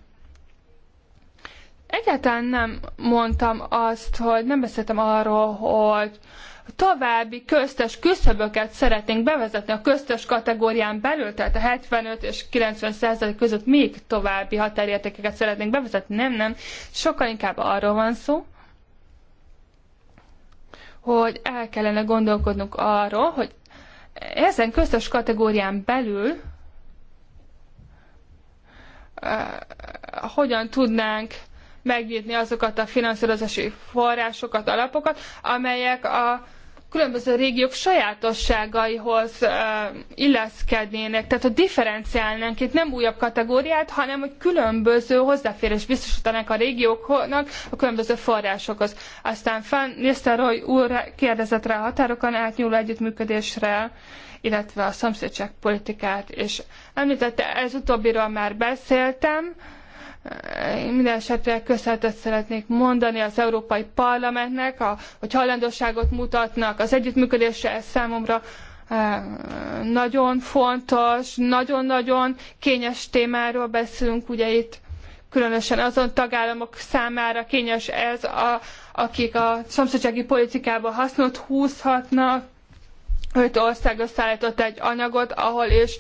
Egyáltalán nem mondtam azt, hogy nem beszéltem arról, hogy további köztes küszöböket szeretnénk bevezetni a köztes kategórián belül, tehát a 75 és 90 százalék között még további határértékeket szeretnénk bevezetni. Nem, nem. Sokkal inkább arról van szó, hogy el kellene gondolkodnunk arról, hogy ezen köztes kategórián belül uh, hogyan tudnánk megnyitni azokat a finanszírozási forrásokat, alapokat, amelyek a különböző régiók sajátosságaihoz illeszkednének. Tehát, hogy differenciálnánk itt nem újabb kategóriát, hanem hogy különböző hozzáférés biztosítanánk a régióknak a különböző forrásokhoz. Aztán Fan Nisztároly úr kérdezett rá a határokon átnyúló együttműködésre illetve a szomszédságpolitikát, és említette, ez utóbbiról már beszéltem, minden esetre köszönetet szeretnék mondani az Európai Parlamentnek, a, hogy hajlandóságot mutatnak az együttműködésre, ez számomra eh, nagyon fontos, nagyon-nagyon kényes témáról beszélünk, ugye itt különösen azon tagállamok számára kényes ez, a, akik a szomszédsági politikába hasznot húzhatnak, öt ország összeállított egy anyagot, ahol is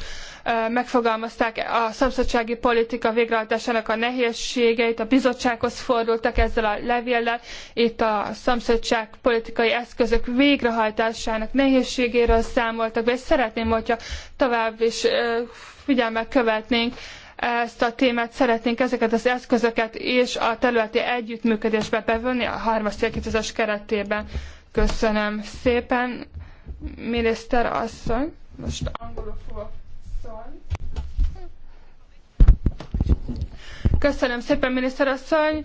megfogalmazták a szomszédsági politika végrehajtásának a nehézségeit, a bizottsághoz fordultak ezzel a levéllel, itt a szomszédság politikai eszközök végrehajtásának nehézségéről számoltak be, és szeretném, hogyha tovább is figyelmel követnénk ezt a témát, szeretnénk ezeket az eszközöket és a területi együttműködésbe bevonni a 3 keretében. Köszönöm szépen! miniszter asszony. Most angolul fogok szólni. Köszönöm szépen, miniszterasszony.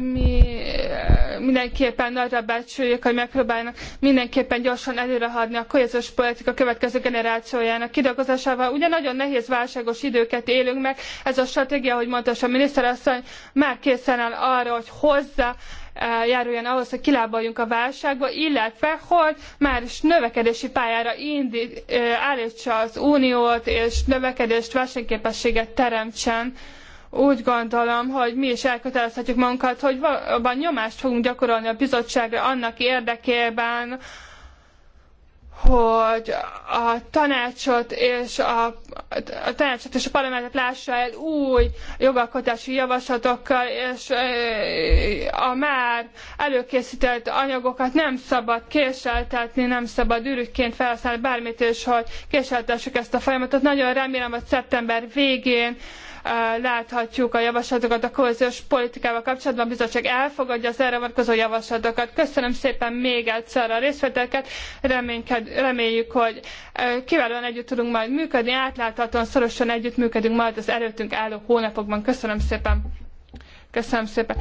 Mi eh, mindenképpen nagyra becsüljük, hogy megpróbálnak mindenképpen gyorsan előrehaladni a kohéziós politika következő generációjának kidolgozásával. Ugye nagyon nehéz válságos időket élünk meg, ez a stratégia, hogy mondta a miniszterasszony, már készen áll arra, hogy hozza eh, járuljon ahhoz, hogy kilábaljunk a válságba, illetve hogy már is növekedési pályára indít, eh, állítsa az uniót, és növekedést, versenyképességet teremtsen úgy gondolom, hogy mi is elkötelezhetjük magunkat, hogy valóban nyomást fogunk gyakorolni a bizottságra annak érdekében, hogy a tanácsot és a, a tanácsot és a parlamentet lássa el új jogalkotási javaslatokkal, és a már előkészített anyagokat nem szabad késeltetni, nem szabad ürügyként felhasználni bármit, és hogy késeltessük ezt a folyamatot. Nagyon remélem, hogy szeptember végén láthatjuk a javaslatokat a kohéziós politikával kapcsolatban. A bizottság elfogadja az erre vonatkozó javaslatokat. Köszönöm szépen még egyszer a részvételket. Reméljük, hogy kiválóan együtt tudunk majd működni, átláthatóan szorosan együtt működünk majd az előttünk álló hónapokban. Köszönöm szépen. Köszönöm szépen.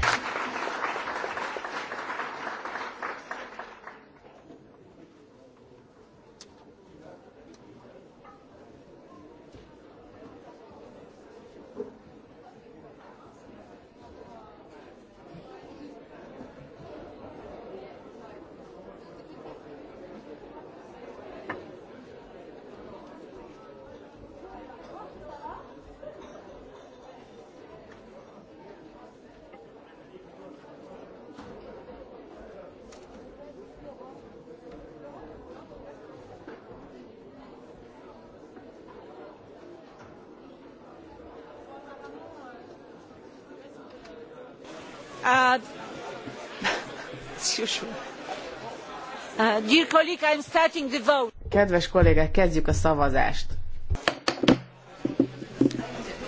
Kedves kollégák, kezdjük a szavazást.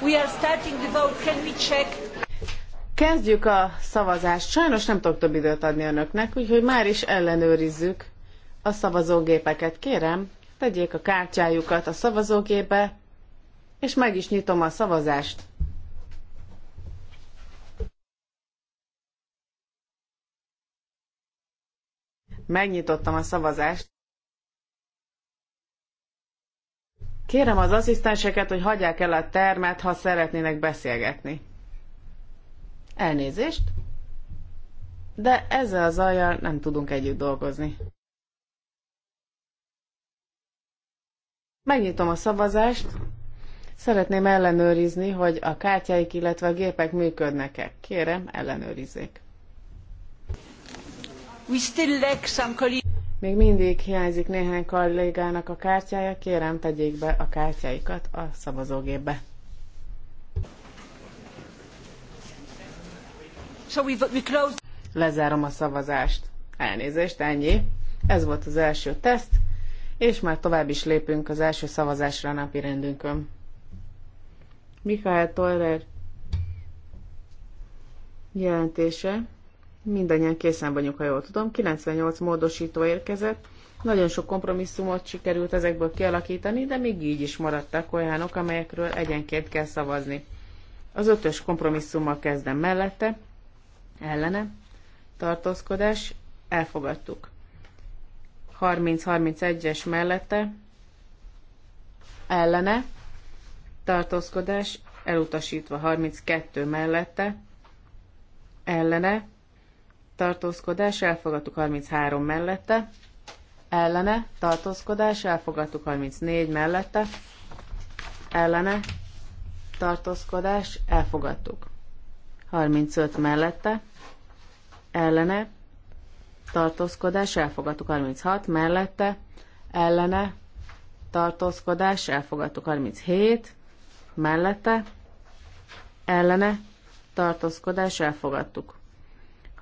We are starting the vote. Can we check? Kezdjük a szavazást. Sajnos nem tudok több időt adni önöknek, úgyhogy már is ellenőrizzük a szavazógépeket. Kérem, tegyék a kártyájukat a szavazógépbe, és meg is nyitom a szavazást. Megnyitottam a szavazást. Kérem az asszisztenseket, hogy hagyják el a termet, ha szeretnének beszélgetni. Elnézést, de ezzel az zajjal nem tudunk együtt dolgozni. Megnyitom a szavazást. Szeretném ellenőrizni, hogy a kártyáik, illetve a gépek működnek-e. Kérem, ellenőrizzék. Még mindig hiányzik néhány kollégának a kártyája, kérem tegyék be a kártyáikat a szavazógépbe. So we, we closed. Lezárom a szavazást. Elnézést, ennyi. Ez volt az első teszt, és már tovább is lépünk az első szavazásra a napi rendünkön. Mikael Toller jelentése Mindannyian készen vagyunk, ha jól tudom. 98 módosító érkezett. Nagyon sok kompromisszumot sikerült ezekből kialakítani, de még így is maradtak olyanok, amelyekről egyenként kell szavazni. Az ötös kompromisszummal kezdem mellette, ellene, tartózkodás, elfogadtuk. 30-31-es mellette, ellene, tartózkodás, elutasítva 32 mellette, ellene, tartózkodás, elfogadtuk 33 mellette, ellene, tartózkodás, elfogadtuk 34 mellette, ellene, tartózkodás, elfogadtuk. 35 mellette, ellene, tartózkodás, elfogadtuk 36 mellette, ellene, tartózkodás, elfogadtuk 37 mellette, ellene, tartózkodás, elfogadtuk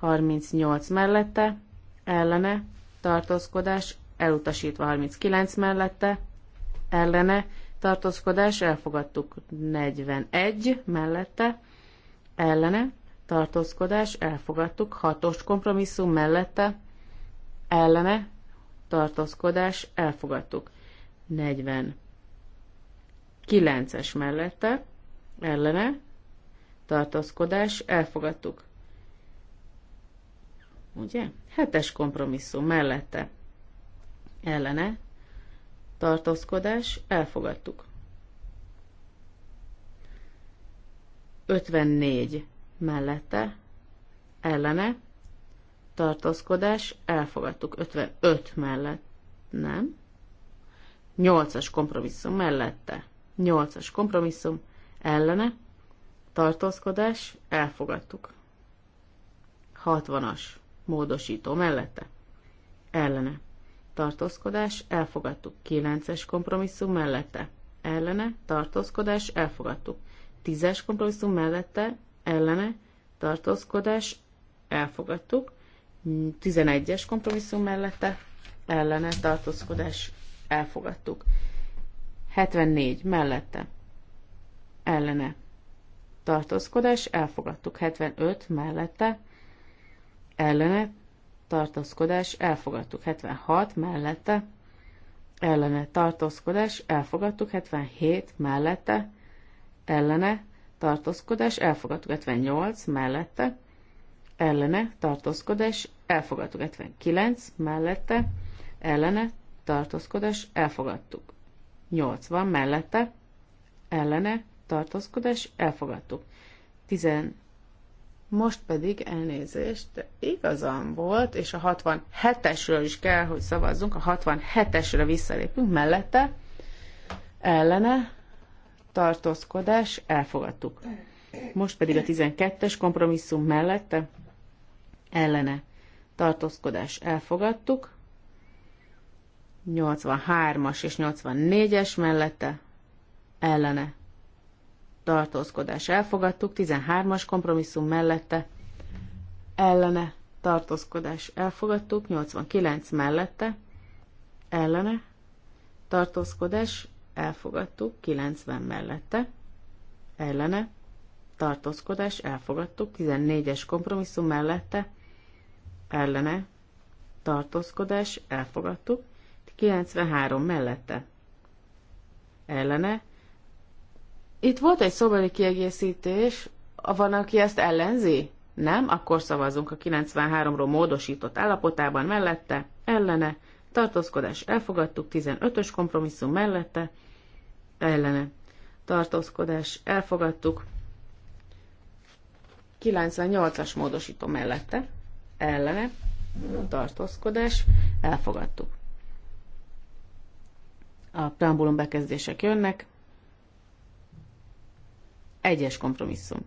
38 mellette, ellene, tartózkodás, elutasítva 39 mellette, ellene, tartózkodás, elfogadtuk 41 mellette, ellene, tartózkodás, elfogadtuk 6-os kompromisszum mellette, ellene, tartózkodás, elfogadtuk 40 9-es mellette, ellene, tartózkodás, elfogadtuk Ugye? Hetes kompromisszum mellette. Ellene. Tartózkodás. Elfogadtuk. 54 mellette. Ellene. Tartózkodás. Elfogadtuk. 55 mellett. Nem. 8-as kompromisszum mellette. 8-as kompromisszum ellene. Tartózkodás. Elfogadtuk. 60-as módosító mellette. Ellene. Tartózkodás elfogadtuk. Kilences kompromisszum mellette. Ellene. Tartózkodás elfogadtuk. Tízes kompromisszum mellette. Ellene. Tartózkodás elfogadtuk. Tizenegyes kompromisszum mellette. Ellene. Tartózkodás elfogadtuk. 74 mellette. Ellene. Tartózkodás elfogadtuk. 75 mellette ellene tartózkodás elfogadtuk 76 mellette, ellene tartózkodás elfogadtuk 77 mellette, ellene tartózkodás elfogadtuk 78 mellette, ellene tartózkodás elfogadtuk 79 mellette, ellene tartózkodás elfogadtuk 80 mellette, ellene tartózkodás elfogadtuk 10 most pedig elnézést, igazam volt, és a 67-esről is kell, hogy szavazzunk, a 67-esre visszalépünk, mellette ellene tartózkodás elfogadtuk. Most pedig a 12-es kompromisszum mellette ellene tartózkodás elfogadtuk, 83-as és 84-es mellette ellene tartózkodás elfogadtuk, 13-as kompromisszum mellette ellene tartózkodás elfogadtuk, 89 mellette ellene tartózkodás elfogadtuk, 90 mellette ellene tartózkodás elfogadtuk, 14-es kompromisszum mellette ellene tartózkodás elfogadtuk, 93 mellette ellene itt volt egy szobeli kiegészítés, van, aki ezt ellenzi? Nem, akkor szavazunk a 93-ról módosított állapotában mellette, ellene, tartózkodás elfogadtuk, 15-ös kompromisszum mellette, ellene, tartózkodás elfogadtuk, 98-as módosító mellette, ellene, tartózkodás elfogadtuk. A preambulum bekezdések jönnek, egyes kompromisszum.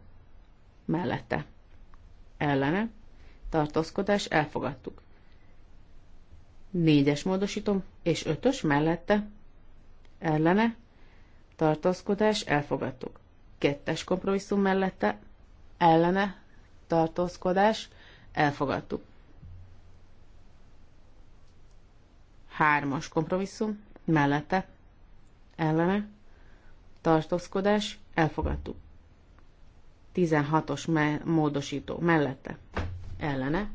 Mellette. Ellene. Tartózkodás elfogadtuk. Négyes módosítom, és ötös mellette. Ellene. Tartózkodás elfogadtuk. Kettes kompromisszum mellette. Ellene. Tartózkodás elfogadtuk. Hármas kompromisszum mellette. Ellene. Tartózkodás elfogadtuk. 16-os módosító mellette ellene,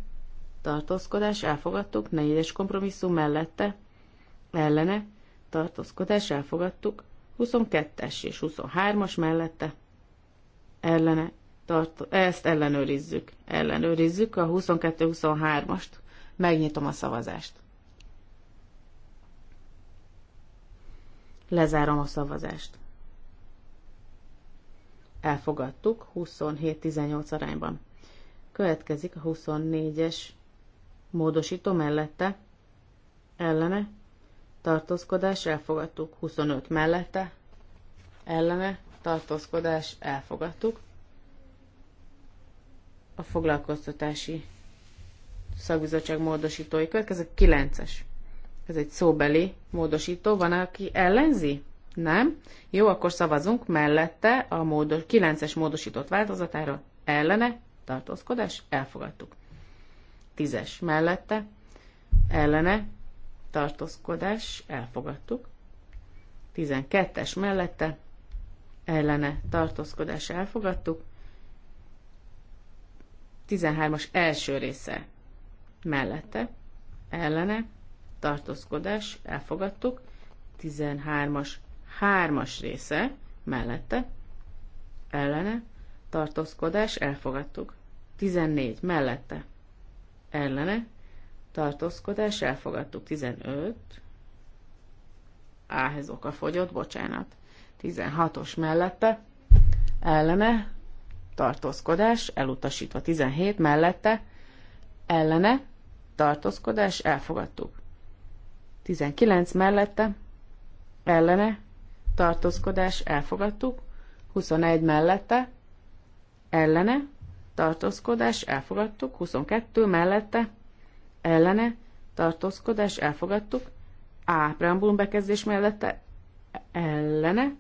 tartózkodás elfogadtuk, 4-es kompromisszum mellette ellene, tartózkodás elfogadtuk, 22-es és 23-as mellette ellene, tart, ezt ellenőrizzük, ellenőrizzük a 22-23-ast, megnyitom a szavazást. Lezárom a szavazást elfogadtuk 27-18 arányban. Következik a 24-es módosító mellette, ellene, tartózkodás, elfogadtuk 25 mellette, ellene, tartózkodás, elfogadtuk. A foglalkoztatási szakbizottság módosítói következik 9-es. Ez egy szóbeli módosító, van, aki ellenzi? Nem? Jó, akkor szavazunk mellette a módos, 9-es módosított változatára. Ellene? Tartózkodás? Elfogadtuk. 10-es mellette? Ellene? Tartózkodás? Elfogadtuk. 12-es mellette? Ellene? Tartózkodás? Elfogadtuk. 13-as első része mellette, ellene, tartózkodás, elfogadtuk. 13-as hármas része mellette, ellene, tartózkodás, elfogadtuk. 14 mellette, ellene, tartózkodás, elfogadtuk. 15, áhez oka fogyott, bocsánat. 16-os mellette, ellene, tartózkodás, elutasítva. 17 mellette, ellene, tartózkodás, elfogadtuk. 19 mellette, ellene, tartózkodás elfogadtuk, 21 mellette, ellene, tartózkodás elfogadtuk, 22 mellette, ellene, tartózkodás elfogadtuk, A preambulum bekezdés mellette, ellene,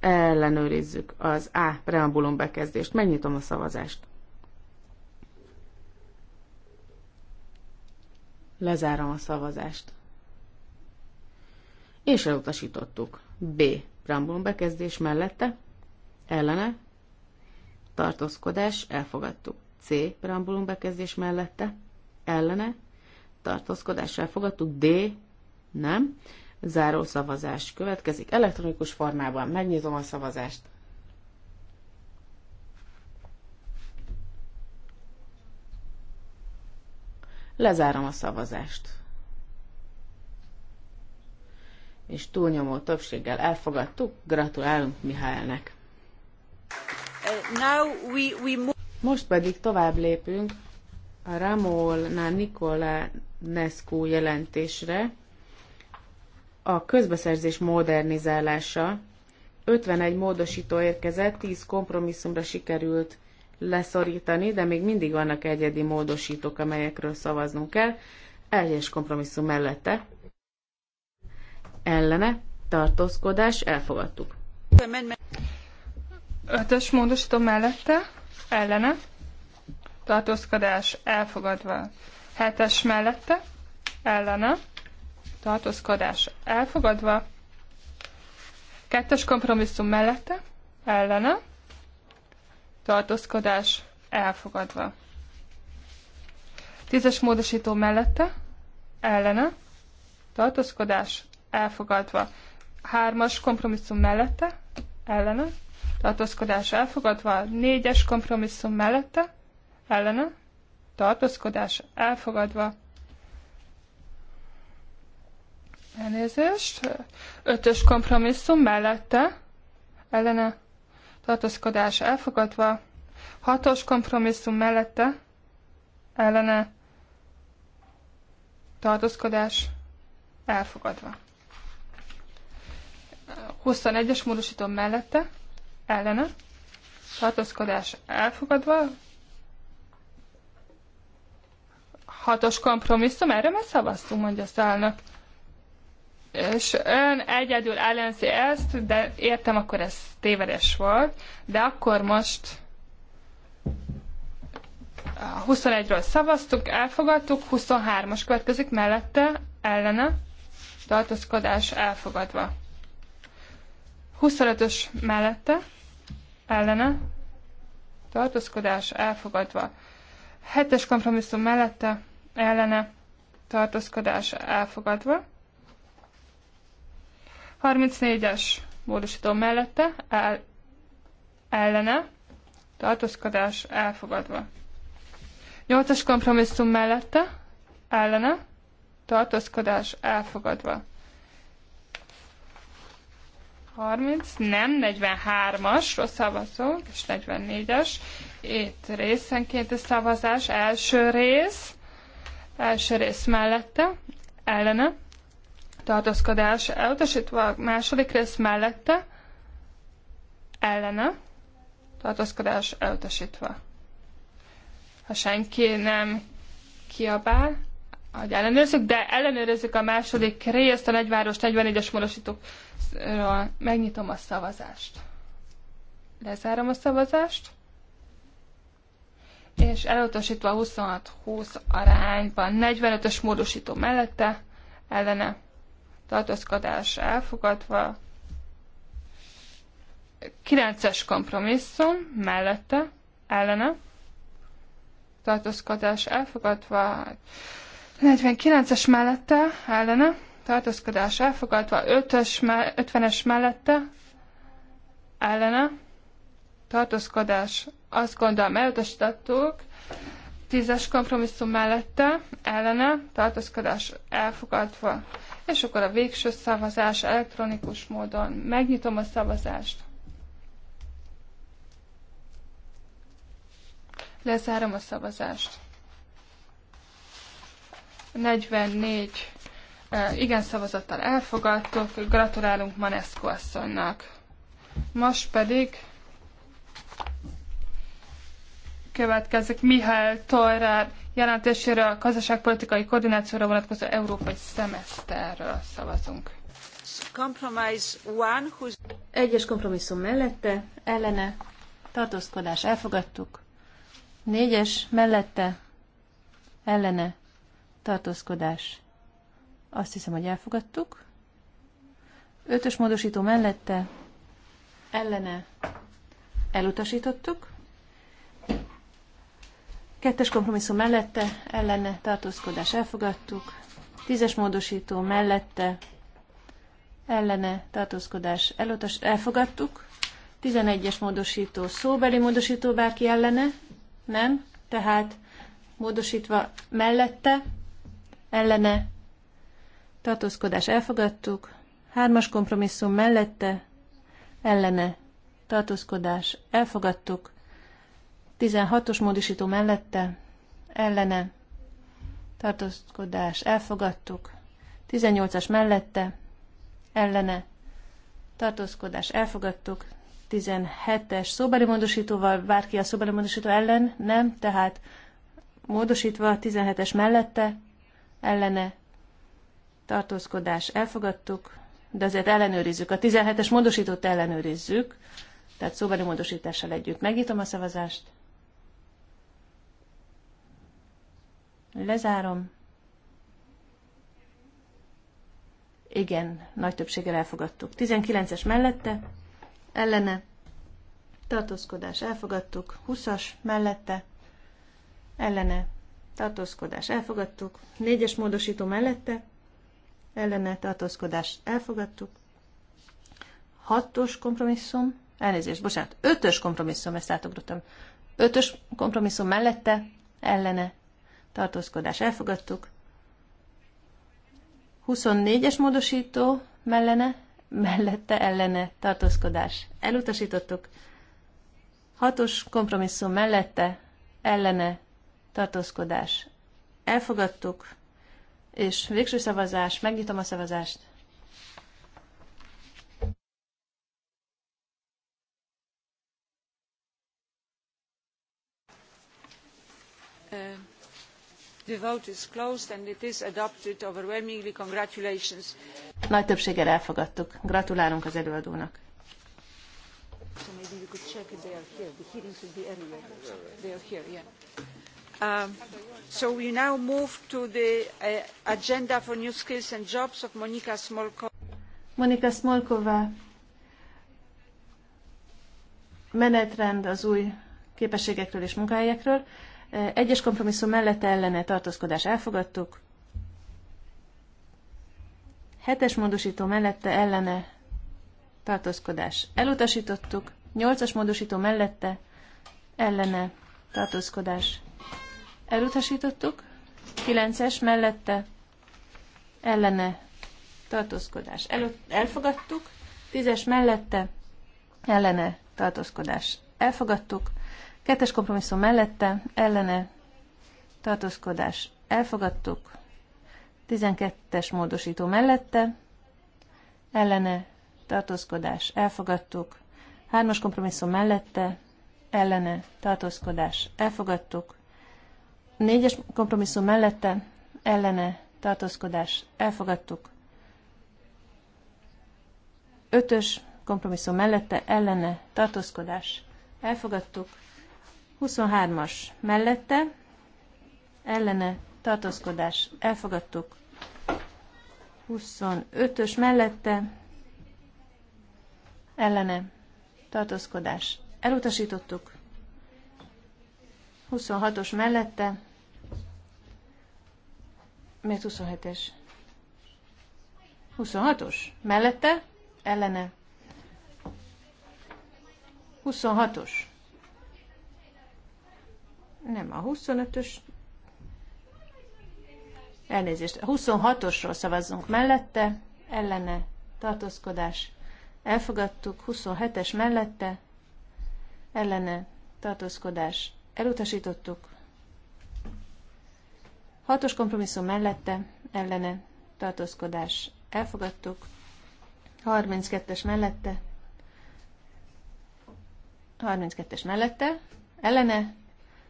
ellenőrizzük az A preambulum bekezdést. Megnyitom a szavazást. Lezárom a szavazást és elutasítottuk. B. Rambon bekezdés mellette, ellene, tartózkodás, elfogadtuk. C. Preambulum bekezdés mellette, ellene, tartózkodás, elfogadtuk. D. Nem. Záró szavazás következik elektronikus formában. Megnyitom a szavazást. Lezárom a szavazást. és túlnyomó többséggel elfogadtuk. Gratulálunk Mihálynek! Most pedig tovább lépünk a Ramolna Nikola Nescu jelentésre. A közbeszerzés modernizálása 51 módosító érkezett, 10 kompromisszumra sikerült leszorítani, de még mindig vannak egyedi módosítók, amelyekről szavaznunk kell. Egyes kompromisszum mellette ellene tartózkodás elfogadtuk. Ötös módosító mellette ellene tartózkodás elfogadva. Hetes mellette ellene tartózkodás elfogadva. Kettes kompromisszum mellette ellene tartózkodás elfogadva. Tízes módosító mellette ellene tartózkodás elfogadva. Hármas kompromisszum mellette, ellene, tartózkodás elfogadva. Négyes kompromisszum mellette, ellene, tartózkodás elfogadva. Elnézést. Ötös kompromisszum mellette, ellene, tartózkodás elfogadva. Hatos kompromisszum mellette, ellene, tartózkodás elfogadva. 21-es módosító mellette, ellene, tartózkodás elfogadva, hatos kompromisszum, erre már szavaztunk, mondja az És ön egyedül ellenzi ezt, de értem, akkor ez tévedes volt, de akkor most a 21-ről szavaztuk, elfogadtuk, 23-as következik mellette, ellene, tartózkodás elfogadva. 25-ös mellette ellene tartózkodás elfogadva. 7-es kompromisszum mellette ellene tartózkodás elfogadva. 34-es módosító mellette el, ellene tartózkodás elfogadva. 8-as kompromisszum mellette ellene tartózkodás elfogadva. 30, nem, 43-as, rossz szavazók, és 44-es. Itt a szavazás, első rész, első rész mellette, ellene, tartózkodás elutasítva, második rész mellette, ellene, tartózkodás elutasítva. Ha senki nem kiabál, hogy ellenőrzzük, de ellenőrzzük a második részt, a nagyváros 41-es módosítókról. Megnyitom a szavazást. Lezárom a szavazást. És elutasítva 26-20 arányban, 45-ös módosító mellette, ellene tartózkodás elfogadva, 9-es kompromisszum mellette, ellene tartózkodás elfogadva, 49-es mellette ellene, tartózkodás elfogadva, 5-ös, 50-es mellette ellene, tartózkodás azt gondolom elutasítottuk, 10-es kompromisszum mellette ellene, tartózkodás elfogadva, és akkor a végső szavazás elektronikus módon. Megnyitom a szavazást. Lezárom a szavazást. 44 eh, igen szavazattal elfogadtuk. Gratulálunk Manescu asszonynak. Most pedig következik Mihály Torrár jelentéséről a gazdaságpolitikai koordinációra vonatkozó európai szemeszterről szavazunk. Egyes kompromisszum mellette, ellene, tartózkodás elfogadtuk. Négyes mellette, ellene, tartózkodás. Azt hiszem, hogy elfogadtuk. Ötös módosító mellette, ellene elutasítottuk. Kettes kompromisszum mellette, ellene tartózkodás elfogadtuk. Tízes módosító mellette, ellene tartózkodás elutas, elfogadtuk. Tizenegyes módosító szóbeli módosító bárki ellene? Nem? Tehát módosítva mellette, ellene, tartózkodás elfogadtuk, hármas kompromisszum mellette, ellene, tartózkodás elfogadtuk, 16-os módosító mellette, ellene, tartózkodás elfogadtuk, 18-as mellette, ellene, tartózkodás elfogadtuk, 17-es szóbeli módosítóval, bárki a szóbeli módosító ellen, nem, tehát módosítva 17-es mellette, ellene tartózkodás elfogadtuk, de azért ellenőrizzük. A 17-es módosítót ellenőrizzük, tehát szóbeli módosítással együtt. Megnyitom a szavazást. Lezárom. Igen, nagy többséggel elfogadtuk. 19-es mellette, ellene, tartózkodás elfogadtuk, 20-as mellette, ellene, tartózkodás elfogadtuk, négyes módosító mellette, ellene tartózkodás elfogadtuk, hatos kompromisszum, elnézést, bocsánat, ötös kompromisszum, ezt átugrottam, ötös kompromisszum mellette, ellene tartózkodás elfogadtuk, 24-es módosító mellene, mellette ellene tartózkodás elutasítottuk, hatos kompromisszum mellette, ellene tartózkodás. Elfogadtuk, és végső szavazás, megnyitom a szavazást. Uh, the vote is closed and it is adopted overwhelmingly. Congratulations. Nagy többséggel elfogadtuk. Gratulálunk az előadónak. So maybe you could check if they are here. The hearing should be earlier. They are here, yeah. Um, so we now move to the uh, agenda for new skills and jobs of Monika Smolkova. Monika Smolkova menetrend az új képességekről és munkahelyekről. Uh, egyes kompromisszum mellett ellene tartózkodás elfogadtuk. Hetes módosító mellette ellene tartózkodás elutasítottuk. Nyolcas módosító mellette ellene tartózkodás elutasítottuk, 9-es mellette ellene tartózkodás el, elfogadtuk, 10-es mellette ellene tartózkodás elfogadtuk, 2-es kompromisszum mellette ellene tartózkodás elfogadtuk, 12-es módosító mellette ellene tartózkodás elfogadtuk, 3-as kompromisszum mellette ellene tartózkodás elfogadtuk, Négyes kompromisszum mellette ellene tartózkodás elfogadtuk. Ötös kompromisszum mellette ellene tartózkodás elfogadtuk. 23-as mellette ellene tartózkodás elfogadtuk. 25-ös mellette ellene tartózkodás elutasítottuk. 26-os mellette Miért 27-es? 26-os? Mellette? Ellene? 26-os. Nem, a 25-ös. Elnézést, a 26-osról szavazzunk mellette, ellene, tartózkodás. Elfogadtuk, 27-es mellette, ellene, tartózkodás. Elutasítottuk. Hatos kompromisszum mellette, ellene, tartózkodás elfogadtuk. 32-es mellette, 32-es mellette, ellene,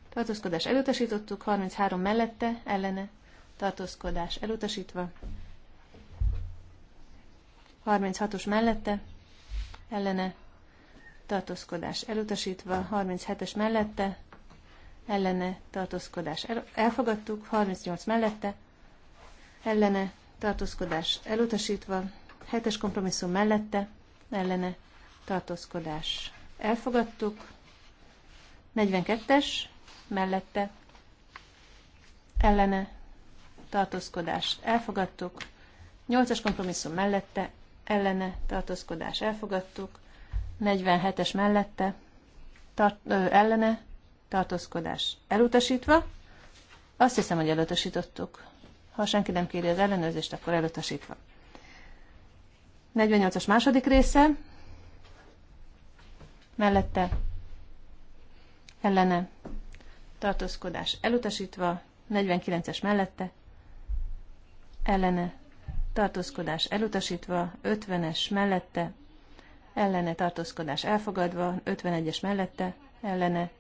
tartózkodás elutasítottuk, 33 mellette, ellene, tartózkodás elutasítva, 36-os mellette, ellene, tartózkodás elutasítva, 37-es mellette, ellene tartózkodás elfogadtuk, 38 mellette ellene tartózkodás elutasítva, 7-es kompromisszum mellette ellene tartózkodás elfogadtuk, 42-es mellette ellene tartózkodás elfogadtuk, 8-as kompromisszum mellette ellene tartózkodás elfogadtuk, 47-es mellette tart, ö, ellene tartózkodás elutasítva. Azt hiszem, hogy elutasítottuk. Ha senki nem kéri az ellenőrzést, akkor elutasítva. 48-as második része. Mellette ellene tartózkodás elutasítva. 49-es mellette ellene tartózkodás elutasítva. 50-es mellette ellene tartózkodás elfogadva. 51-es mellette ellene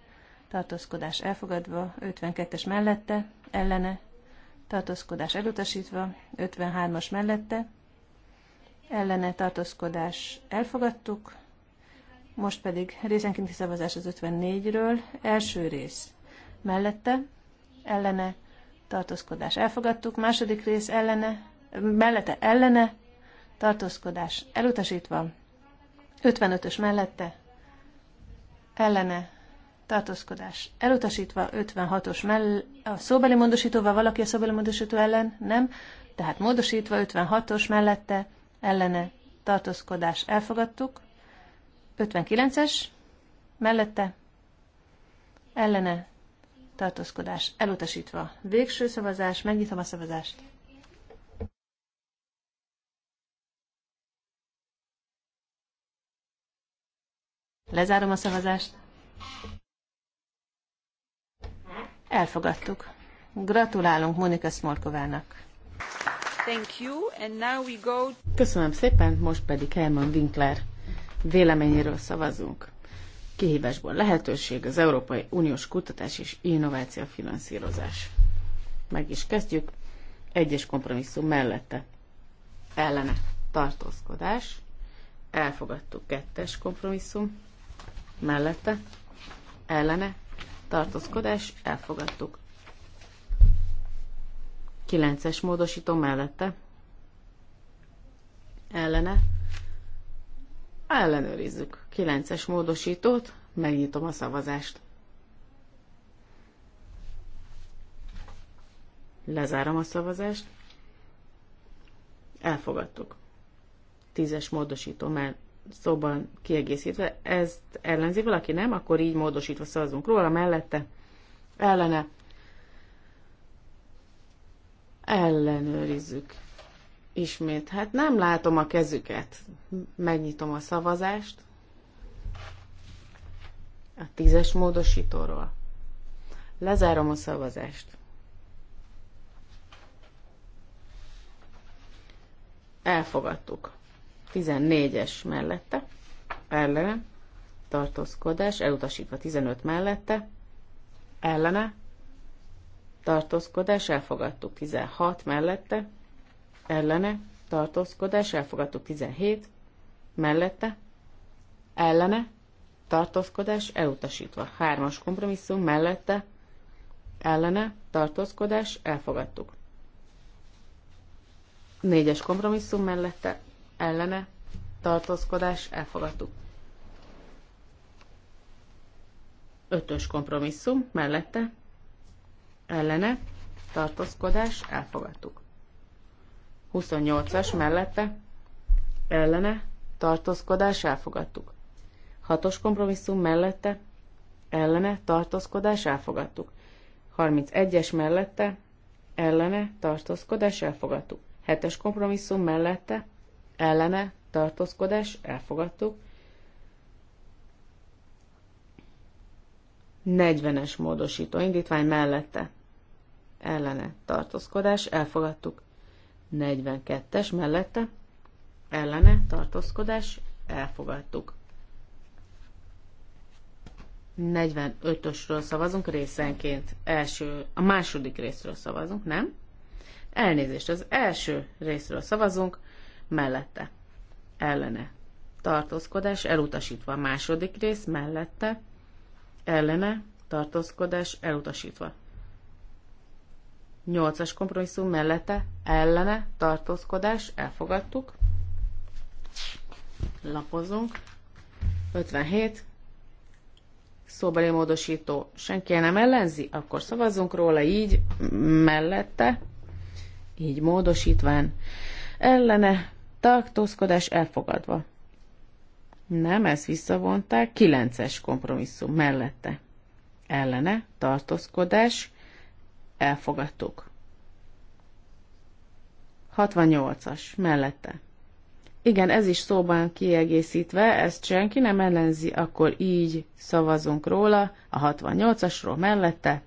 tartózkodás elfogadva, 52-es mellette, ellene, tartózkodás elutasítva, 53-as mellette, ellene tartózkodás elfogadtuk, most pedig részenkénti szavazás az 54-ről, első rész mellette, ellene tartózkodás elfogadtuk, második rész ellene, mellette ellene tartózkodás elutasítva, 55-ös mellette, ellene tartózkodás elutasítva, 56-os mell a szóbeli módosítóval, valaki a szóbeli módosító ellen, nem, tehát módosítva, 56-os mellette, ellene tartózkodás elfogadtuk, 59-es mellette, ellene tartózkodás elutasítva. Végső szavazás, megnyitom a szavazást. Lezárom a szavazást. Elfogadtuk. Gratulálunk Monika Smolkovának. Thank you, and now we go... Köszönöm szépen, most pedig Herman Winkler véleményéről szavazunk. Kihívásból lehetőség az Európai Uniós Kutatás és Innováció finanszírozás. Meg is kezdjük. Egyes kompromisszum mellette. Ellene tartózkodás. Elfogadtuk kettes kompromisszum. Mellette. Ellene tartózkodás, elfogadtuk. 9-es módosító mellette, ellene, ellenőrizzük. 9-es módosítót, megnyitom a szavazást. Lezárom a szavazást. Elfogadtuk. Tízes módosító mellette szóban kiegészítve. Ezt ellenzi valaki, nem? Akkor így módosítva szavazunk róla, mellette, ellene. Ellenőrizzük ismét. Hát nem látom a kezüket. Megnyitom a szavazást. A tízes módosítóról. Lezárom a szavazást. Elfogadtuk. 14-es mellette, ellene, tartózkodás, elutasítva 15 mellette, ellene, tartózkodás, elfogadtuk 16 mellette, ellene, tartózkodás, elfogadtuk 17 mellette, ellene, tartózkodás, elutasítva 3-as kompromisszum mellette, ellene, tartózkodás, elfogadtuk. 4-es kompromisszum mellette, ellene tartózkodás elfogadtuk. Ötös kompromisszum mellette ellene tartózkodás elfogadtuk. 28-as mellette ellene tartózkodás elfogadtuk. 6-os kompromisszum mellette ellene tartózkodás elfogadtuk. 31-es mellette ellene tartózkodás elfogadtuk. 7-es kompromisszum mellette ellene tartózkodás elfogadtuk. 40-es módosító indítvány mellette ellene tartózkodás elfogadtuk. 42-es mellette ellene tartózkodás elfogadtuk. 45-ösről szavazunk részenként. Első, a második részről szavazunk, nem? Elnézést, az első részről szavazunk, mellette, ellene, tartózkodás elutasítva. Második rész mellette, ellene, tartózkodás elutasítva. Nyolcas kompromisszum mellette, ellene, tartózkodás, elfogadtuk. Lapozunk. 57. Szóbeli módosító. Senki nem ellenzi? Akkor szavazzunk róla így, mellette, így módosítván. Ellene, tartózkodás elfogadva. Nem, ezt visszavonták. Kilences kompromisszum mellette. Ellene, tartózkodás, elfogadtuk. 68-as, mellette. Igen, ez is szóban kiegészítve, ezt senki nem ellenzi, akkor így szavazunk róla, a 68-asról mellette,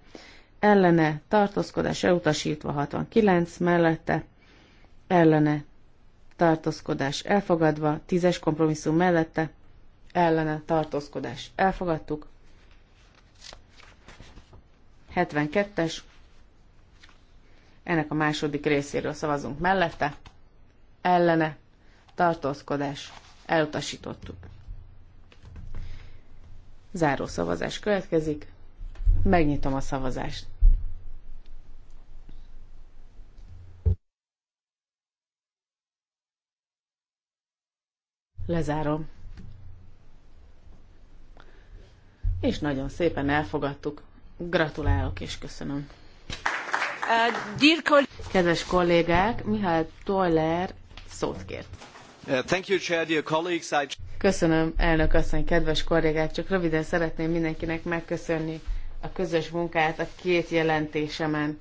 ellene tartózkodás elutasítva 69 mellette, ellene tartózkodás elfogadva, tízes kompromisszum mellette, ellene tartózkodás elfogadtuk, 72-es, ennek a második részéről szavazunk mellette, ellene tartózkodás elutasítottuk. Záró szavazás következik, megnyitom a szavazást. Lezárom. És nagyon szépen elfogadtuk. Gratulálok és köszönöm. Kedves kollégák, Mihály Toller szót kért. Köszönöm, elnök asszony, kedves kollégák, csak röviden szeretném mindenkinek megköszönni a közös munkát a két jelentésemen.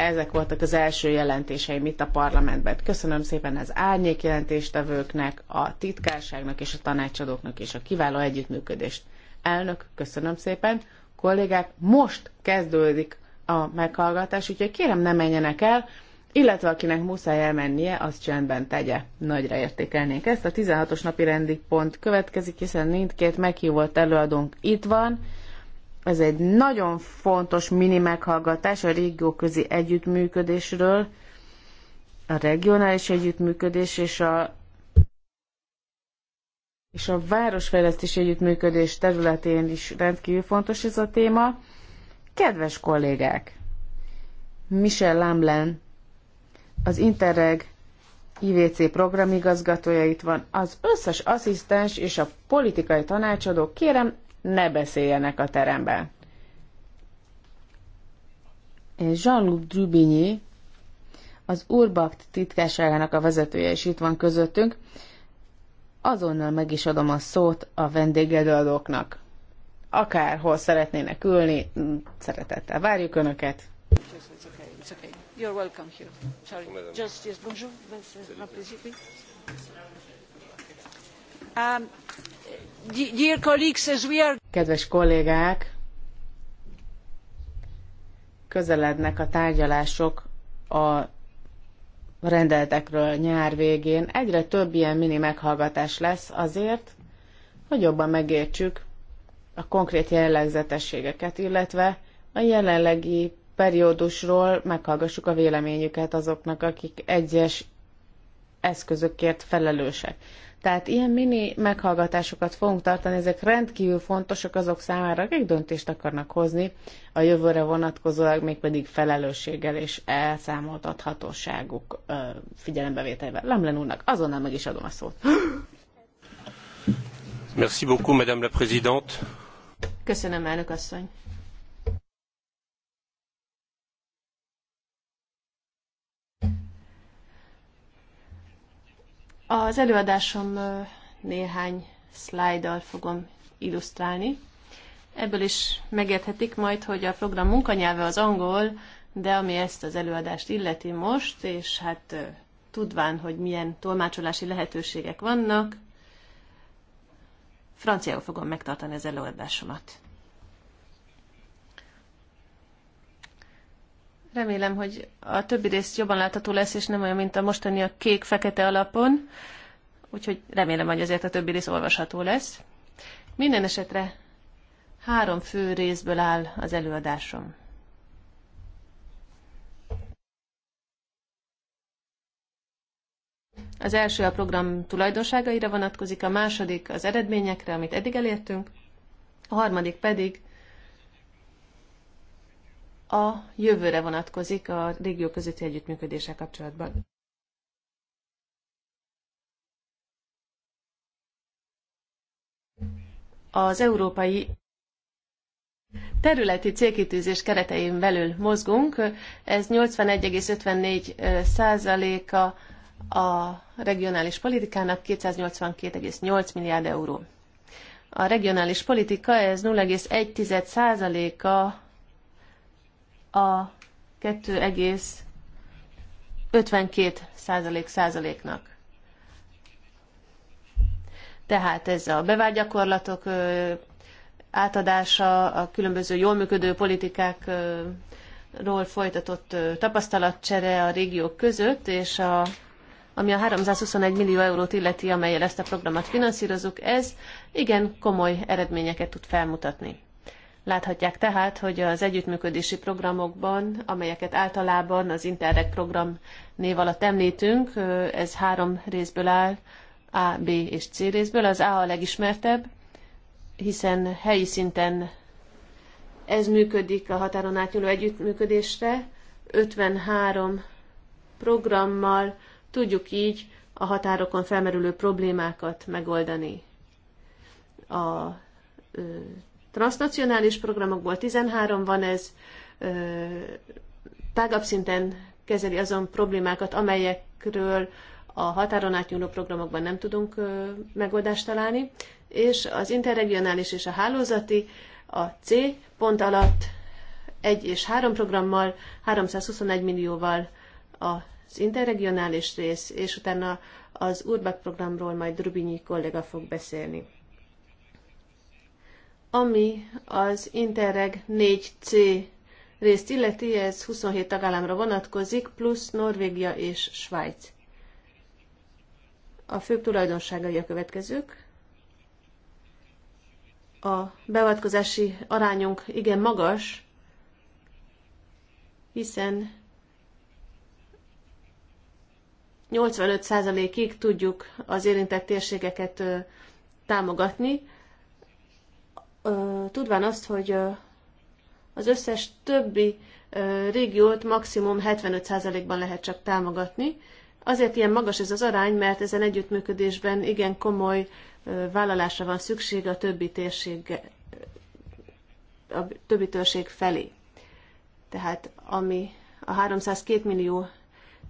Ezek voltak az első jelentéseim itt a parlamentben. Köszönöm szépen az árnyék jelentéstevőknek, a titkárságnak és a tanácsadóknak és a kiváló együttműködést. Elnök, köszönöm szépen. Kollégák, most kezdődik a meghallgatás, úgyhogy kérem ne menjenek el, illetve akinek muszáj elmennie, az csendben tegye. Nagyra értékelnék ezt. A 16-os napi rendi pont következik, hiszen mindkét meghívott előadónk itt van. Ez egy nagyon fontos mini meghallgatás a régióközi együttműködésről, a regionális együttműködés és a és a városfejlesztés együttműködés területén is rendkívül fontos ez a téma. Kedves kollégák! Michel Lamlen, az Interreg IVC programigazgatója itt van, az összes asszisztens és a politikai tanácsadó, kérem, ne beszéljenek a teremben. Jean-Luc Drubigny, az Urbakt titkásságának a vezetője is itt van közöttünk. Azonnal meg is adom a szót a vendégedőadóknak. Akárhol szeretnének ülni, szeretettel várjuk Önöket. You're welcome here. Sorry. Just, yes, bonjour. Kedves kollégák, közelednek a tárgyalások a rendeletekről nyár végén. Egyre több ilyen mini meghallgatás lesz azért, hogy jobban megértsük a konkrét jellegzetességeket, illetve a jelenlegi periódusról meghallgassuk a véleményüket azoknak, akik egyes eszközökért felelősek. Tehát ilyen mini meghallgatásokat fogunk tartani, ezek rendkívül fontosak azok számára, akik döntést akarnak hozni a jövőre vonatkozóak, mégpedig felelősséggel és elszámoltathatóságuk figyelembevételével. Lemlen úrnak azonnal meg is adom a szót. Merci beaucoup, Madame la Présidente. Köszönöm, elnök asszony. Az előadásom néhány szlájddal fogom illusztrálni. Ebből is megérthetik majd, hogy a program munkanyelve az angol, de ami ezt az előadást illeti most, és hát tudván, hogy milyen tolmácsolási lehetőségek vannak, franciául fogom megtartani az előadásomat. Remélem, hogy a többi rész jobban látható lesz, és nem olyan, mint a mostani a kék-fekete alapon. Úgyhogy remélem, hogy azért a többi rész olvasható lesz. Minden esetre három fő részből áll az előadásom. Az első a program tulajdonságaira vonatkozik, a második az eredményekre, amit eddig elértünk, a harmadik pedig a jövőre vonatkozik a régió közötti együttműködése kapcsolatban. Az európai területi célkitűzés keretein belül mozgunk, ez 81,54 százaléka a regionális politikának 282,8 milliárd euró. A regionális politika ez 0,1 százaléka a 2,52 százalék százaléknak. Tehát ez a bevált gyakorlatok átadása, a különböző jól működő politikákról folytatott tapasztalatcsere a régiók között, és a, ami a 321 millió eurót illeti, amelyel ezt a programot finanszírozunk, ez igen komoly eredményeket tud felmutatni. Láthatják tehát, hogy az együttműködési programokban, amelyeket általában az Interreg program név alatt említünk, ez három részből áll, A, B és C részből. Az A a legismertebb, hiszen helyi szinten ez működik a határon átnyúló együttműködésre. 53 programmal tudjuk így a határokon felmerülő problémákat megoldani. A Transnacionális programokból 13 van ez, tágabb szinten kezeli azon problémákat, amelyekről a határon átnyúló programokban nem tudunk megoldást találni, és az interregionális és a hálózati a C pont alatt egy és három programmal, 321 millióval az interregionális rész, és utána az Urbak programról majd Rubinyi kollega fog beszélni. Ami az Interreg 4C részt illeti, ez 27 tagállamra vonatkozik, plusz Norvégia és Svájc. A főbb tulajdonságai a következők. A beavatkozási arányunk igen magas, hiszen 85%-ig tudjuk az érintett térségeket támogatni, tudván azt, hogy az összes többi régiót maximum 75%-ban lehet csak támogatni. Azért ilyen magas ez az arány, mert ezen együttműködésben igen komoly vállalásra van szükség a többi térség, a többi térség felé. Tehát ami a 302 millió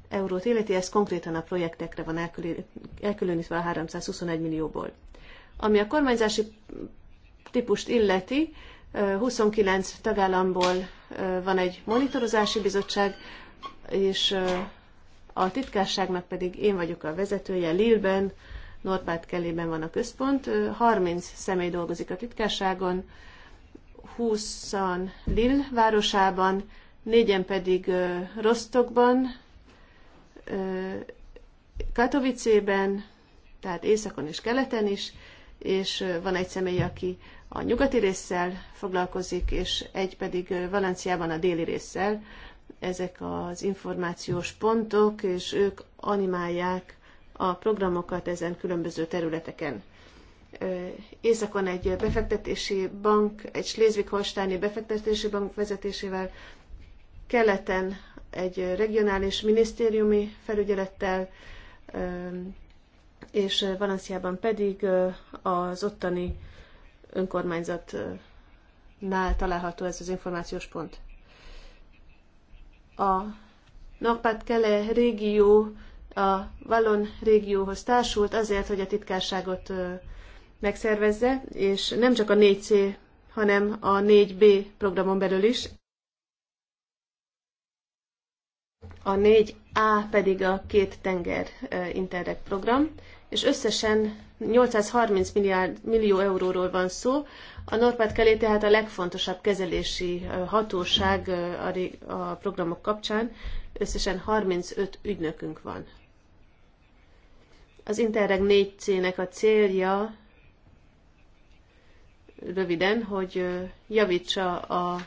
eurót illeti, ez konkrétan a projektekre van elkülönítve a 321 millióból. Ami a kormányzási típust illeti, 29 tagállamból van egy monitorozási bizottság, és a titkárságnak pedig én vagyok a vezetője Lille-ben, Norpát Kellében van a központ. 30 személy dolgozik a titkárságon, 20-an városában, négyen pedig Rostokban, Katowicében, tehát északon és keleten is, és van egy személy, aki a nyugati résszel foglalkozik, és egy pedig Valenciában a déli résszel. Ezek az információs pontok, és ők animálják a programokat ezen különböző területeken. Északon egy befektetési bank, egy Schleswig-Holsteini befektetési bank vezetésével, keleten egy regionális minisztériumi felügyelettel, és Valenciában pedig az ottani önkormányzatnál található ez az információs pont. A Norpát-Kele régió a Vallon régióhoz társult azért, hogy a titkárságot megszervezze, és nem csak a 4C, hanem a 4B programon belül is. A 4A pedig a két tenger Interreg program és összesen 830 milliárd, millió euróról van szó. A Norpát kelé tehát a legfontosabb kezelési hatóság a, a programok kapcsán, összesen 35 ügynökünk van. Az Interreg 4C-nek a célja röviden, hogy javítsa a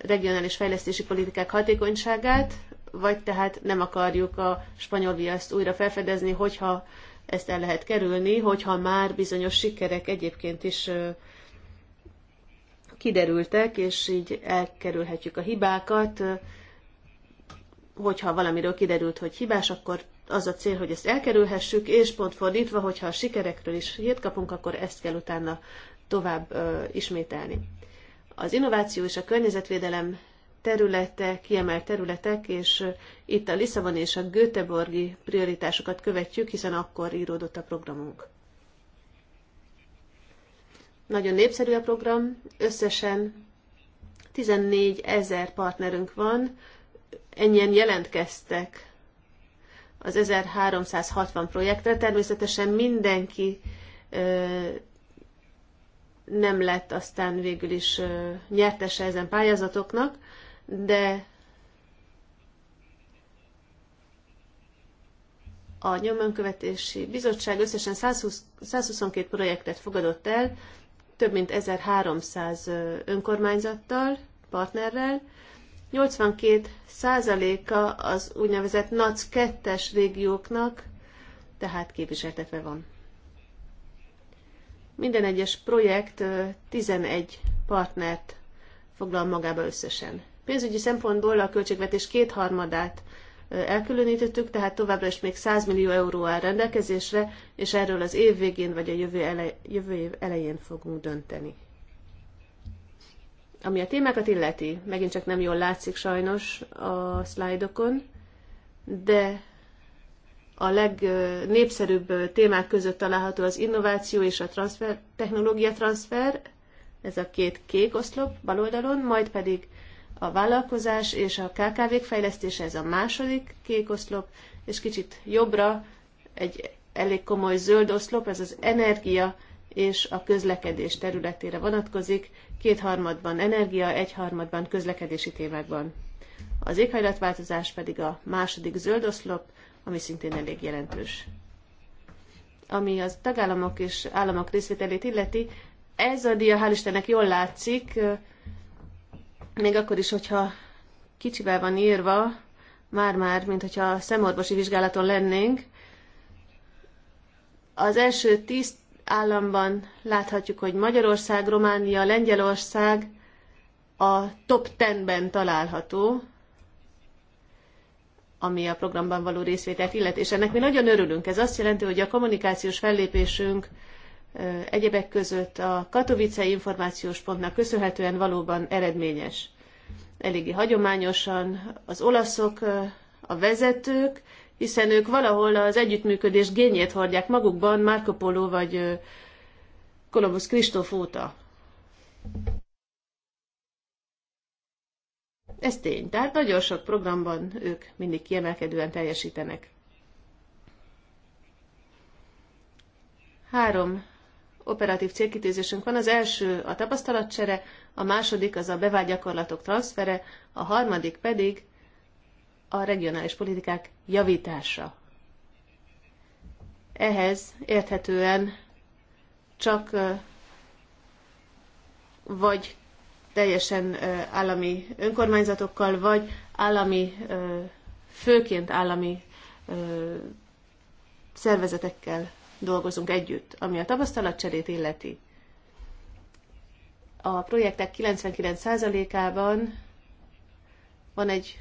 regionális fejlesztési politikák hatékonyságát, vagy tehát nem akarjuk a spanyol viaszt újra felfedezni, hogyha ezt el lehet kerülni, hogyha már bizonyos sikerek egyébként is kiderültek, és így elkerülhetjük a hibákat. Hogyha valamiről kiderült, hogy hibás, akkor az a cél, hogy ezt elkerülhessük, és pont fordítva, hogyha a sikerekről is hírt kapunk, akkor ezt kell utána tovább ismételni. Az innováció és a környezetvédelem területek, kiemelt területek, és itt a Lisszabon és a Göteborgi prioritásokat követjük, hiszen akkor íródott a programunk. Nagyon népszerű a program, összesen 14 ezer partnerünk van, ennyien jelentkeztek az 1360 projektre. Természetesen mindenki nem lett aztán végül is nyertese ezen pályázatoknak, de a nyomonkövetési bizottság összesen 120, 122 projektet fogadott el, több mint 1300 önkormányzattal, partnerrel. 82 százaléka az úgynevezett NAC 2-es régióknak, tehát képviseltetve van. Minden egyes projekt 11 partnert foglal magába összesen. Pénzügyi szempontból a költségvetés kétharmadát elkülönítettük, tehát továbbra is még 100 millió euró áll rendelkezésre, és erről az év végén vagy a jövő, ele, jövő év elején fogunk dönteni. Ami a témákat illeti, megint csak nem jól látszik sajnos a szlájdokon, de a legnépszerűbb témák között található az innováció és a transfer, technológia transfer, ez a két kék oszlop bal oldalon, majd pedig a vállalkozás és a KKV-k fejlesztése, ez a második kék oszlop, és kicsit jobbra egy elég komoly zöld oszlop, ez az energia és a közlekedés területére vonatkozik, kétharmadban energia, egyharmadban közlekedési témákban. Az éghajlatváltozás pedig a második zöld oszlop, ami szintén elég jelentős. Ami az tagállamok és államok részvételét illeti, ez a dia hál' Istennek jól látszik, még akkor is, hogyha kicsivel van írva, már-már, mint hogyha a szemorvosi vizsgálaton lennénk, az első tíz államban láthatjuk, hogy Magyarország, Románia, Lengyelország a top tenben található, ami a programban való részvételt illet, És ennek mi nagyon örülünk. Ez azt jelenti, hogy a kommunikációs fellépésünk egyebek között a Katowice információs pontnak köszönhetően valóban eredményes. Eléggé hagyományosan az olaszok a vezetők, hiszen ők valahol az együttműködés génjét hordják magukban Marco Polo vagy Kolumbusz Kristóf óta. Ez tény, tehát nagyon sok programban ők mindig kiemelkedően teljesítenek. Három operatív célkitűzésünk van. Az első a tapasztalatcsere, a második az a bevált gyakorlatok transfere, a harmadik pedig a regionális politikák javítása. Ehhez érthetően csak vagy teljesen állami önkormányzatokkal, vagy állami, főként állami szervezetekkel dolgozunk együtt, ami a tapasztalatcserét illeti. A projektek 99%-ában van egy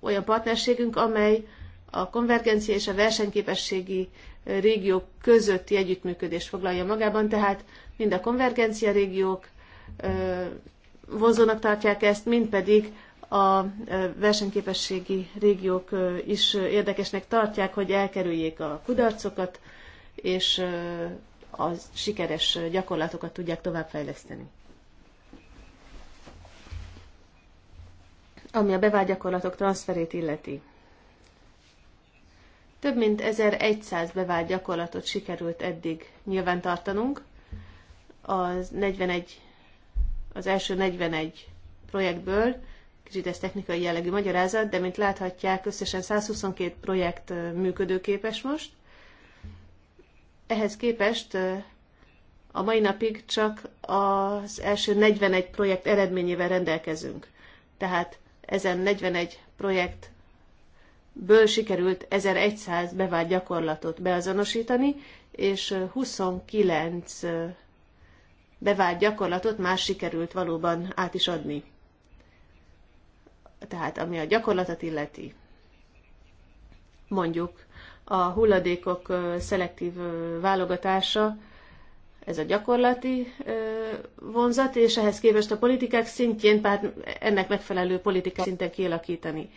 olyan partnerségünk, amely a konvergencia és a versenyképességi régiók közötti együttműködést foglalja magában, tehát mind a konvergencia régiók vonzónak tartják ezt, mind pedig a versenyképességi régiók is érdekesnek tartják, hogy elkerüljék a kudarcokat, és a sikeres gyakorlatokat tudják továbbfejleszteni. Ami a bevált gyakorlatok transferét illeti. Több mint 1100 bevált gyakorlatot sikerült eddig nyilván tartanunk. Az 41, az első 41 projektből, kicsit ez technikai jellegű magyarázat, de mint láthatják, összesen 122 projekt működőképes most, ehhez képest a mai napig csak az első 41 projekt eredményével rendelkezünk. Tehát ezen 41 projektből sikerült 1100 bevált gyakorlatot beazonosítani, és 29 bevált gyakorlatot már sikerült valóban át is adni. Tehát ami a gyakorlatot illeti, mondjuk a hulladékok szelektív válogatása, ez a gyakorlati vonzat, és ehhez képest a politikák szintjén, pár ennek megfelelő politikák szinten kialakítani.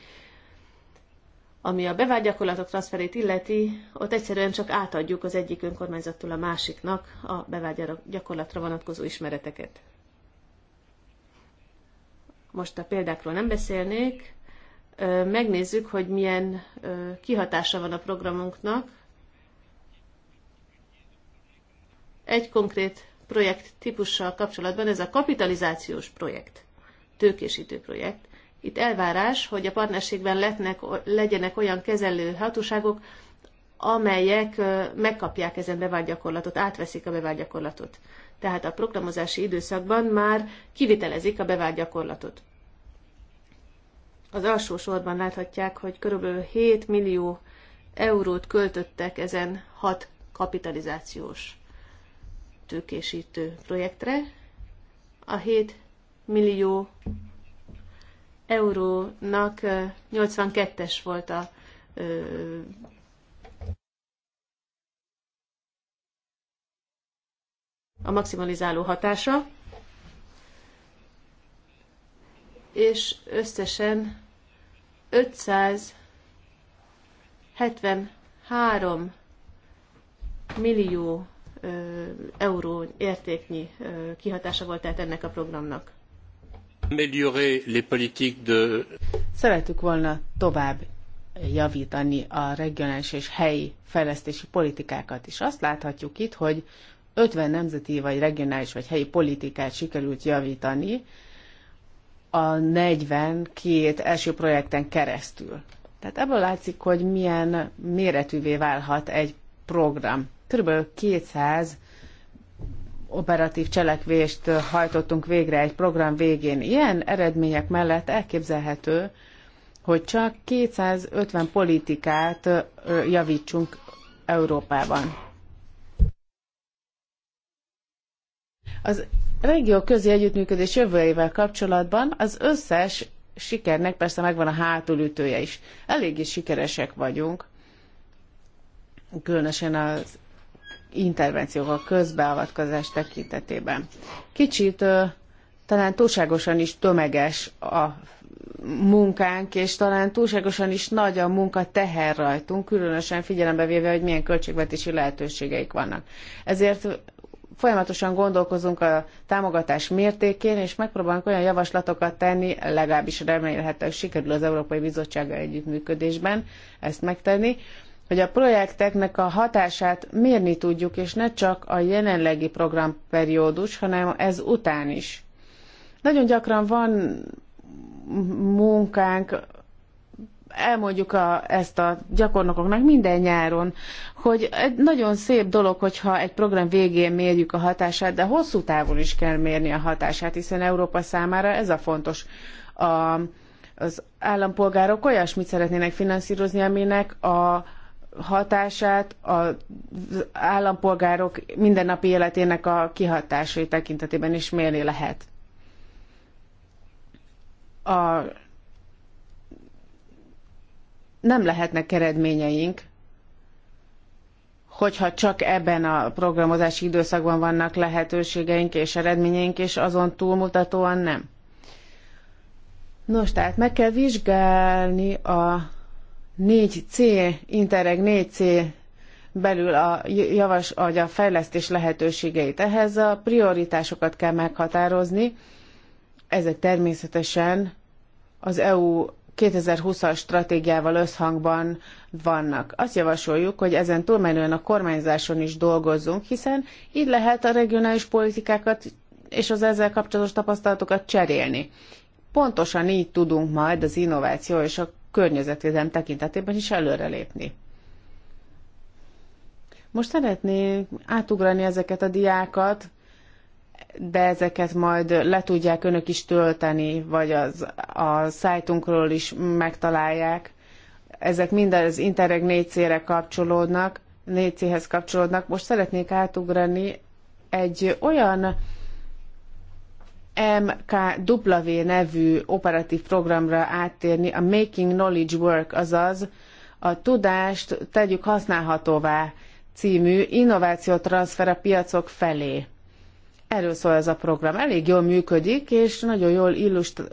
Ami a bevált gyakorlatok transferét illeti, ott egyszerűen csak átadjuk az egyik önkormányzattól a másiknak a bevált gyakorlatra vonatkozó ismereteket. Most a példákról nem beszélnék, megnézzük, hogy milyen kihatása van a programunknak. Egy konkrét projekt típussal kapcsolatban ez a kapitalizációs projekt, tőkésítő projekt. Itt elvárás, hogy a partnerségben letnek, legyenek olyan kezelő hatóságok, amelyek megkapják ezen bevált gyakorlatot, átveszik a bevált gyakorlatot. Tehát a programozási időszakban már kivitelezik a bevált gyakorlatot. Az alsó sorban láthatják, hogy körülbelül 7 millió eurót költöttek ezen hat kapitalizációs tőkésítő projektre. A 7 millió eurónak 82-es volt a a maximalizáló hatása, és összesen 573 millió euró értéknyi kihatása volt tehát ennek a programnak. Szeretük volna tovább javítani a regionális és helyi fejlesztési politikákat is. Azt láthatjuk itt, hogy 50 nemzeti vagy regionális vagy helyi politikát sikerült javítani, a 42 első projekten keresztül. Tehát ebből látszik, hogy milyen méretűvé válhat egy program. Körülbelül 200 operatív cselekvést hajtottunk végre egy program végén. Ilyen eredmények mellett elképzelhető, hogy csak 250 politikát javítsunk Európában. Az regió közi együttműködés jövőjével kapcsolatban az összes sikernek persze megvan a hátulütője is. Eléggé sikeresek vagyunk, különösen az intervenciók, a közbeavatkozás tekintetében. Kicsit talán túlságosan is tömeges a munkánk, és talán túlságosan is nagy a munka teher rajtunk, különösen figyelembe véve, hogy milyen költségvetési lehetőségeik vannak. Ezért folyamatosan gondolkozunk a támogatás mértékén, és megpróbálunk olyan javaslatokat tenni, legalábbis remélhetőleg sikerül az Európai Bizottsággal együttműködésben ezt megtenni, hogy a projekteknek a hatását mérni tudjuk, és ne csak a jelenlegi programperiódus, hanem ez után is. Nagyon gyakran van munkánk elmondjuk a, ezt a gyakornokoknak minden nyáron, hogy egy nagyon szép dolog, hogyha egy program végén mérjük a hatását, de hosszú távon is kell mérni a hatását, hiszen Európa számára ez a fontos. A, az állampolgárok olyasmit szeretnének finanszírozni, aminek a hatását az állampolgárok mindennapi életének a kihatásai tekintetében is mérni lehet. A nem lehetnek eredményeink, hogyha csak ebben a programozási időszakban vannak lehetőségeink és eredményeink, és azon túlmutatóan nem. Nos, tehát meg kell vizsgálni a 4C, Interreg 4C belül a, javas, vagy a fejlesztés lehetőségeit. Ehhez a prioritásokat kell meghatározni. Ezek természetesen az EU 2020-as stratégiával összhangban vannak. Azt javasoljuk, hogy ezen túlmenően a kormányzáson is dolgozzunk, hiszen így lehet a regionális politikákat és az ezzel kapcsolatos tapasztalatokat cserélni. Pontosan így tudunk majd az innováció és a környezetvédelem tekintetében is előrelépni. Most szeretnék átugrani ezeket a diákat, de ezeket majd le tudják önök is tölteni, vagy az, a szájtunkról is megtalálják. Ezek mind az Interreg 4C-re kapcsolódnak, 4 hez kapcsolódnak. Most szeretnék átugrani egy olyan MKW nevű operatív programra áttérni, a Making Knowledge Work, azaz a tudást tegyük használhatóvá című innovációtranszfer a piacok felé. Erről szól ez a program. Elég jól működik, és nagyon jól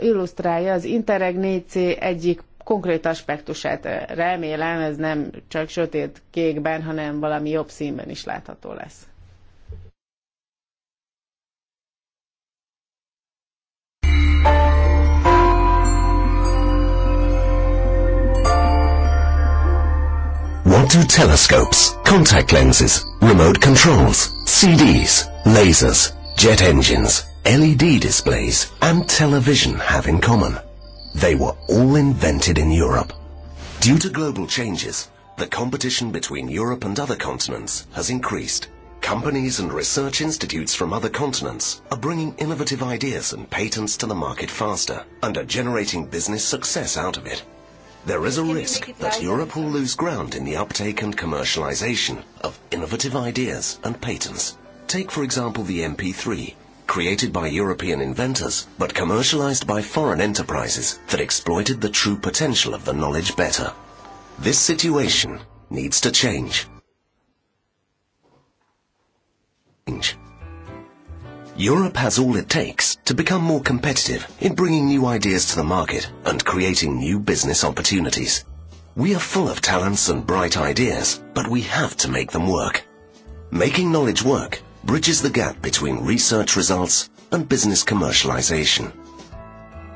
illusztrálja az Interreg 4C egyik konkrét aspektusát. Remélem ez nem csak sötét kékben, hanem valami jobb színben is látható lesz. Want to telescopes, contact lenses, remote controls, CDs, lasers, jet engines, LED displays and television have in common. They were all invented in Europe. Due to global changes, the competition between Europe and other continents has increased. Companies and research institutes from other continents are bringing innovative ideas and patents to the market faster and are generating business success out of it. There is a risk that Europe will lose ground in the uptake and commercialization of innovative ideas and patents. Take, for example, the MP3, created by European inventors, but commercialized by foreign enterprises that exploited the true potential of the knowledge better. This situation needs to change. Europe has all it takes to become more competitive in bringing new ideas to the market and creating new business opportunities. We are full of talents and bright ideas, but we have to make them work. Making knowledge work bridges the gap between research results and business commercialization.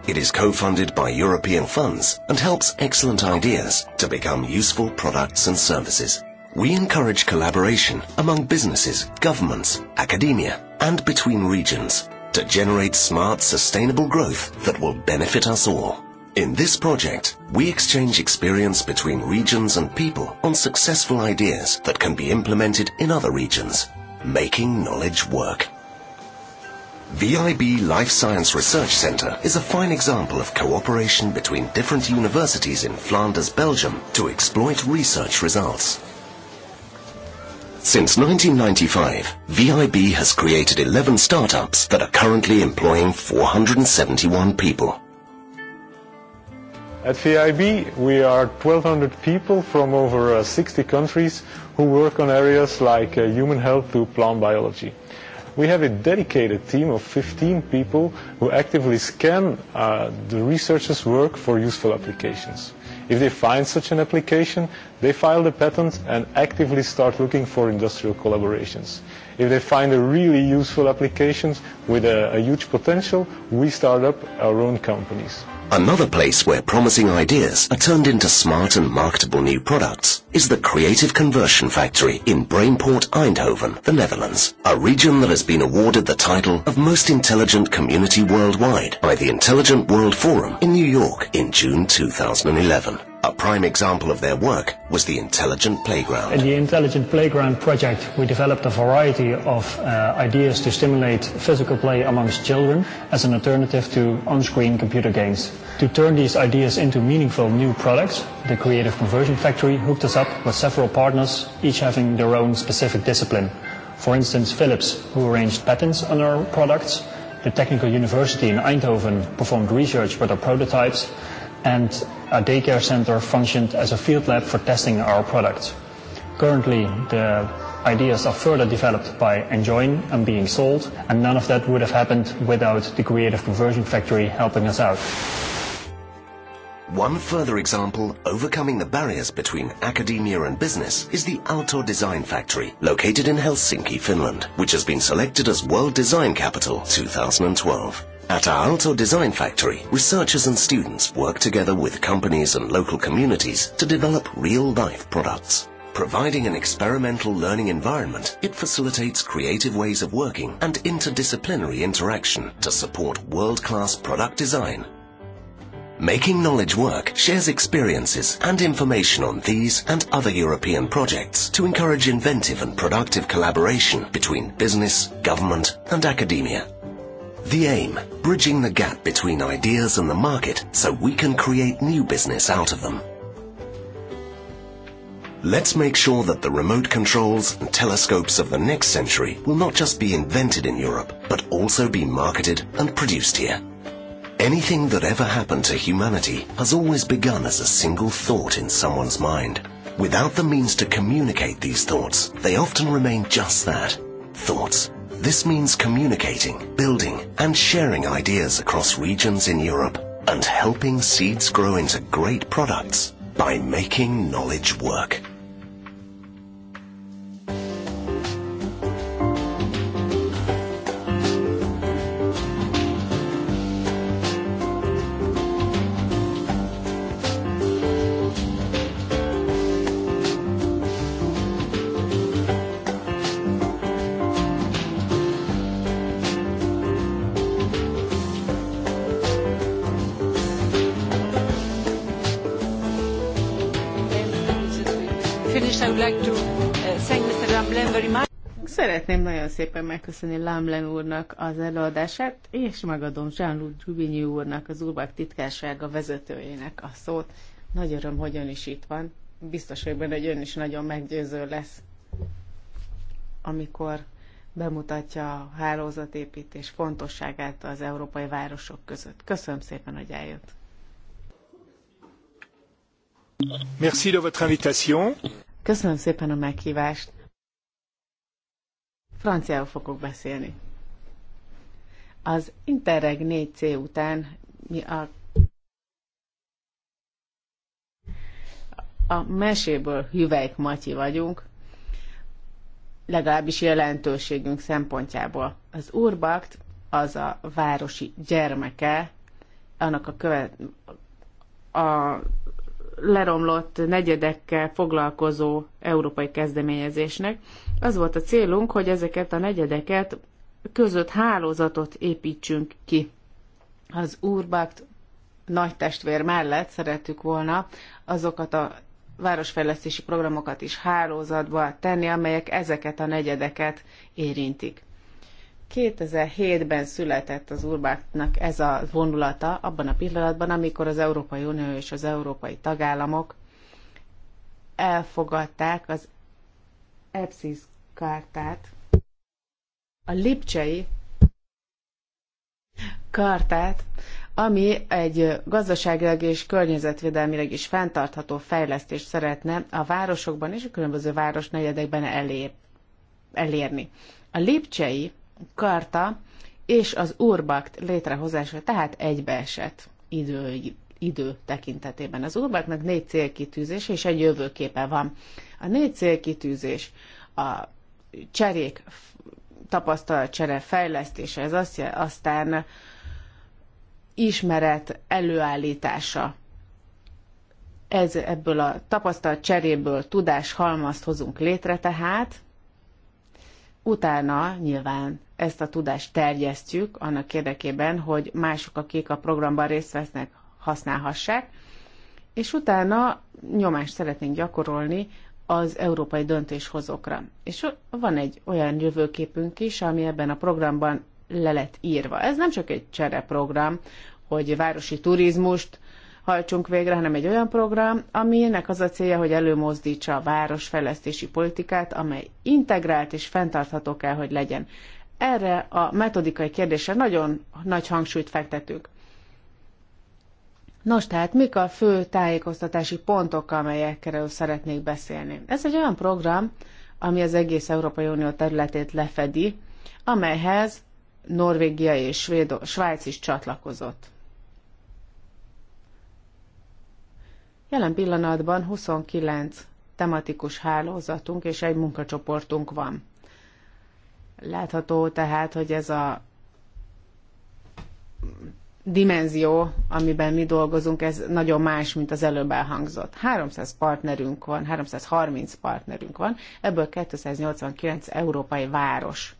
It is co-funded by European funds and helps excellent ideas to become useful products and services. We encourage collaboration among businesses, governments, academia, and between regions to generate smart, sustainable growth that will benefit us all. In this project, we exchange experience between regions and people on successful ideas that can be implemented in other regions making knowledge work. VIB Life Science Research Centre is a fine example of cooperation between different universities in Flanders, Belgium to exploit research results. Since 1995, VIB has created 11 startups that are currently employing 471 people. At VIB, we are 1,200 people from over uh, 60 countries who work on areas like uh, human health to plant biology. We have a dedicated team of 15 people who actively scan uh, the researchers' work for useful applications. If they find such an application, they file the patent and actively start looking for industrial collaborations. If they find a really useful application with a, a huge potential, we start up our own companies. Another place where promising ideas are turned into smart and marketable new products is the Creative Conversion Factory in Brainport, Eindhoven, the Netherlands, a region that has been awarded the title of Most Intelligent Community Worldwide by the Intelligent World Forum in New York in June 2011. A prime example of their work was the Intelligent Playground. In the Intelligent Playground project, we developed a variety of uh, ideas to stimulate physical play amongst children as an alternative to on-screen computer games. To turn these ideas into meaningful new products, the Creative Conversion Factory hooked us up with several partners, each having their own specific discipline. For instance, Philips, who arranged patents on our products, the Technical University in Eindhoven performed research with our prototypes, and a daycare center functioned as a field lab for testing our products. Currently, the ideas are further developed by enjoying and being sold, and none of that would have happened without the Creative Conversion Factory helping us out. One further example overcoming the barriers between academia and business is the Altor Design Factory, located in Helsinki, Finland, which has been selected as World Design Capital 2012. At our Alto Design Factory, researchers and students work together with companies and local communities to develop real-life products. Providing an experimental learning environment, it facilitates creative ways of working and interdisciplinary interaction to support world-class product design. Making Knowledge Work shares experiences and information on these and other European projects to encourage inventive and productive collaboration between business, government and academia. The aim, bridging the gap between ideas and the market so we can create new business out of them. Let's make sure that the remote controls and telescopes of the next century will not just be invented in Europe, but also be marketed and produced here. Anything that ever happened to humanity has always begun as a single thought in someone's mind. Without the means to communicate these thoughts, they often remain just that, thoughts. This means communicating, building, and sharing ideas across regions in Europe and helping seeds grow into great products by making knowledge work. Szeretném nagyon szépen megköszönni Lámlen úrnak az előadását, és megadom Jean-Luc Dubigny úrnak, az Urbák titkársága vezetőjének a szót. Nagy öröm, hogy ön is itt van. Biztos hogy benne, hogy ön is nagyon meggyőző lesz, amikor bemutatja a hálózatépítés fontosságát az európai városok között. Köszönöm szépen, hogy eljött. Merci de votre invitation. Köszönöm szépen a meghívást. Franciául fogok beszélni. Az Interreg 4C után mi a a meséből Hüvelyk Matyi vagyunk, legalábbis jelentőségünk szempontjából. Az Urbakt az a városi gyermeke, annak a követ, a leromlott negyedekkel foglalkozó európai kezdeményezésnek, az volt a célunk, hogy ezeket a negyedeket között hálózatot építsünk ki. Az Urbakt nagy testvér mellett szerettük volna azokat a városfejlesztési programokat is hálózatba tenni, amelyek ezeket a negyedeket érintik. 2007-ben született az Urbáknak ez a vonulata, abban a pillanatban, amikor az Európai Unió és az európai tagállamok elfogadták az EPSIS kártát, a Lipcsei kartát, ami egy gazdaságilag és környezetvédelmileg is fenntartható fejlesztést szeretne a városokban és a különböző városnegyedekben elér, elérni. A Lipcsei karta és az Urbakt létrehozása tehát egybeesett idő, idő tekintetében. Az Urbaknak négy célkitűzés és egy jövőképe van. A négy célkitűzés, a cserék, tapasztalatcsere, fejlesztése, ez azt, aztán ismeret előállítása. Ez ebből a tapasztalat cseréből tudás halmazt hozunk létre tehát, utána nyilván ezt a tudást terjesztjük annak érdekében, hogy mások, akik a programban részt vesznek, használhassák, és utána nyomást szeretnénk gyakorolni az európai döntéshozókra. És van egy olyan jövőképünk is, ami ebben a programban le lett írva. Ez nem csak egy csereprogram, hogy városi turizmust hajtsunk végre, hanem egy olyan program, aminek az a célja, hogy előmozdítsa a városfejlesztési politikát, amely integrált és fenntartható kell, hogy legyen. Erre a metodikai kérdésre nagyon nagy hangsúlyt fektetünk. Nos, tehát mik a fő tájékoztatási pontok, amelyekről szeretnék beszélni? Ez egy olyan program, ami az egész Európai Unió területét lefedi, amelyhez Norvégia és Svédo- Svájc is csatlakozott. Jelen pillanatban 29 tematikus hálózatunk és egy munkacsoportunk van. Látható tehát, hogy ez a dimenzió, amiben mi dolgozunk, ez nagyon más, mint az előbb elhangzott. 300 partnerünk van, 330 partnerünk van, ebből 289 európai város.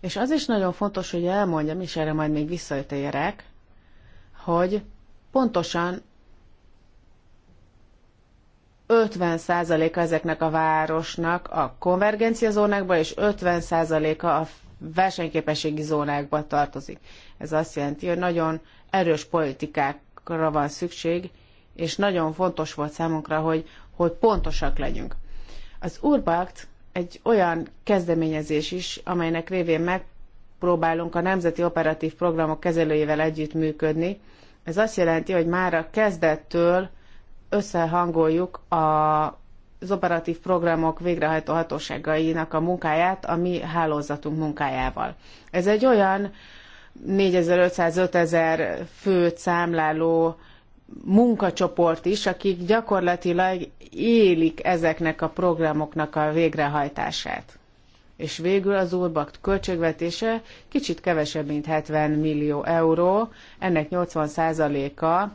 És az is nagyon fontos, hogy elmondjam, és erre majd még visszatérek, hogy pontosan 50%-a ezeknek a városnak a konvergencia zónákban, és 50%-a a versenyképességi zónákba tartozik. Ez azt jelenti, hogy nagyon erős politikákra van szükség, és nagyon fontos volt számunkra, hogy, hogy pontosak legyünk. Az Urbakt egy olyan kezdeményezés is, amelynek révén megpróbálunk a Nemzeti Operatív Programok kezelőjével együttműködni. Ez azt jelenti, hogy már a kezdettől összehangoljuk a az operatív programok végrehajtó hatóságainak a munkáját a mi hálózatunk munkájával. Ez egy olyan 4500-5000 főt számláló munkacsoport is, akik gyakorlatilag élik ezeknek a programoknak a végrehajtását. És végül az Urbakt költségvetése kicsit kevesebb, mint 70 millió euró, ennek 80%-a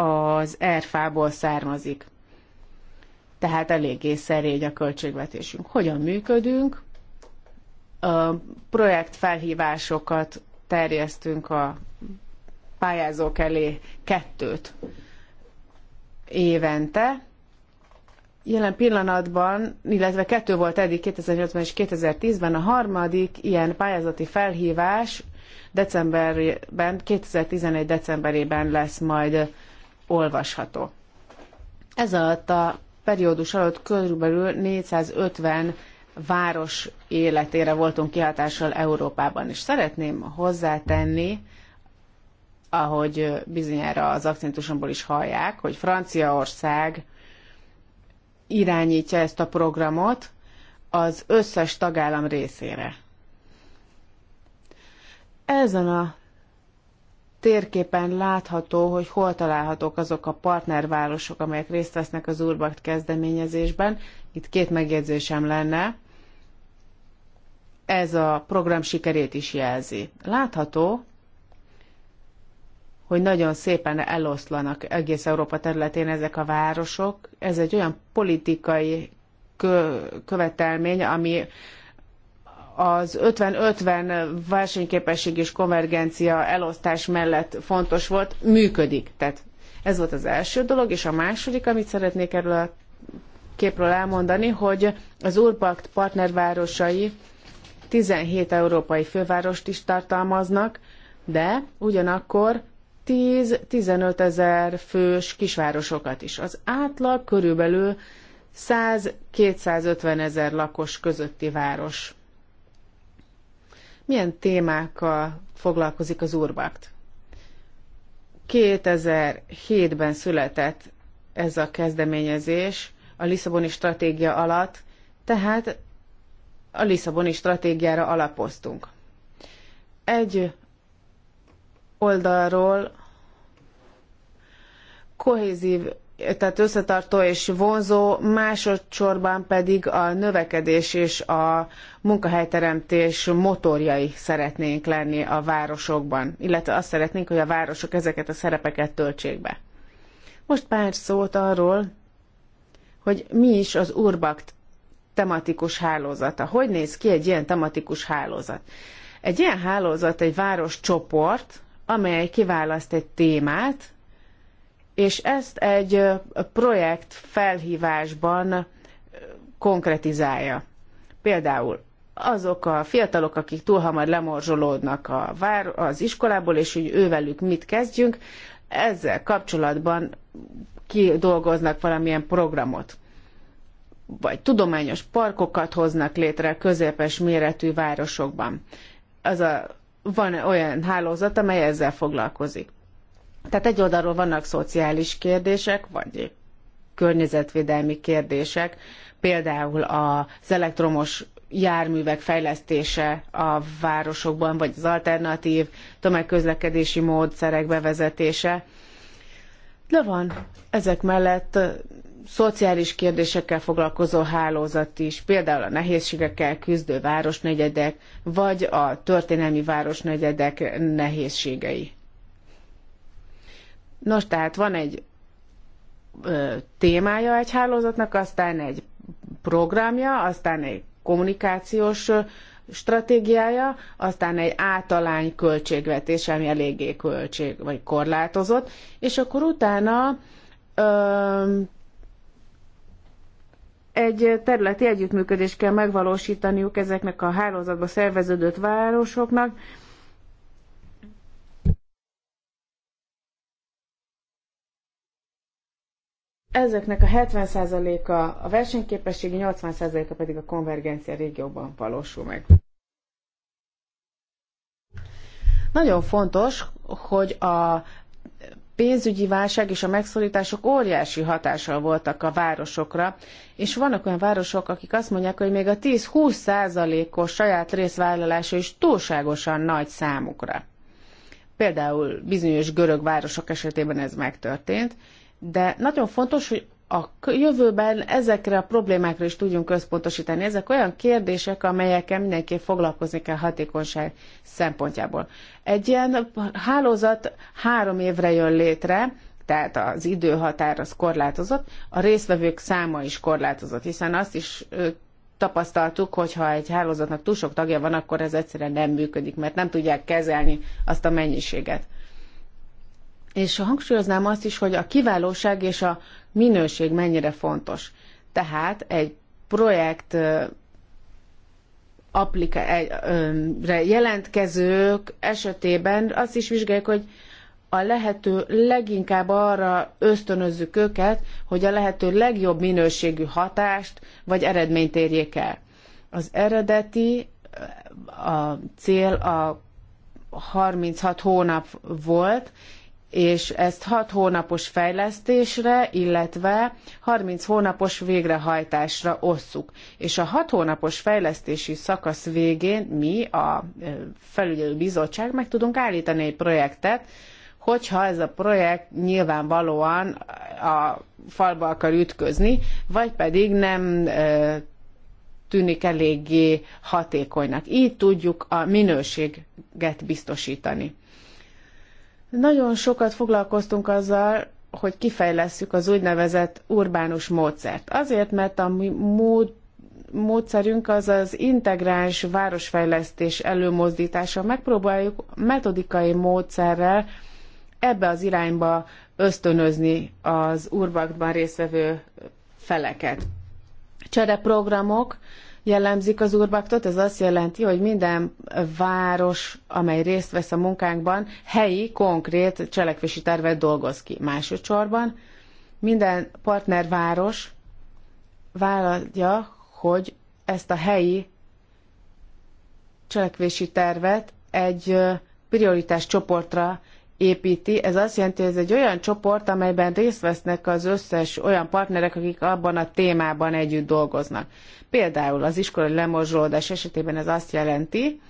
az ERFA-ból származik tehát eléggé szerény a költségvetésünk. Hogyan működünk? A felhívásokat terjesztünk a pályázók elé kettőt évente. Jelen pillanatban, illetve kettő volt eddig 2008-ban és 2010-ben, a harmadik ilyen pályázati felhívás decemberben, 2011 decemberében lesz majd olvasható. Ez alatt a periódus alatt körülbelül 450 város életére voltunk kihatással Európában. És szeretném hozzátenni, ahogy bizonyára az akcentusomból is hallják, hogy Franciaország irányítja ezt a programot az összes tagállam részére. Ezen a térképen látható, hogy hol találhatók azok a partnervárosok, amelyek részt vesznek az Urbakt kezdeményezésben. Itt két megjegyzésem lenne. Ez a program sikerét is jelzi. Látható, hogy nagyon szépen eloszlanak egész Európa területén ezek a városok. Ez egy olyan politikai követelmény, ami az 50-50 versenyképesség és konvergencia elosztás mellett fontos volt, működik. Tehát ez volt az első dolog, és a második, amit szeretnék erről a képről elmondani, hogy az Urbakt partnervárosai 17 európai fővárost is tartalmaznak, de ugyanakkor 10-15 ezer fős kisvárosokat is. Az átlag körülbelül 100-250 ezer lakos közötti város milyen témákkal foglalkozik az Urbakt. 2007-ben született ez a kezdeményezés a Lisszaboni stratégia alatt, tehát a Lisszaboni stratégiára alapoztunk. Egy oldalról kohézív tehát összetartó és vonzó, másodszorban pedig a növekedés és a munkahelyteremtés motorjai szeretnénk lenni a városokban, illetve azt szeretnénk, hogy a városok ezeket a szerepeket töltsék be. Most pár szót arról, hogy mi is az Urbakt tematikus hálózata. Hogy néz ki egy ilyen tematikus hálózat? Egy ilyen hálózat egy városcsoport, amely kiválaszt egy témát, és ezt egy projekt felhívásban konkretizálja. Például azok a fiatalok, akik túl hamar lemorzsolódnak a vár, az iskolából, és hogy ővelük mit kezdjünk, ezzel kapcsolatban kidolgoznak valamilyen programot. Vagy tudományos parkokat hoznak létre közepes méretű városokban. Az a, van olyan hálózat, amely ezzel foglalkozik. Tehát egy oldalról vannak szociális kérdések, vagy környezetvédelmi kérdések, például az elektromos járművek fejlesztése a városokban, vagy az alternatív tömegközlekedési módszerek bevezetése. De van ezek mellett szociális kérdésekkel foglalkozó hálózat is, például a nehézségekkel küzdő városnegyedek, vagy a történelmi városnegyedek nehézségei. Nos, tehát van egy ö, témája egy hálózatnak, aztán egy programja, aztán egy kommunikációs stratégiája, aztán egy általány költségvetés, ami eléggé költség vagy korlátozott, és akkor utána ö, egy területi együttműködést kell megvalósítaniuk ezeknek a hálózatba szerveződött városoknak, ezeknek a 70%-a a versenyképességi, 80%-a pedig a konvergencia régióban valósul meg. Nagyon fontos, hogy a pénzügyi válság és a megszorítások óriási hatással voltak a városokra, és vannak olyan városok, akik azt mondják, hogy még a 10-20 százalékos saját részvállalása is túlságosan nagy számukra. Például bizonyos görög városok esetében ez megtörtént, de nagyon fontos, hogy a jövőben ezekre a problémákra is tudjunk központosítani. Ezek olyan kérdések, amelyekkel mindenképp foglalkozni kell hatékonyság szempontjából. Egy ilyen hálózat három évre jön létre, tehát az időhatár az korlátozott, a résztvevők száma is korlátozott, hiszen azt is tapasztaltuk, hogy ha egy hálózatnak túl sok tagja van, akkor ez egyszerűen nem működik, mert nem tudják kezelni azt a mennyiséget. És hangsúlyoznám azt is, hogy a kiválóság és a minőség mennyire fontos. Tehát egy projekt applikációra jelentkezők esetében azt is vizsgáljuk, hogy a lehető leginkább arra ösztönözzük őket, hogy a lehető legjobb minőségű hatást vagy eredményt érjék el. Az eredeti a cél a 36 hónap volt, és ezt 6 hónapos fejlesztésre, illetve 30 hónapos végrehajtásra osszuk. És a 6 hónapos fejlesztési szakasz végén mi, a felügyelő bizottság meg tudunk állítani egy projektet, hogyha ez a projekt nyilvánvalóan a falba akar ütközni, vagy pedig nem tűnik eléggé hatékonynak. Így tudjuk a minőséget biztosítani. Nagyon sokat foglalkoztunk azzal, hogy kifejlesszük az úgynevezett urbánus módszert. Azért, mert a mód, módszerünk az az integráns városfejlesztés előmozdítása. Megpróbáljuk metodikai módszerrel ebbe az irányba ösztönözni az urbakban résztvevő feleket. Csereprogramok, jellemzik az urbaktot. Ez azt jelenti, hogy minden város, amely részt vesz a munkánkban, helyi, konkrét cselekvési tervet dolgoz ki. Másodszorban minden partnerváros vállalja, hogy ezt a helyi cselekvési tervet egy prioritás csoportra építi. Ez azt jelenti, hogy ez egy olyan csoport, amelyben részt vesznek az összes olyan partnerek, akik abban a témában együtt dolgoznak. Például az iskolai lemorzsolódás esetében ez azt jelenti,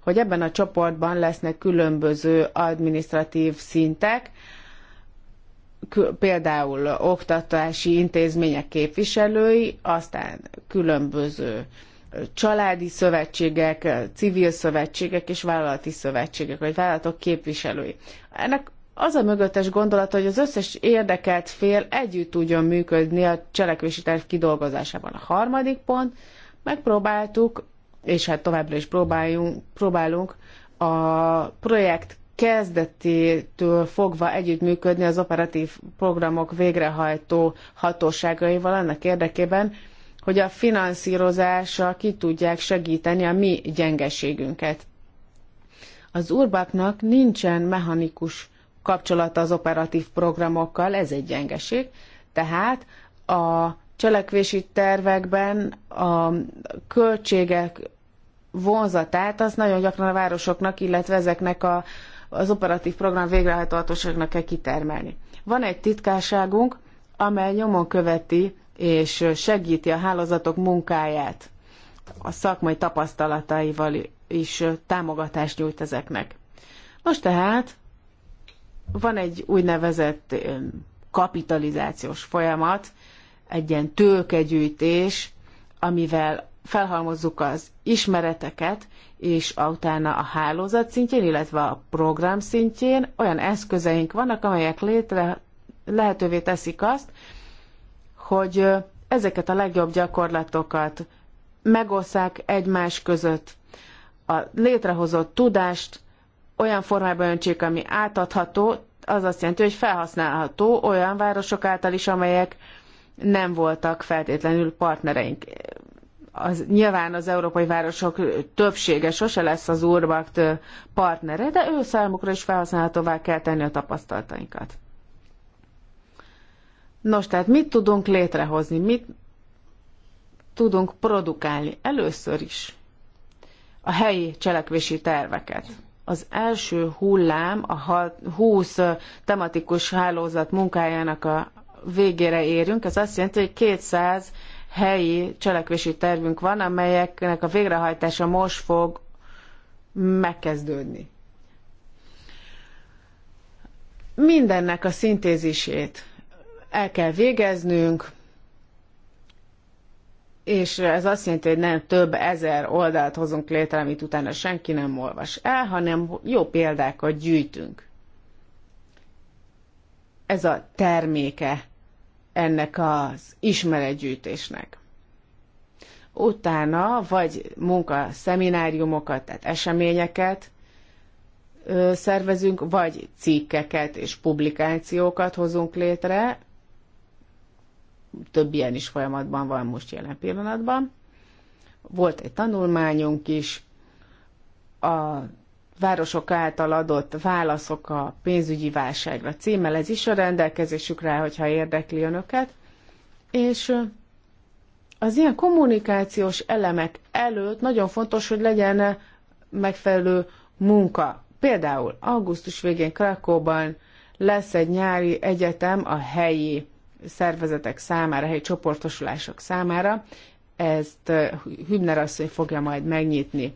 hogy ebben a csoportban lesznek különböző administratív szintek, például oktatási intézmények képviselői, aztán különböző családi szövetségek, civil szövetségek és vállalati szövetségek, vagy vállalatok képviselői. Ennek az a mögöttes gondolat, hogy az összes érdekelt fél együtt tudjon működni a cselekvési terv kidolgozásában. A harmadik pont, megpróbáltuk, és hát továbbra is próbáljunk, próbálunk a projekt kezdetétől fogva együttműködni az operatív programok végrehajtó hatóságaival annak érdekében, hogy a finanszírozással ki tudják segíteni a mi gyengeségünket. Az urbaknak nincsen mechanikus kapcsolata az operatív programokkal, ez egy gyengeség, tehát a cselekvési tervekben a költségek vonzatát az nagyon gyakran a városoknak, illetve ezeknek a, az operatív program végrehajtóhatóságnak kell kitermelni. Van egy titkárságunk, amely nyomon követi és segíti a hálózatok munkáját. A szakmai tapasztalataival is támogatást nyújt ezeknek. Most tehát van egy úgynevezett kapitalizációs folyamat, egy ilyen tőkegyűjtés, amivel felhalmozzuk az ismereteket, és utána a hálózat szintjén, illetve a program szintjén olyan eszközeink vannak, amelyek létre lehetővé teszik azt, hogy ezeket a legjobb gyakorlatokat megosszák egymás között, a létrehozott tudást olyan formában öntsék, ami átadható, az azt jelenti, hogy felhasználható olyan városok által is, amelyek nem voltak feltétlenül partnereink. Az, nyilván az európai városok többsége sose lesz az Urbakt partnere, de ő számukra is felhasználhatóvá kell tenni a tapasztalatainkat. Nos, tehát mit tudunk létrehozni, mit tudunk produkálni először is? A helyi cselekvési terveket. Az első hullám a 20 tematikus hálózat munkájának a végére érünk. Ez azt jelenti, hogy 200 helyi cselekvési tervünk van, amelyeknek a végrehajtása most fog megkezdődni. Mindennek a szintézisét el kell végeznünk, és ez azt jelenti, hogy nem több ezer oldalt hozunk létre, amit utána senki nem olvas el, hanem jó példákat gyűjtünk. Ez a terméke ennek az ismeretgyűjtésnek. Utána vagy munka szemináriumokat, tehát eseményeket szervezünk, vagy cikkeket és publikációkat hozunk létre, több ilyen is folyamatban van most jelen pillanatban. Volt egy tanulmányunk is, a városok által adott válaszok a pénzügyi válságra címmel, ez is a rá, hogyha érdekli önöket. És az ilyen kommunikációs elemek előtt nagyon fontos, hogy legyen megfelelő munka. Például augusztus végén Krakóban lesz egy nyári egyetem a helyi szervezetek számára, helyi csoportosulások számára. Ezt eh, Hübner asszony fogja majd megnyitni.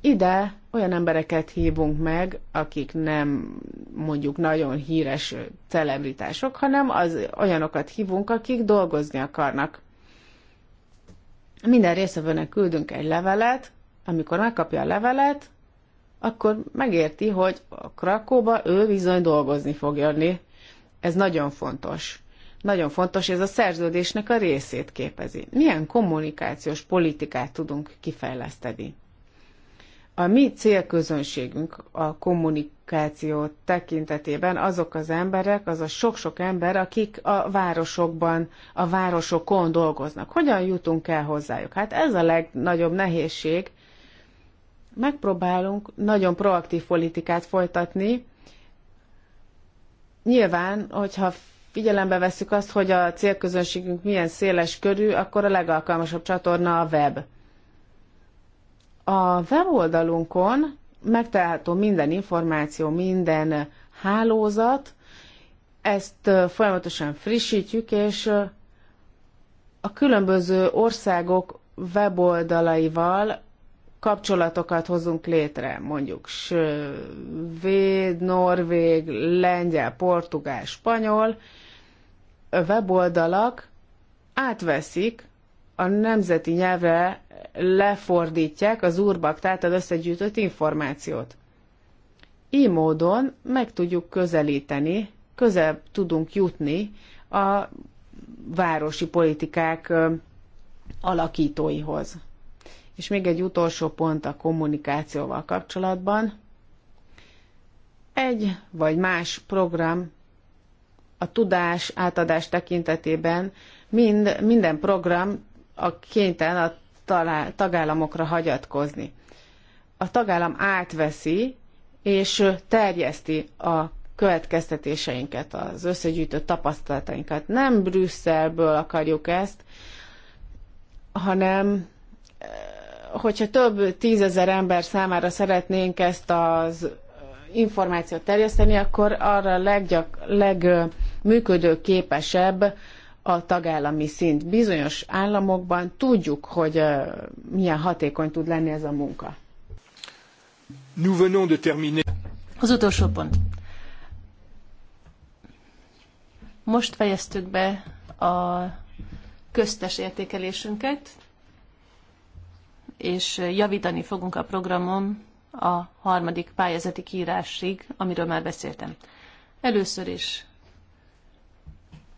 Ide olyan embereket hívunk meg, akik nem mondjuk nagyon híres celebritások, hanem az olyanokat hívunk, akik dolgozni akarnak. Minden részevőnek küldünk egy levelet, amikor megkapja a levelet, akkor megérti, hogy a Krakóba ő bizony dolgozni fog jönni. Ez nagyon fontos nagyon fontos, ez a szerződésnek a részét képezi. Milyen kommunikációs politikát tudunk kifejleszteni? A mi célközönségünk a kommunikáció tekintetében azok az emberek, az a sok-sok ember, akik a városokban, a városokon dolgoznak. Hogyan jutunk el hozzájuk? Hát ez a legnagyobb nehézség. Megpróbálunk nagyon proaktív politikát folytatni. Nyilván, hogyha figyelembe vesszük azt, hogy a célközönségünk milyen széles körű, akkor a legalkalmasabb csatorna a web. A weboldalunkon megtalálható minden információ, minden hálózat, ezt folyamatosan frissítjük, és a különböző országok weboldalaival kapcsolatokat hozunk létre, mondjuk svéd, norvég, lengyel, portugál, spanyol, weboldalak átveszik, a nemzeti nyelvre lefordítják az urbak, tehát az összegyűjtött információt. Így módon meg tudjuk közelíteni, közel tudunk jutni a városi politikák alakítóihoz. És még egy utolsó pont a kommunikációval kapcsolatban. Egy vagy más program a tudás átadás tekintetében mind, minden program a kénytelen a talál, tagállamokra hagyatkozni. A tagállam átveszi és terjeszti a következtetéseinket, az összegyűjtött tapasztalatainkat. Nem Brüsszelből akarjuk ezt, hanem eh, hogyha több tízezer ember számára szeretnénk ezt az információt terjeszteni, akkor arra leggyak leg eh, működőképesebb a tagállami szint. Bizonyos államokban tudjuk, hogy milyen hatékony tud lenni ez a munka. Nous venons de terminer. Az utolsó pont. Most fejeztük be a köztes értékelésünket, és javítani fogunk a programon a harmadik pályázati kiírásig, amiről már beszéltem. Először is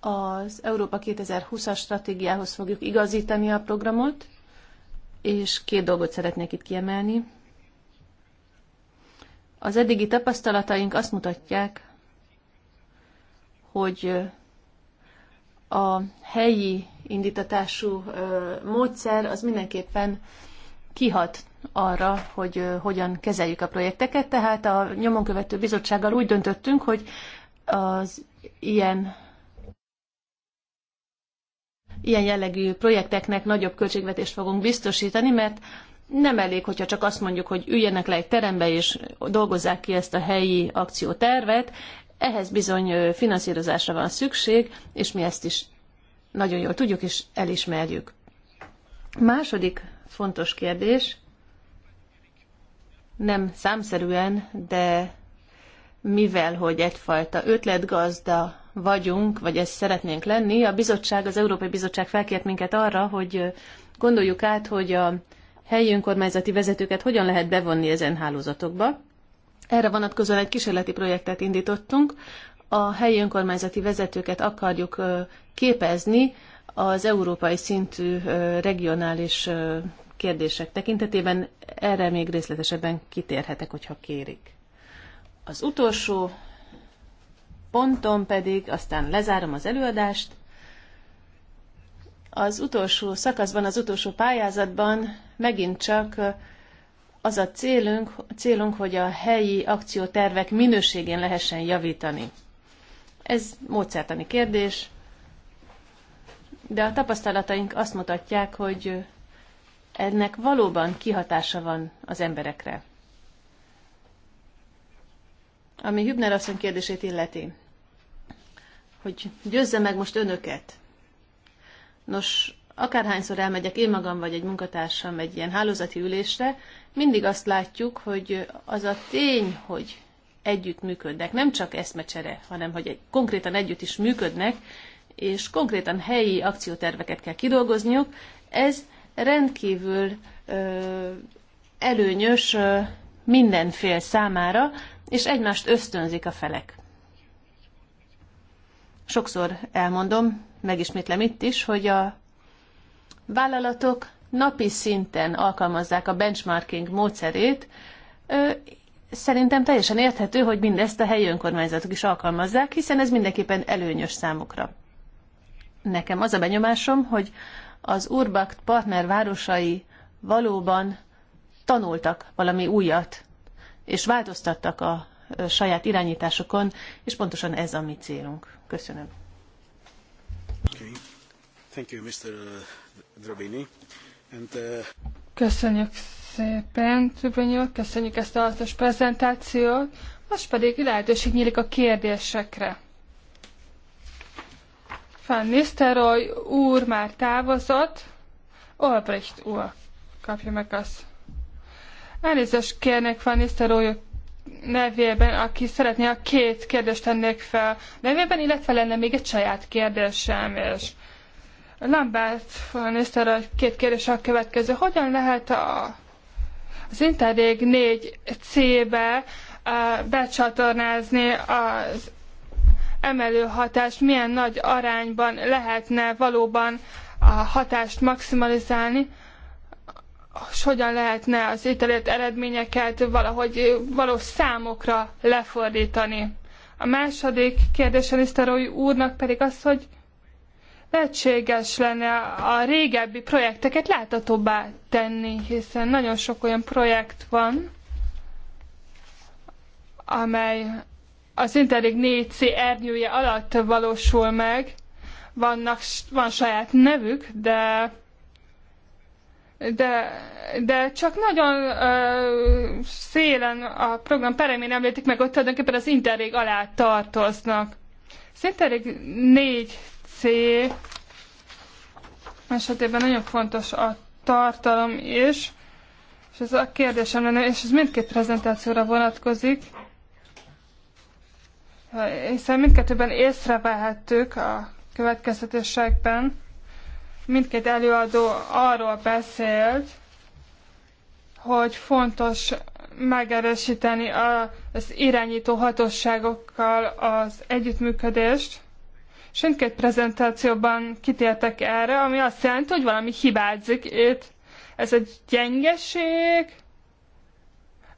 az Európa 2020-as stratégiához fogjuk igazítani a programot, és két dolgot szeretnék itt kiemelni. Az eddigi tapasztalataink azt mutatják, hogy a helyi indítatású módszer az mindenképpen kihat arra, hogy hogyan kezeljük a projekteket. Tehát a nyomonkövető bizottsággal úgy döntöttünk, hogy az ilyen ilyen jellegű projekteknek nagyobb költségvetést fogunk biztosítani, mert nem elég, hogyha csak azt mondjuk, hogy üljenek le egy terembe és dolgozzák ki ezt a helyi akciótervet, ehhez bizony finanszírozásra van szükség, és mi ezt is nagyon jól tudjuk és elismerjük. Második fontos kérdés, nem számszerűen, de mivel, hogy egyfajta ötletgazda vagyunk, vagy ezt szeretnénk lenni. A bizottság, az Európai Bizottság felkért minket arra, hogy gondoljuk át, hogy a helyi önkormányzati vezetőket hogyan lehet bevonni ezen hálózatokba. Erre vonatkozóan egy kísérleti projektet indítottunk. A helyi önkormányzati vezetőket akarjuk képezni az európai szintű regionális kérdések tekintetében. Erre még részletesebben kitérhetek, hogyha kérik. Az utolsó ponton pedig aztán lezárom az előadást. Az utolsó szakaszban, az utolsó pályázatban megint csak az a célunk, célunk, hogy a helyi akciótervek minőségén lehessen javítani. Ez módszertani kérdés, de a tapasztalataink azt mutatják, hogy ennek valóban kihatása van az emberekre. Ami Hübner asszony kérdését illeti hogy győzze meg most önöket. Nos, akárhányszor elmegyek én magam vagy egy munkatársam egy ilyen hálózati ülésre, mindig azt látjuk, hogy az a tény, hogy együtt működnek, nem csak eszmecsere, hanem hogy egy, konkrétan együtt is működnek, és konkrétan helyi akcióterveket kell kidolgozniuk, ez rendkívül ö, előnyös ö, minden fél számára, és egymást ösztönzik a felek. Sokszor elmondom, megismétlem itt is, hogy a vállalatok napi szinten alkalmazzák a benchmarking módszerét. Szerintem teljesen érthető, hogy mindezt a helyi önkormányzatok is alkalmazzák, hiszen ez mindenképpen előnyös számukra. Nekem az a benyomásom, hogy az Urbakt partner városai valóban tanultak valami újat, és változtattak a saját irányításokon, és pontosan ez a mi célunk. Köszönöm. Okay. Thank you, Mr. Uh, Drabini. And, uh... Köszönjük szépen, Trubini köszönjük ezt a hatos prezentációt. Most pedig lehetőség nyílik a kérdésekre. Van Nisztelrooy úr már távozott, Albrecht úr kapja meg azt. Elnézést kérnek Van Nisztelrooy nevében, aki szeretné, a két kérdést tennék fel nevében, illetve lenne még egy saját kérdésem is. Lambert miniszter a két kérdés a következő. Hogyan lehet a, az Interreg 4C-be eh, becsatornázni az emelő hatást, milyen nagy arányban lehetne valóban a hatást maximalizálni, és hogyan lehetne az itt elért eredményeket valahogy valós számokra lefordítani. A második kérdés Nisztarói úrnak pedig az, hogy lehetséges lenne a régebbi projekteket láthatóbbá tenni, hiszen nagyon sok olyan projekt van, amely az Interreg 4C ernyője alatt valósul meg. Vannak, van saját nevük, de de, de csak nagyon uh, szélen a program peremén említik meg, hogy tulajdonképpen az Interreg alá tartoznak. Az Interreg 4C esetében nagyon fontos a tartalom is, és ez a kérdésem lenne, és ez mindkét prezentációra vonatkozik, hiszen mindkettőben észrevehettük a következtetésekben, mindkét előadó arról beszélt, hogy fontos megerősíteni az irányító hatóságokkal az együttműködést, és mindkét prezentációban kitértek erre, ami azt jelenti, hogy valami hibázik itt. Ez egy gyengeség,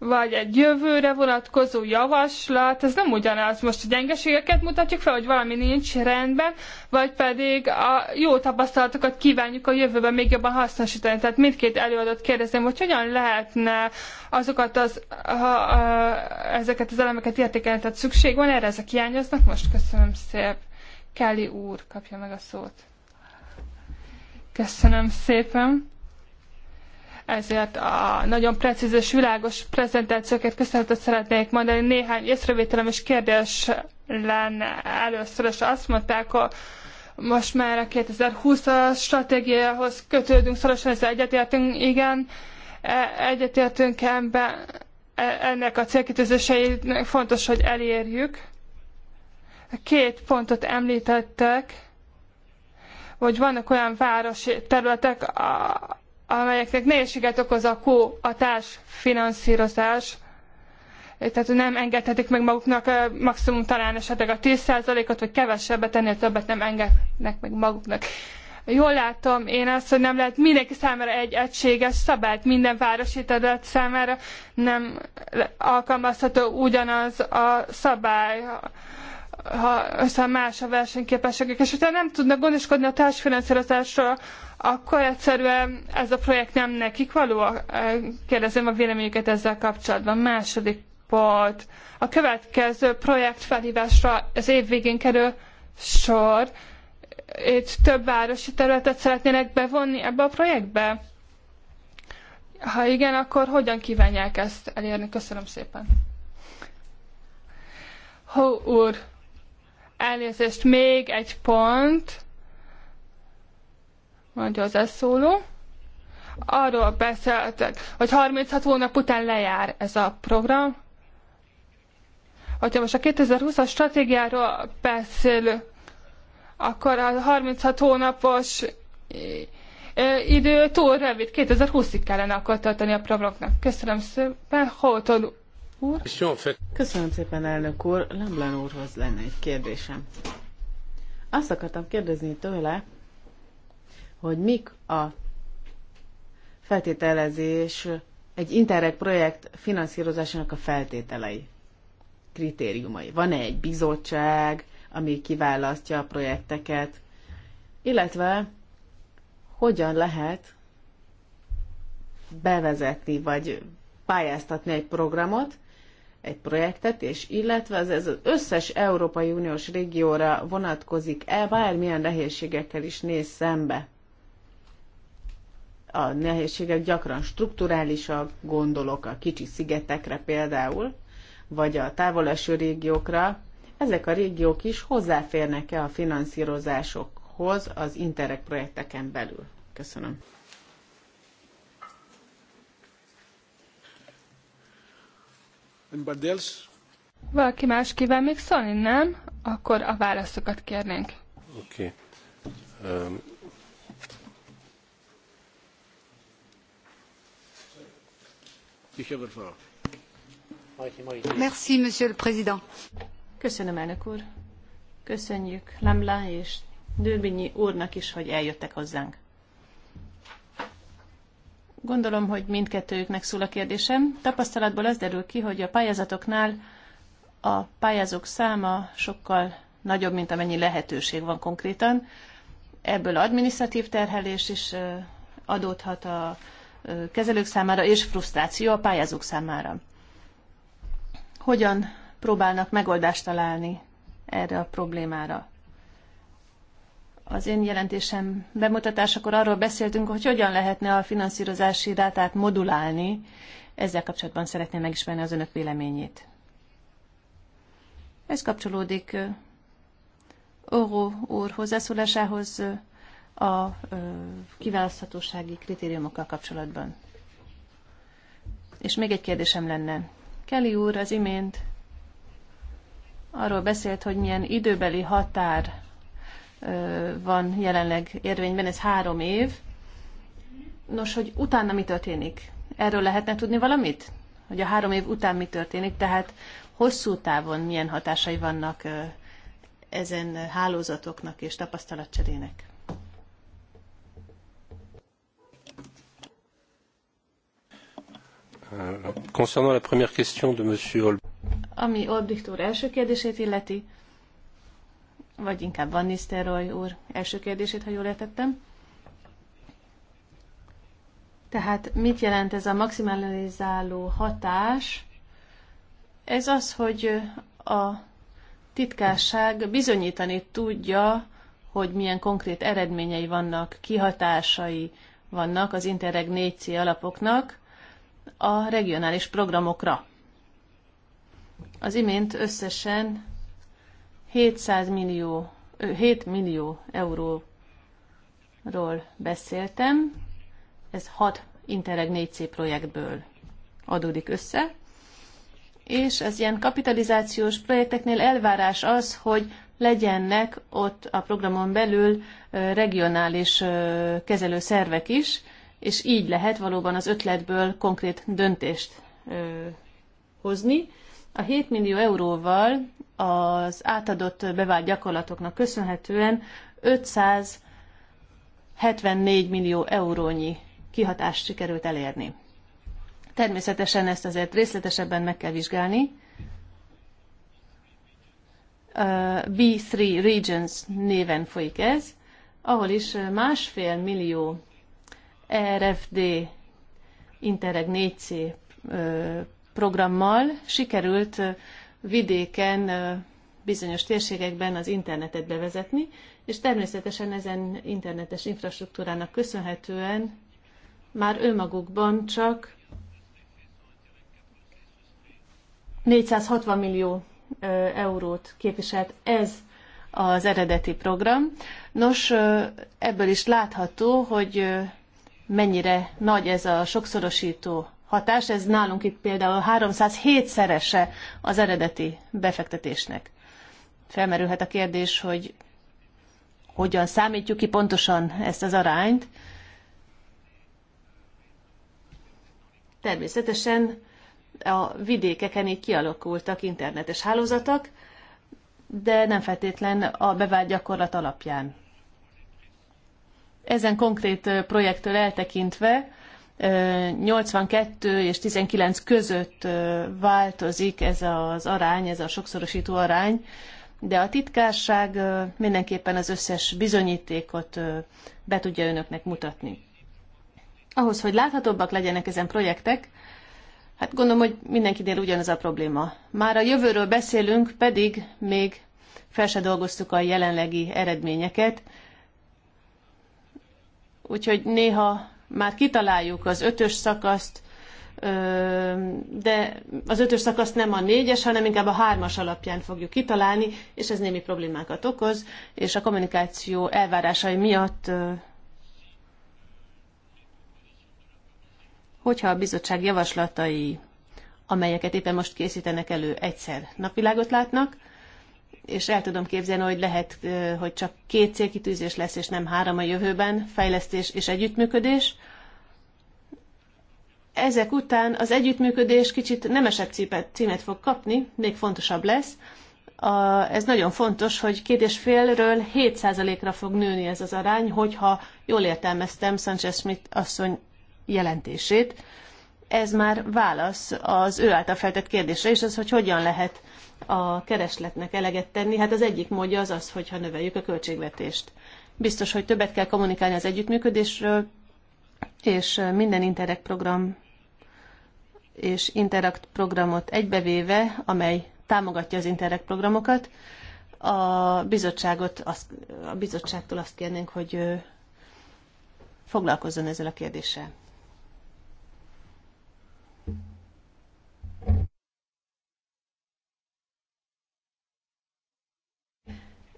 vagy egy jövőre vonatkozó javaslat, ez nem ugyanaz. Most a gyengeségeket mutatjuk fel, hogy valami nincs rendben, vagy pedig a jó tapasztalatokat kívánjuk a jövőben még jobban hasznosítani. Tehát mindkét előadót kérdezem, hogy hogyan lehetne azokat az, ha, ha, ezeket az elemeket értékelni, tehát szükség van erre, ezek hiányoznak. Most köszönöm szép. Kelly úr kapja meg a szót. Köszönöm szépen ezért a nagyon precíz és világos prezentációkért köszönetet szeretnék mondani. Néhány észrevételem és kérdés lenne először, és azt mondták, hogy most már a 2020-as stratégiához kötődünk, szorosan ezzel egyetértünk, igen, e, egyetértünk ebben, e, ennek a célkitűzéseinek fontos, hogy elérjük. Két pontot említettek, hogy vannak olyan városi területek, amelyeknek nehézséget okoz a kó, a finanszírozás, tehát nem engedhetik meg maguknak eh, maximum talán esetleg a 10%-ot, vagy kevesebbet, ennél többet nem engednek meg maguknak. Jól látom én azt, hogy nem lehet mindenki számára egy egységes szabályt, minden városi terület számára nem alkalmazható ugyanaz a szabály ha össze más a versenyképességük, és hogyha nem tudnak gondoskodni a társfinanszírozásról, akkor egyszerűen ez a projekt nem nekik való. Kérdezem a véleményüket ezzel kapcsolatban. Második pont. A következő projekt felhívásra az év végén kerül sor. Itt több városi területet szeretnének bevonni ebbe a projektbe? Ha igen, akkor hogyan kívánják ezt elérni? Köszönöm szépen. Hó úr! Elnézést, még egy pont, mondja az szóló, Arról beszéltek, hogy 36 hónap után lejár ez a program. Hogyha most a 2020-as stratégiáról beszélünk, akkor a 36 hónapos idő túl rövid, 2020-ig kellene akkor tartani a programnak. Köszönöm szépen, Holton úr. Köszönöm szépen, elnök úr. Lamblán úrhoz lenne egy kérdésem. Azt akartam kérdezni tőle, hogy mik a feltételezés, egy Interreg projekt finanszírozásának a feltételei, kritériumai. Van-e egy bizottság, ami kiválasztja a projekteket, illetve hogyan lehet bevezetni vagy pályáztatni egy programot, egy projektet, és illetve ez, ez az összes Európai Uniós régióra vonatkozik el, bármilyen nehézségekkel is néz szembe. A nehézségek gyakran strukturálisak, gondolok a kicsi szigetekre például, vagy a távoleső régiókra. Ezek a régiók is hozzáférnek-e a finanszírozásokhoz az Interreg projekteken belül? Köszönöm. Anybody else? Valaki más kíván még szólni, nem? Akkor a válaszokat kérnénk. Oké. Okay. Um... Merci, Monsieur le Köszönöm, elnök úr. Köszönjük Lamla és Dőrbinyi úrnak is, hogy eljöttek hozzánk. Gondolom, hogy mindkettőjüknek szól a kérdésem. Tapasztalatból az derül ki, hogy a pályázatoknál a pályázók száma sokkal nagyobb, mint amennyi lehetőség van konkrétan. Ebből adminisztratív terhelés is adódhat a kezelők számára, és frusztráció a pályázók számára. Hogyan próbálnak megoldást találni erre a problémára? az én jelentésem bemutatásakor arról beszéltünk, hogy hogyan lehetne a finanszírozási rátát modulálni. Ezzel kapcsolatban szeretném megismerni az önök véleményét. Ez kapcsolódik Oró úr hozzászólásához a kiválaszthatósági kritériumokkal kapcsolatban. És még egy kérdésem lenne. Kelly úr az imént arról beszélt, hogy milyen időbeli határ van jelenleg érvényben, ez három év. Nos, hogy utána mi történik? Erről lehetne tudni valamit? Hogy a három év után mi történik, tehát hosszú távon milyen hatásai vannak ezen hálózatoknak és tapasztalatcserének? Euh, concernant la première question de Monsieur Ami Olbricht úr első kérdését illeti, vagy inkább Van Nisztelrooy úr első kérdését, ha jól értettem. Tehát mit jelent ez a maximalizáló hatás? Ez az, hogy a titkásság bizonyítani tudja, hogy milyen konkrét eredményei vannak, kihatásai vannak az Interreg 4C alapoknak a regionális programokra. Az imént összesen 700 millió, 7 millió euróról beszéltem, ez 6 Interreg 4C projektből adódik össze, és az ilyen kapitalizációs projekteknél elvárás az, hogy legyennek ott a programon belül regionális kezelő szervek is, és így lehet valóban az ötletből konkrét döntést hozni. A 7 millió euróval az átadott bevált gyakorlatoknak köszönhetően 574 millió eurónyi kihatást sikerült elérni. Természetesen ezt azért részletesebben meg kell vizsgálni. B3 Regions néven folyik ez, ahol is másfél millió RFD Interreg 4C programmal sikerült vidéken bizonyos térségekben az internetet bevezetni, és természetesen ezen internetes infrastruktúrának köszönhetően már önmagukban csak 460 millió eurót képviselt ez az eredeti program. Nos, ebből is látható, hogy mennyire nagy ez a sokszorosító hatás, ez nálunk itt például 307-szerese az eredeti befektetésnek. Felmerülhet a kérdés, hogy hogyan számítjuk ki pontosan ezt az arányt. Természetesen a vidékeken így kialakultak internetes hálózatok, de nem feltétlen a bevált gyakorlat alapján. Ezen konkrét projektől eltekintve 82 és 19 között változik ez az arány, ez a sokszorosító arány, de a titkárság mindenképpen az összes bizonyítékot be tudja önöknek mutatni. Ahhoz, hogy láthatóbbak legyenek ezen projektek, hát gondolom, hogy mindenkinél ugyanaz a probléma. Már a jövőről beszélünk, pedig még fel se dolgoztuk a jelenlegi eredményeket, úgyhogy néha már kitaláljuk az ötös szakaszt, de az ötös szakaszt nem a négyes, hanem inkább a hármas alapján fogjuk kitalálni, és ez némi problémákat okoz, és a kommunikáció elvárásai miatt, hogyha a bizottság javaslatai, amelyeket éppen most készítenek elő, egyszer napvilágot látnak, és el tudom képzelni, hogy lehet, hogy csak két célkitűzés lesz, és nem három a jövőben, fejlesztés és együttműködés. Ezek után az együttműködés kicsit nemesebb címet fog kapni, még fontosabb lesz. A, ez nagyon fontos, hogy két és félről 7%-ra fog nőni ez az arány, hogyha jól értelmeztem Sanchez Smith asszony jelentését. Ez már válasz az ő által feltett kérdésre, és az, hogy hogyan lehet a keresletnek eleget tenni? Hát az egyik módja az az, hogyha növeljük a költségvetést. Biztos, hogy többet kell kommunikálni az együttműködésről, és minden Interreg program és Interact programot egybevéve, amely támogatja az Interreg programokat, a, bizottságot, azt, a bizottságtól azt kérnénk, hogy foglalkozzon ezzel a kérdéssel.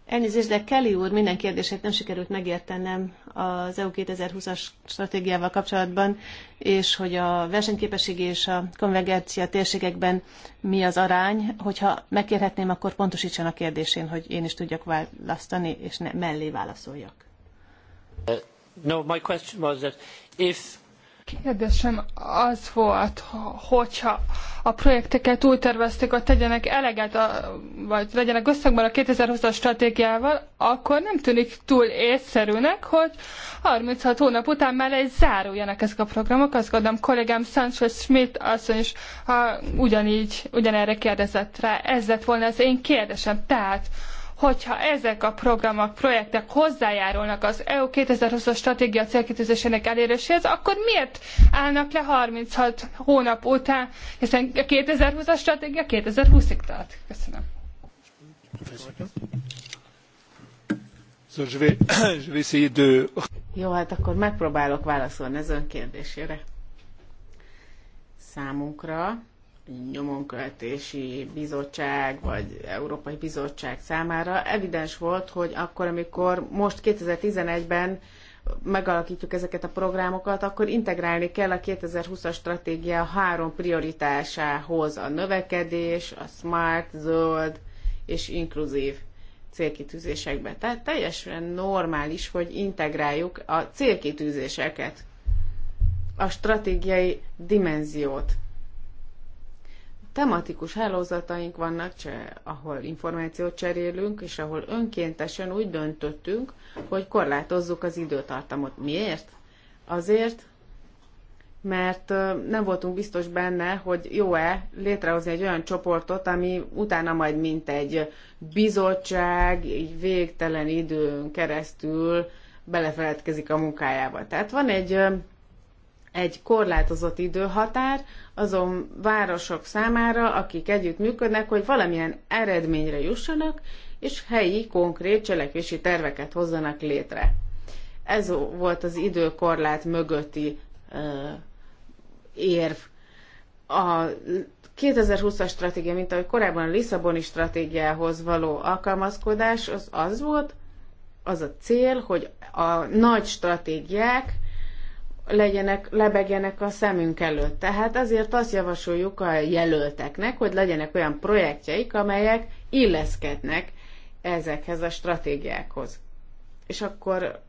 Elnézést, de Kelly úr minden kérdését nem sikerült megértenem az EU 2020-as stratégiával kapcsolatban, és hogy a versenyképesség és a konvergencia térségekben mi az arány. Hogyha megkérhetném, akkor pontosítson a kérdésén, hogy én is tudjak választani, és ne, mellé válaszoljak. Uh, no, my question was that if Kérdésem az volt, hogyha a projekteket úgy tervezték, hogy tegyenek eleget, a, vagy legyenek összegben a 2020-as stratégiával, akkor nem tűnik túl észszerűnek, hogy 36 hónap után már egy záruljanak ezek a programok. Azt gondolom, kollégám Sanchez Schmidt asszony is ha ugyanígy, ugyanerre kérdezett rá. Ez lett volna az én kérdésem. Tehát, hogyha ezek a programok, projektek hozzájárulnak az EU 2020-as stratégia célkitűzésének eléréséhez, akkor miért állnak le 36 hónap után, hiszen a 2020-as stratégia 2020-ig tart. Köszönöm. Jó, hát akkor megpróbálok válaszolni az ön kérdésére. Számunkra nyomonkövetési bizottság, vagy Európai Bizottság számára evidens volt, hogy akkor, amikor most 2011-ben megalakítjuk ezeket a programokat, akkor integrálni kell a 2020-as stratégia három prioritásához a növekedés, a smart, zöld és inkluzív célkitűzésekbe. Tehát teljesen normális, hogy integráljuk a célkitűzéseket, a stratégiai dimenziót tematikus hálózataink vannak, ahol információt cserélünk, és ahol önkéntesen úgy döntöttünk, hogy korlátozzuk az időtartamot. Miért? Azért, mert nem voltunk biztos benne, hogy jó-e létrehozni egy olyan csoportot, ami utána majd mint egy bizottság, egy végtelen időn keresztül belefeledkezik a munkájába. Tehát van egy egy korlátozott időhatár azon városok számára, akik együtt működnek, hogy valamilyen eredményre jussanak, és helyi, konkrét cselekvési terveket hozzanak létre. Ez volt az időkorlát mögötti uh, érv. A 2020-as stratégia, mint ahogy korábban a Lisszaboni stratégiához való alkalmazkodás, az az volt, az a cél, hogy a nagy stratégiák legyenek, lebegjenek a szemünk előtt. Tehát azért azt javasoljuk a jelölteknek, hogy legyenek olyan projektjeik, amelyek illeszkednek ezekhez a stratégiákhoz. És akkor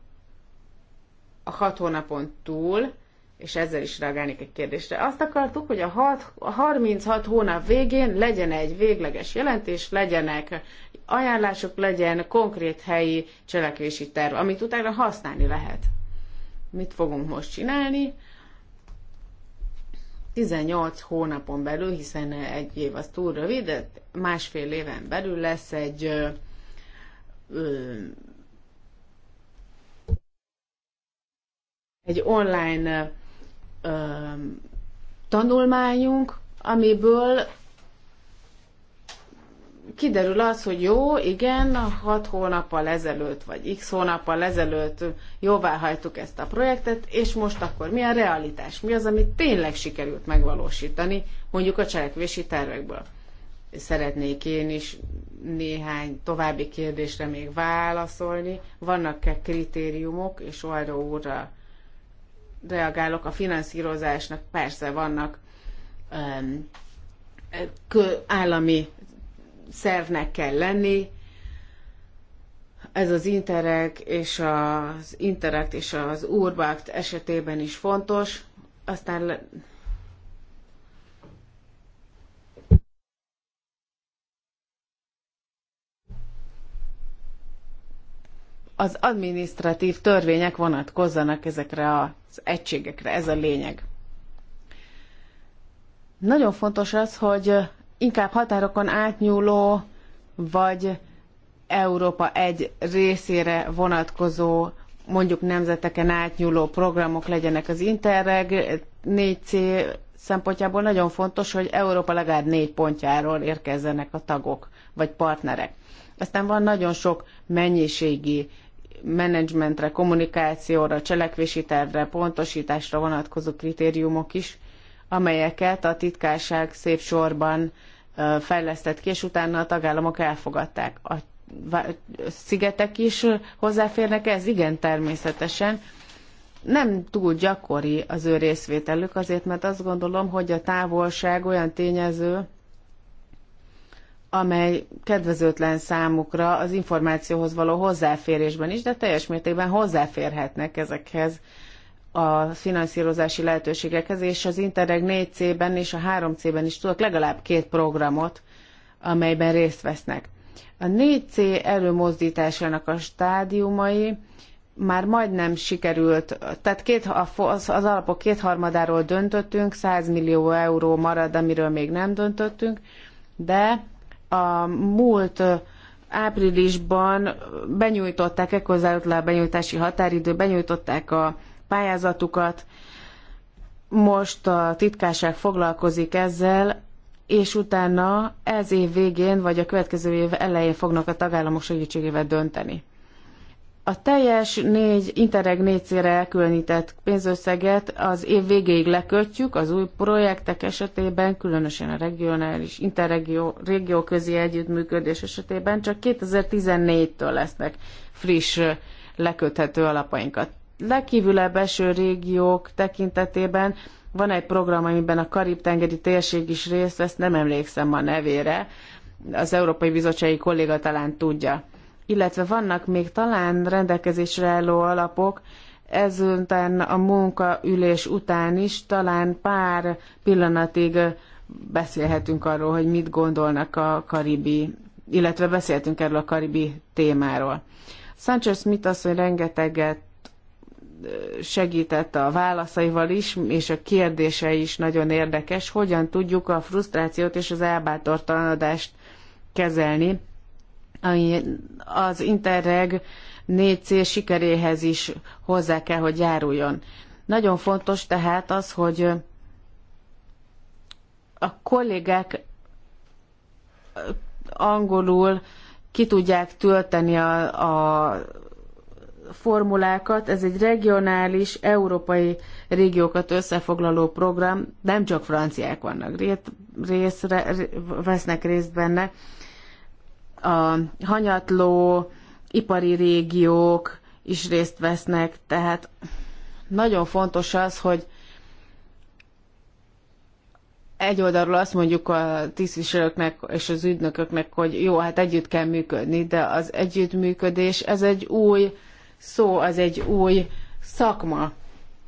a hat hónapon túl, és ezzel is reagálnék egy kérdésre, azt akartuk, hogy a, hat, a 36 hónap végén legyen egy végleges jelentés, legyenek ajánlások, legyen konkrét helyi cselekvési terv, amit utána használni lehet mit fogunk most csinálni. 18 hónapon belül, hiszen egy év az túl rövid, de másfél éven belül lesz egy ö, ö, egy online ö, tanulmányunk, amiből kiderül az, hogy jó, igen, 6 hónappal ezelőtt, vagy x hónappal ezelőtt jóvá hajtuk ezt a projektet, és most akkor mi a realitás? Mi az, amit tényleg sikerült megvalósítani, mondjuk a cselekvési tervekből? Szeretnék én is néhány további kérdésre még válaszolni. Vannak-e kritériumok, és arra úrra reagálok a finanszírozásnak, persze vannak um, állami szervnek kell lenni. Ez az Interreg és az Interact és az Urbact esetében is fontos. Aztán az adminisztratív törvények vonatkozzanak ezekre az egységekre, ez a lényeg. Nagyon fontos az, hogy inkább határokon átnyúló, vagy Európa egy részére vonatkozó, mondjuk nemzeteken átnyúló programok legyenek az Interreg 4C szempontjából nagyon fontos, hogy Európa legalább négy pontjáról érkezzenek a tagok vagy partnerek. Aztán van nagyon sok mennyiségi menedzsmentre, kommunikációra, cselekvési tervre, pontosításra vonatkozó kritériumok is, amelyeket a titkárság szép sorban fejlesztett ki, és utána a tagállamok elfogadták. A szigetek is hozzáférnek ez? Igen, természetesen. Nem túl gyakori az ő részvételük, azért mert azt gondolom, hogy a távolság olyan tényező, amely kedvezőtlen számukra az információhoz való hozzáférésben is, de teljes mértékben hozzáférhetnek ezekhez a finanszírozási lehetőségekhez, és az Interreg 4C-ben és a 3C-ben is tudok legalább két programot, amelyben részt vesznek. A 4C előmozdításának a stádiumai már majdnem sikerült, tehát két, az alapok kétharmadáról döntöttünk, 100 millió euró marad, amiről még nem döntöttünk, de a múlt áprilisban benyújtották, ekkor zárult le a benyújtási határidő, benyújtották a pályázatukat. Most a titkárság foglalkozik ezzel, és utána ez év végén, vagy a következő év elején fognak a tagállamok segítségével dönteni. A teljes négy, Interreg 4 elkülönített pénzösszeget az év végéig lekötjük az új projektek esetében, különösen a regionális interregió régióközi együttműködés esetében, csak 2014-től lesznek friss leköthető alapainkat legkívülebb eső régiók tekintetében van egy program, amiben a Karib-tengeri térség is részt vesz, nem emlékszem a nevére, az Európai Bizottsági kolléga talán tudja. Illetve vannak még talán rendelkezésre álló alapok, ezután a munkaülés után is talán pár pillanatig beszélhetünk arról, hogy mit gondolnak a karibi, illetve beszéltünk erről a karibi témáról. Sanchez mit asszony rengeteget segített a válaszaival is, és a kérdése is nagyon érdekes, hogyan tudjuk a frusztrációt és az elbátortalanodást kezelni, ami az Interreg 4C sikeréhez is hozzá kell, hogy járuljon. Nagyon fontos tehát az, hogy a kollégák angolul ki tudják tölteni a, a formulákat, ez egy regionális, európai régiókat összefoglaló program, nem csak franciák vannak részre, vesznek részt benne. A hanyatló, ipari régiók is részt vesznek, tehát nagyon fontos az, hogy egy oldalról azt mondjuk a tisztviselőknek és az ügynököknek, hogy jó, hát együtt kell működni, de az együttműködés ez egy új szó az egy új szakma,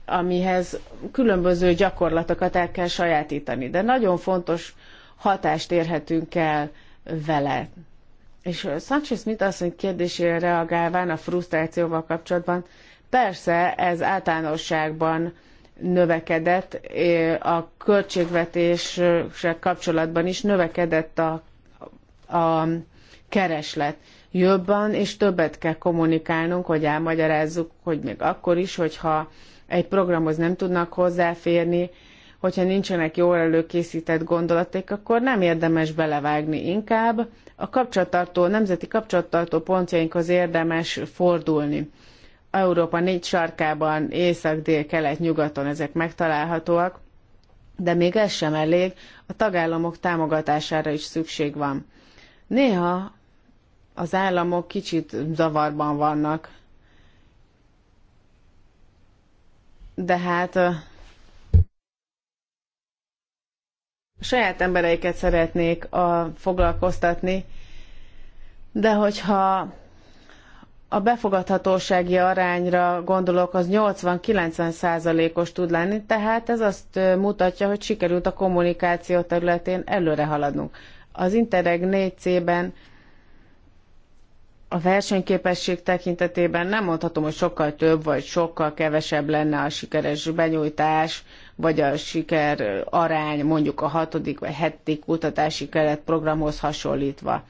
amihez különböző gyakorlatokat el kell sajátítani, de nagyon fontos hatást érhetünk el vele. És Sanchez mit azt mondja, kérdésére reagálván a frusztrációval kapcsolatban, persze ez általánosságban növekedett, a költségvetéssel kapcsolatban is növekedett a, a kereslet jobban és többet kell kommunikálnunk, hogy elmagyarázzuk, hogy még akkor is, hogyha egy programhoz nem tudnak hozzáférni, hogyha nincsenek jól előkészített gondolaték, akkor nem érdemes belevágni inkább. A kapcsolattartó, nemzeti kapcsolattartó pontjainkhoz érdemes fordulni. Európa négy sarkában, észak, dél, kelet, nyugaton ezek megtalálhatóak, de még ez sem elég, a tagállamok támogatására is szükség van. Néha az államok kicsit zavarban vannak. De hát a saját embereiket szeretnék a, foglalkoztatni, de hogyha a befogadhatósági arányra gondolok, az 80-90 százalékos tud lenni, tehát ez azt mutatja, hogy sikerült a kommunikáció területén előre haladnunk. Az Interreg 4C-ben a versenyképesség tekintetében nem mondhatom, hogy sokkal több vagy sokkal kevesebb lenne a sikeres benyújtás, vagy a siker arány mondjuk a hatodik vagy hetedik kutatási keretprogramhoz hasonlítva.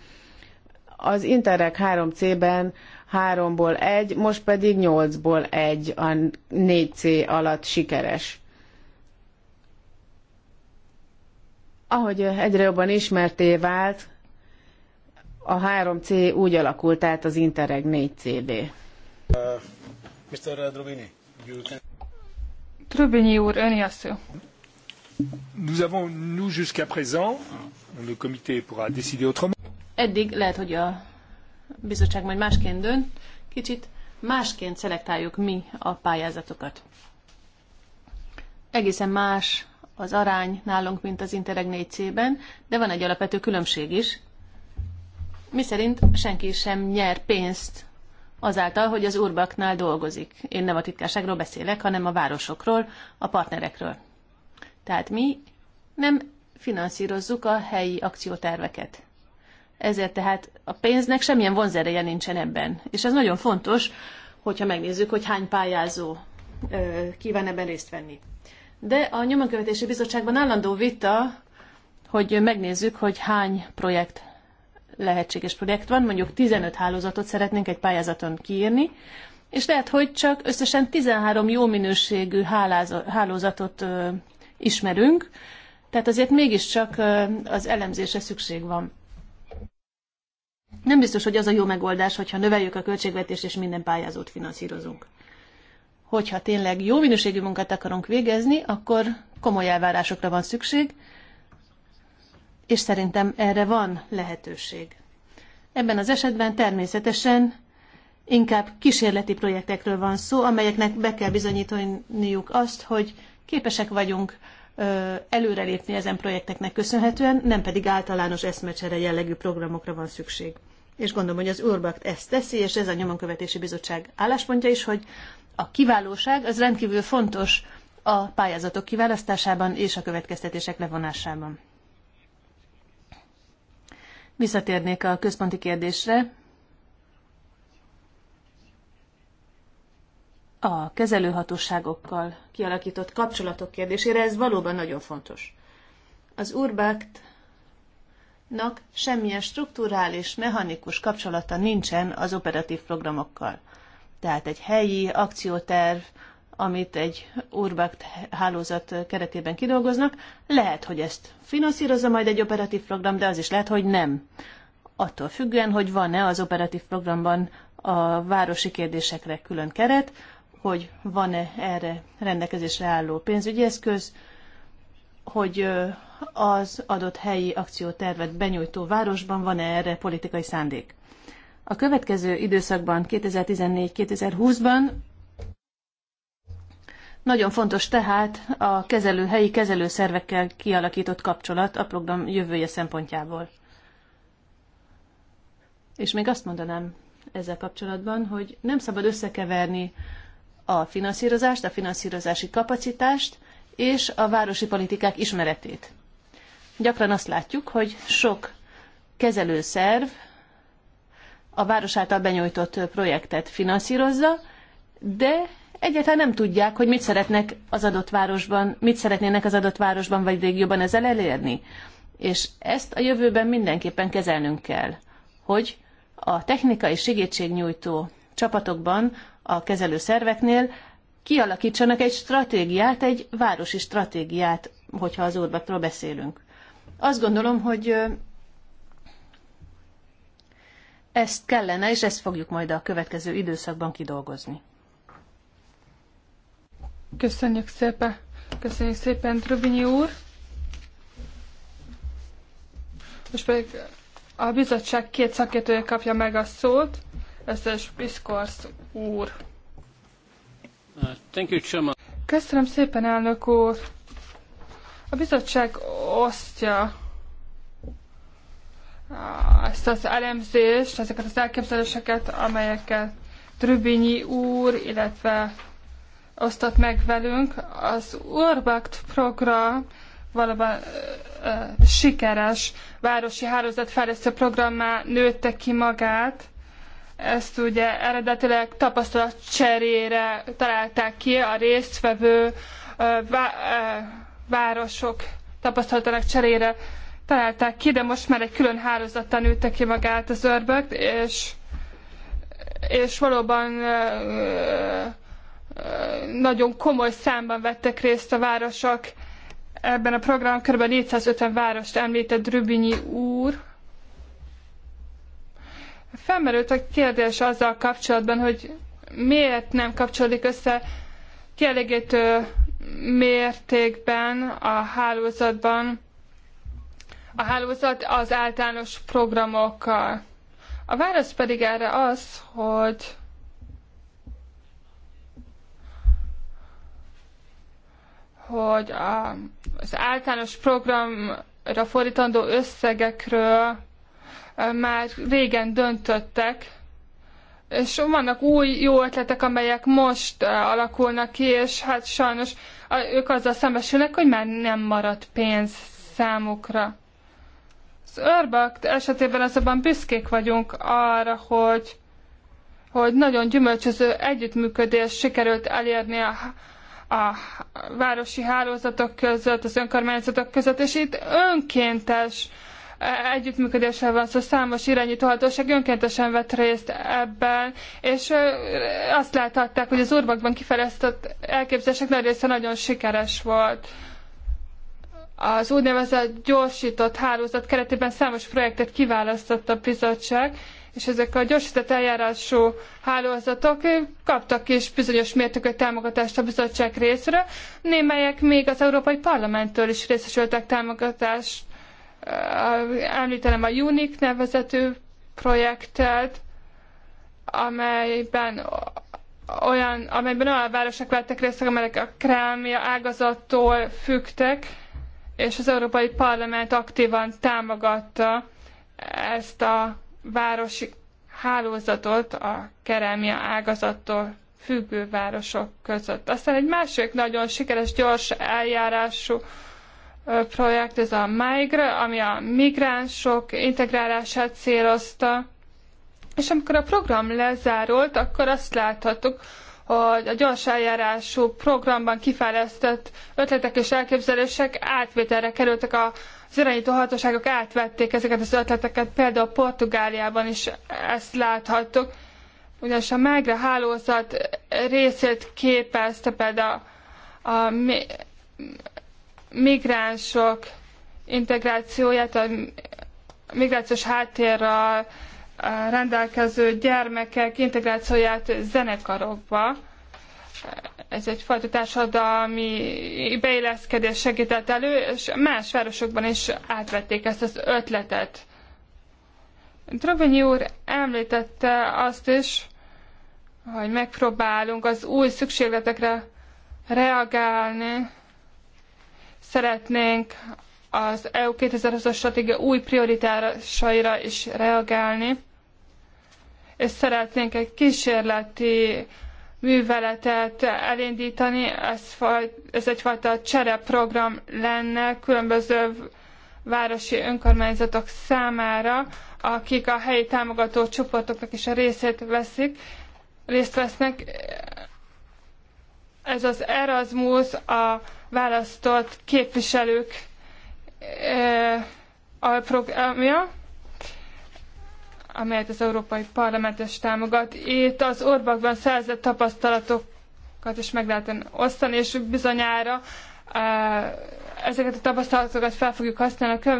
Az Interreg 3C-ben 3-ból 1, most pedig 8-ból 1 a 4C alatt sikeres. Ahogy egyre jobban ismerté vált, a 3C úgy alakult át az Interreg 4CD. Uh, Mr. Drovini, you úr, öni a Nous avons, nous jusqu'à présent, le comité pourra décider autrement. Eddig lehet, hogy a bizottság majd másként dönt, kicsit másként szelektáljuk mi a pályázatokat. Egészen más az arány nálunk, mint az Interreg 4C-ben, de van egy alapvető különbség is szerint senki sem nyer pénzt azáltal, hogy az urbaknál dolgozik. Én nem a titkárságról beszélek, hanem a városokról, a partnerekről. Tehát mi nem finanszírozzuk a helyi akcióterveket. Ezért tehát a pénznek semmilyen vonzereje nincsen ebben. És ez nagyon fontos, hogyha megnézzük, hogy hány pályázó ö, kíván ebben részt venni. De a nyomonkövetési bizottságban állandó vita, hogy megnézzük, hogy hány projekt lehetséges projekt van, mondjuk 15 hálózatot szeretnénk egy pályázaton kiírni, és lehet, hogy csak összesen 13 jó minőségű hálózatot ismerünk, tehát azért mégiscsak az elemzése szükség van. Nem biztos, hogy az a jó megoldás, hogyha növeljük a költségvetést és minden pályázót finanszírozunk. Hogyha tényleg jó minőségű munkát akarunk végezni, akkor komoly elvárásokra van szükség, és szerintem erre van lehetőség. Ebben az esetben természetesen inkább kísérleti projektekről van szó, amelyeknek be kell bizonyítaniuk azt, hogy képesek vagyunk előrelépni ezen projekteknek köszönhetően, nem pedig általános eszmecsere jellegű programokra van szükség. És gondolom, hogy az Urbakt ezt teszi, és ez a nyomonkövetési bizottság álláspontja is, hogy a kiválóság az rendkívül fontos a pályázatok kiválasztásában és a következtetések levonásában. Visszatérnék a központi kérdésre. A kezelőhatóságokkal kialakított kapcsolatok kérdésére ez valóban nagyon fontos. Az urbákt nak semmilyen strukturális, mechanikus kapcsolata nincsen az operatív programokkal. Tehát egy helyi akcióterv, amit egy Urbakt hálózat keretében kidolgoznak. Lehet, hogy ezt finanszírozza majd egy operatív program, de az is lehet, hogy nem. Attól függően, hogy van-e az operatív programban a városi kérdésekre külön keret, hogy van-e erre rendelkezésre álló pénzügyi eszköz, hogy az adott helyi akciótervet benyújtó városban van-e erre politikai szándék. A következő időszakban, 2014-2020-ban nagyon fontos tehát a kezelő, helyi kezelőszervekkel kialakított kapcsolat a program jövője szempontjából. És még azt mondanám ezzel kapcsolatban, hogy nem szabad összekeverni a finanszírozást, a finanszírozási kapacitást és a városi politikák ismeretét. Gyakran azt látjuk, hogy sok kezelőszerv a város által benyújtott projektet finanszírozza, de egyáltalán nem tudják, hogy mit szeretnek az adott városban, mit szeretnének az adott városban vagy régióban ezzel elérni. És ezt a jövőben mindenképpen kezelnünk kell, hogy a technikai segítségnyújtó csapatokban, a kezelő szerveknél kialakítsanak egy stratégiát, egy városi stratégiát, hogyha az urbakról beszélünk. Azt gondolom, hogy ezt kellene, és ezt fogjuk majd a következő időszakban kidolgozni. Köszönjük szépen. Köszönjük szépen, Trubinyi úr. Most pedig a bizottság két szakértője kapja meg a szót. Ez is Biskorsz úr. Thank you, Chairman. Köszönöm szépen, elnök úr. A bizottság osztja ezt az elemzést, ezeket az elképzeléseket, amelyeket Trübinyi úr, illetve osztott meg velünk. Az Urbakt program valóban ö, ö, sikeres városi hálózatfejlesztő programmá nőtte ki magát. Ezt ugye eredetileg tapasztalat cserére találták ki a résztvevő ö, vá, városok tapasztalatának cserére találták ki, de most már egy külön hálózattal nőtte ki magát az örbökt, és, és valóban nagyon komoly számban vettek részt a városok ebben a programban, kb. 450 várost említett Rübinyi úr. Felmerült a kérdés azzal kapcsolatban, hogy miért nem kapcsolódik össze kielégítő mértékben a hálózatban a hálózat az általános programokkal. A válasz pedig erre az, hogy hogy a, az általános programra fordítandó összegekről már régen döntöttek, és vannak új jó ötletek, amelyek most alakulnak ki, és hát sajnos ők azzal szembesülnek, hogy már nem maradt pénz számukra. Az örbak esetében azonban büszkék vagyunk arra, hogy, hogy nagyon gyümölcsöző együttműködés sikerült elérni a a városi hálózatok között, az önkormányzatok között, és itt önkéntes együttműködéssel van szó, szóval számos irányító hatóság önkéntesen vett részt ebben, és azt láthatták, hogy az urbakban kifejlesztett elképzelések nagy része nagyon sikeres volt. Az úgynevezett gyorsított hálózat keretében számos projektet kiválasztott a bizottság, és ezek a gyorsított eljárású hálózatok eh, kaptak is bizonyos mértékű támogatást a bizottság részéről, némelyek még az Európai Parlamenttől is részesültek támogatást. Eh, említenem a UNIC nevezetű projektet, amelyben olyan, amelyben olyan városok vettek részt, amelyek a krámia ágazattól fügtek, és az Európai Parlament aktívan támogatta ezt a városi hálózatot a kerámia ágazattól függő városok között. Aztán egy másik nagyon sikeres, gyors eljárású projekt, ez a MIGRE, ami a migránsok integrálását célozta. És amikor a program lezárult, akkor azt láthattuk, hogy a gyors eljárású programban kifejlesztett ötletek és elképzelések átvételre kerültek a az irányító hatóságok átvették ezeket az ötleteket, például Portugáliában is ezt láthattuk, ugyanis a Megre hálózat részét képezte például a, a mi, migránsok integrációját, a migrációs háttérrel rendelkező gyermekek integrációját zenekarokba ez egyfajta társadalmi beilleszkedés segített elő, és más városokban is átvették ezt az ötletet. Dragonyi úr említette azt is, hogy megpróbálunk az új szükségletekre reagálni. Szeretnénk az EU 2020-as stratégia új prioritásaira is reagálni, és szeretnénk egy kísérleti műveletet elindítani, ez, ez egyfajta csereprogram lenne különböző városi önkormányzatok számára, akik a helyi támogató csoportoknak is a részét veszik, részt vesznek. Ez az Erasmus a választott képviselők alprogramja, amelyet az Európai Parlament is támogat. Itt az Orbakban szerzett tapasztalatokat is meg lehet osztani, és bizonyára eh, ezeket a tapasztalatokat fel fogjuk használni a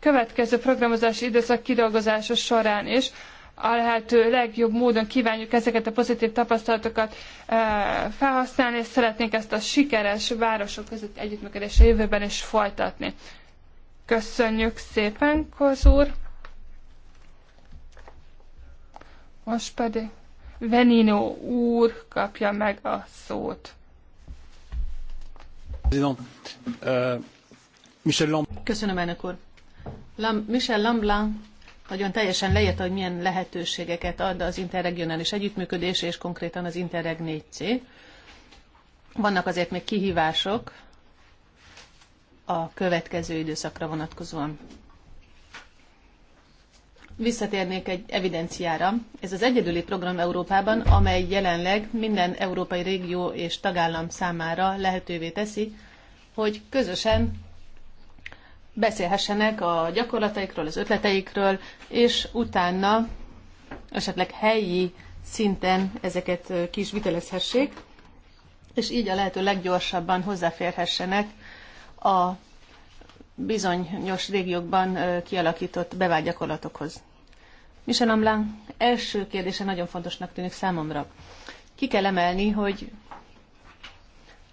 következő programozási időszak kidolgozása során is. A lehető legjobb módon kívánjuk ezeket a pozitív tapasztalatokat eh, felhasználni, és szeretnénk ezt a sikeres városok között együttműködés jövőben is folytatni. Köszönjük szépen, Koz úr! Most pedig Venino úr kapja meg a szót. Euh, Köszönöm, elnök úr. Michel Lamblin nagyon teljesen leírta, hogy milyen lehetőségeket ad az interregionális együttműködés, és konkrétan az Interreg 4C. Vannak azért még kihívások a következő időszakra vonatkozóan visszatérnék egy evidenciára. Ez az egyedüli program Európában, amely jelenleg minden európai régió és tagállam számára lehetővé teszi, hogy közösen beszélhessenek a gyakorlataikról, az ötleteikről, és utána esetleg helyi szinten ezeket ki is vitelezhessék, és így a lehető leggyorsabban hozzáférhessenek a bizonyos régiókban kialakított bevált gyakorlatokhoz. Michel Amblán első kérdése nagyon fontosnak tűnik számomra. Ki kell emelni, hogy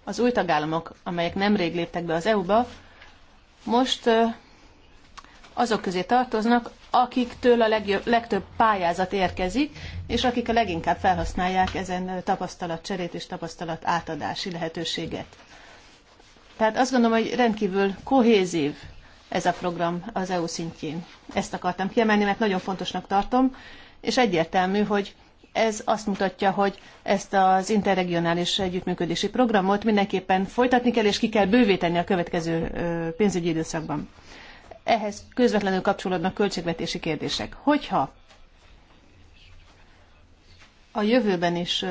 az új tagállamok, amelyek nemrég léptek be az EU-ba, most azok közé tartoznak, akiktől a legjobb, legtöbb pályázat érkezik, és akik a leginkább felhasználják ezen tapasztalatcserét és tapasztalat átadási lehetőséget. Tehát azt gondolom, hogy rendkívül kohézív ez a program az EU szintjén. Ezt akartam kiemelni, mert nagyon fontosnak tartom, és egyértelmű, hogy ez azt mutatja, hogy ezt az interregionális együttműködési programot mindenképpen folytatni kell, és ki kell bővíteni a következő pénzügyi időszakban. Ehhez közvetlenül kapcsolódnak költségvetési kérdések. Hogyha a jövőben is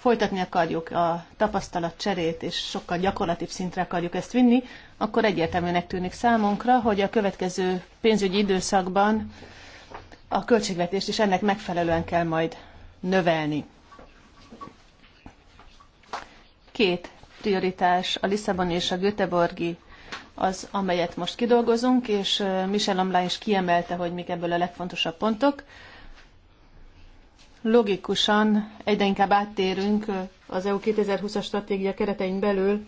folytatni akarjuk a tapasztalat cserét és sokkal gyakorlatibb szintre akarjuk ezt vinni, akkor egyértelműnek tűnik számunkra, hogy a következő pénzügyi időszakban a költségvetést is ennek megfelelően kell majd növelni. Két prioritás a Lisszaboni és a Göteborgi az, amelyet most kidolgozunk, és Michel Amlá is kiemelte, hogy mik ebből a legfontosabb pontok logikusan egyre inkább áttérünk az EU 2020-as stratégia keretein belül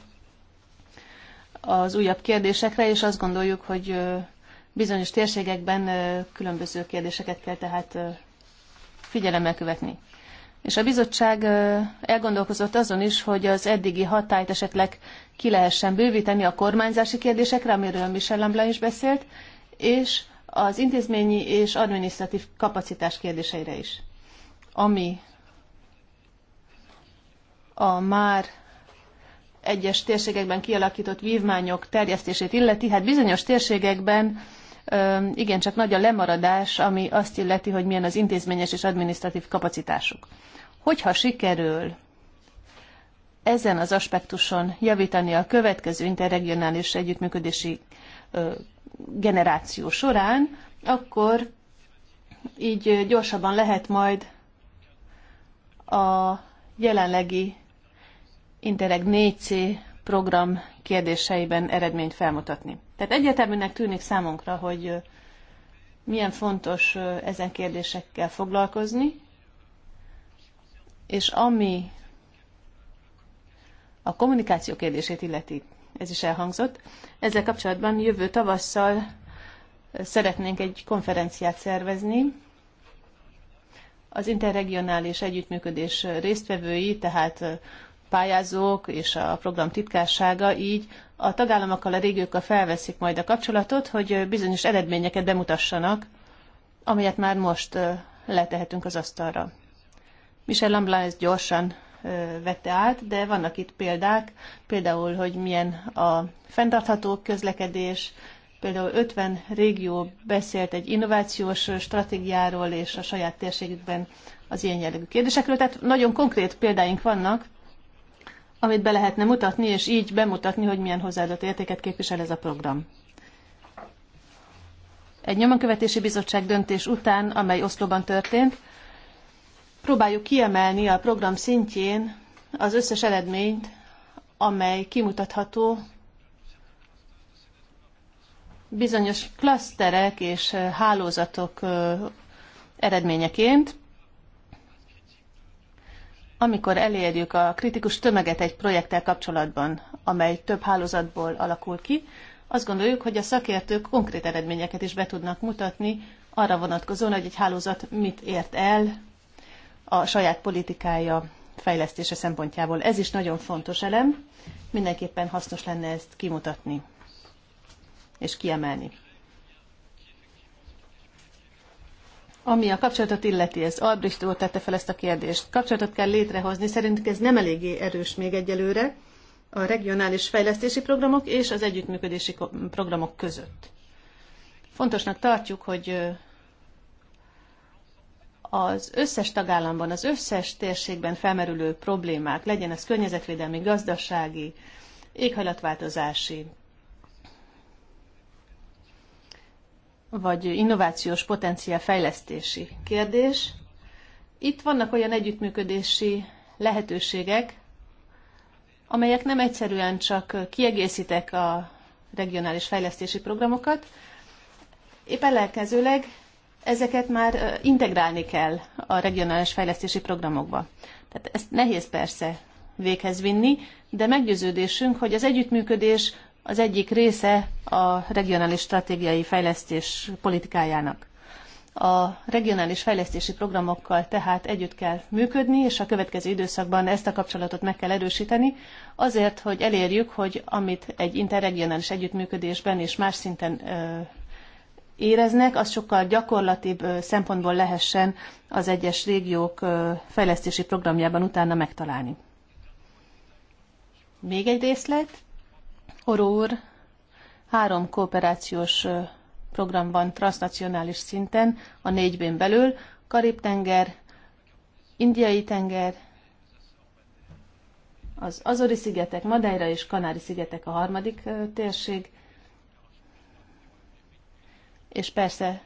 az újabb kérdésekre, és azt gondoljuk, hogy bizonyos térségekben különböző kérdéseket kell tehát figyelemmel követni. És a bizottság elgondolkozott azon is, hogy az eddigi hatályt esetleg ki lehessen bővíteni a kormányzási kérdésekre, amiről Michel Lamblin is beszélt, és az intézményi és adminisztratív kapacitás kérdéseire is ami a már egyes térségekben kialakított vívmányok terjesztését illeti, hát bizonyos térségekben igen csak nagy a lemaradás, ami azt illeti, hogy milyen az intézményes és adminisztratív kapacitásuk. Hogyha sikerül ezen az aspektuson javítani a következő interregionális együttműködési generáció során, akkor így gyorsabban lehet majd a jelenlegi Interreg 4C program kérdéseiben eredményt felmutatni. Tehát egyértelműnek tűnik számunkra, hogy milyen fontos ezen kérdésekkel foglalkozni, és ami a kommunikáció kérdését illeti, ez is elhangzott, ezzel kapcsolatban jövő tavasszal szeretnénk egy konferenciát szervezni, az interregionális együttműködés résztvevői, tehát pályázók és a program titkársága így a tagállamokkal, a régiókkal felveszik majd a kapcsolatot, hogy bizonyos eredményeket bemutassanak, amelyet már most letehetünk az asztalra. Michel Lamblin ezt gyorsan vette át, de vannak itt példák, például, hogy milyen a fenntartható közlekedés, Például 50 régió beszélt egy innovációs stratégiáról és a saját térségükben az ilyen jellegű kérdésekről. Tehát nagyon konkrét példáink vannak, amit be lehetne mutatni, és így bemutatni, hogy milyen hozzáadott értéket képvisel ez a program. Egy nyomonkövetési bizottság döntés után, amely Oszlóban történt, próbáljuk kiemelni a program szintjén az összes eredményt, amely kimutatható bizonyos klaszterek és hálózatok eredményeként, amikor elérjük a kritikus tömeget egy projekttel kapcsolatban, amely több hálózatból alakul ki, azt gondoljuk, hogy a szakértők konkrét eredményeket is be tudnak mutatni arra vonatkozóan, hogy egy hálózat mit ért el a saját politikája fejlesztése szempontjából. Ez is nagyon fontos elem, mindenképpen hasznos lenne ezt kimutatni és kiemelni. Ami a kapcsolatot illeti, ez Albrecht úr tette fel ezt a kérdést. Kapcsolatot kell létrehozni, szerintük ez nem eléggé erős még egyelőre a regionális fejlesztési programok és az együttműködési programok között. Fontosnak tartjuk, hogy az összes tagállamban, az összes térségben felmerülő problémák, legyen ez környezetvédelmi, gazdasági, éghajlatváltozási, vagy innovációs potenciál fejlesztési kérdés. Itt vannak olyan együttműködési lehetőségek, amelyek nem egyszerűen csak kiegészítek a regionális fejlesztési programokat, épp ellenkezőleg ezeket már integrálni kell a regionális fejlesztési programokba. Tehát ezt nehéz persze véghez vinni, de meggyőződésünk, hogy az együttműködés az egyik része a regionális stratégiai fejlesztés politikájának. A regionális fejlesztési programokkal tehát együtt kell működni, és a következő időszakban ezt a kapcsolatot meg kell erősíteni, azért, hogy elérjük, hogy amit egy interregionális együttműködésben és más szinten éreznek, az sokkal gyakorlatibb szempontból lehessen az egyes régiók fejlesztési programjában utána megtalálni. Még egy részlet, Oró úr, három kooperációs program van transnacionális szinten, a négyben belül, Karib-tenger, Indiai tenger, az Azori-szigetek, Madeira és Kanári-szigetek a harmadik térség, és persze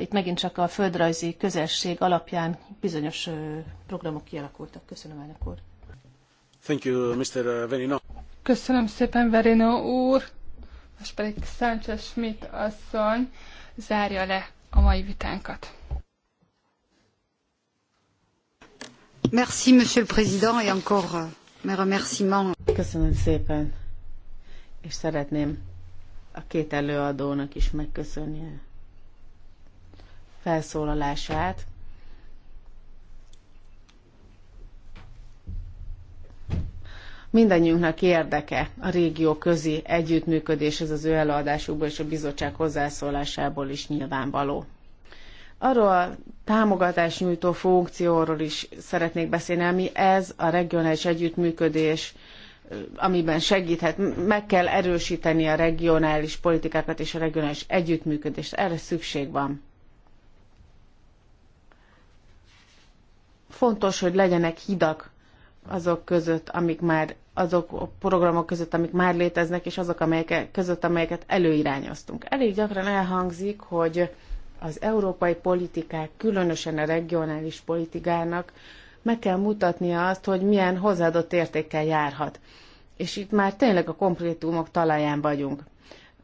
itt megint csak a földrajzi közelség alapján bizonyos programok kialakultak. Köszönöm, elnök úr. Thank you, Mr. Venina. Köszönöm szépen, Verino úr. Most pedig Sánchez Schmidt asszony zárja le a mai vitánkat. Merci, Monsieur le Président, et encore euh, mes remerciements. Köszönöm szépen, és szeretném a két előadónak is megköszönni a felszólalását. mindannyiunknak érdeke a régió közi együttműködés, ez az ő előadásukból és a bizottság hozzászólásából is nyilvánvaló. Arról a nyújtó funkcióról is szeretnék beszélni, ami ez a regionális együttműködés, amiben segíthet. Meg kell erősíteni a regionális politikákat és a regionális együttműködést. Erre szükség van. Fontos, hogy legyenek hidak azok között, amik már azok a programok között, amik már léteznek, és azok amelyek, között, amelyeket előirányoztunk. Elég gyakran elhangzik, hogy az európai politikák, különösen a regionális politikának meg kell mutatnia azt, hogy milyen hozzáadott értékkel járhat. És itt már tényleg a konkrétumok talaján vagyunk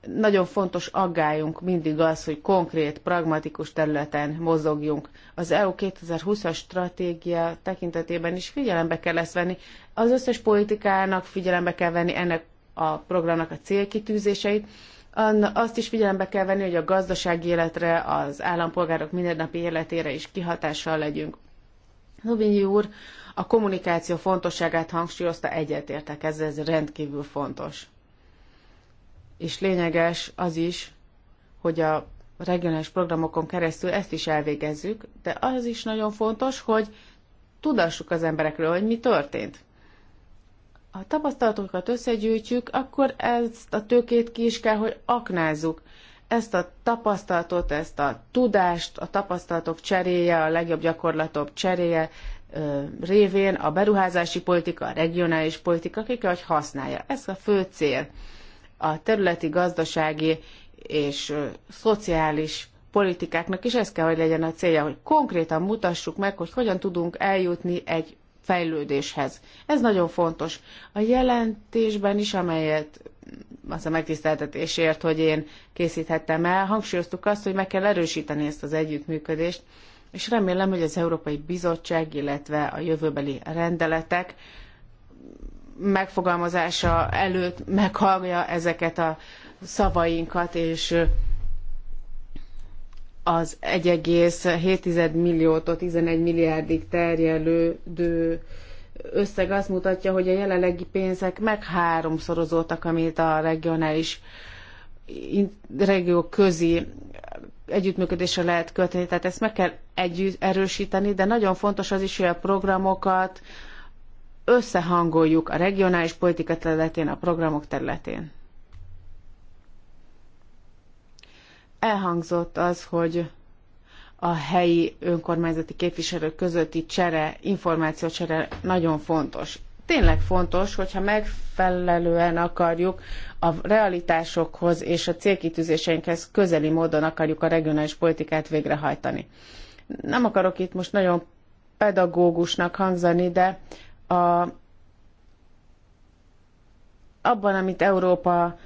nagyon fontos aggályunk mindig az, hogy konkrét, pragmatikus területen mozogjunk. Az EU 2020-as stratégia tekintetében is figyelembe kell ezt venni. Az összes politikának figyelembe kell venni ennek a programnak a célkitűzéseit. Azt is figyelembe kell venni, hogy a gazdasági életre, az állampolgárok mindennapi életére is kihatással legyünk. Novinyi úr a kommunikáció fontosságát hangsúlyozta, egyetértek ezzel, ez rendkívül fontos és lényeges az is, hogy a regionális programokon keresztül ezt is elvégezzük, de az is nagyon fontos, hogy tudassuk az emberekről, hogy mi történt. Ha tapasztalatokat összegyűjtjük, akkor ezt a tőkét ki is kell, hogy aknázzuk. Ezt a tapasztalatot, ezt a tudást, a tapasztalatok cseréje, a legjobb gyakorlatok cseréje ö, révén a beruházási politika, a regionális politika ki kell, hogy használja. Ez a fő cél a területi gazdasági és szociális politikáknak is ez kell, hogy legyen a célja, hogy konkrétan mutassuk meg, hogy hogyan tudunk eljutni egy fejlődéshez. Ez nagyon fontos. A jelentésben is, amelyet az a megtiszteltetésért, hogy én készíthettem el, hangsúlyoztuk azt, hogy meg kell erősíteni ezt az együttműködést, és remélem, hogy az Európai Bizottság, illetve a jövőbeli rendeletek megfogalmazása előtt meghallja ezeket a szavainkat, és az 1,7 milliótól 11 milliárdig terjedő összeg azt mutatja, hogy a jelenlegi pénzek meg háromszorozódtak, amit a regionális regió közi együttműködésre lehet kötni, tehát ezt meg kell együtt erősíteni, de nagyon fontos az is, hogy a programokat, összehangoljuk a regionális politika területén, a programok területén. Elhangzott az, hogy a helyi önkormányzati képviselők közötti csere, információcsere nagyon fontos. Tényleg fontos, hogyha megfelelően akarjuk a realitásokhoz és a célkitűzéseinkhez közeli módon akarjuk a regionális politikát végrehajtani. Nem akarok itt most nagyon pedagógusnak hangzani, de a, abban, amit Európa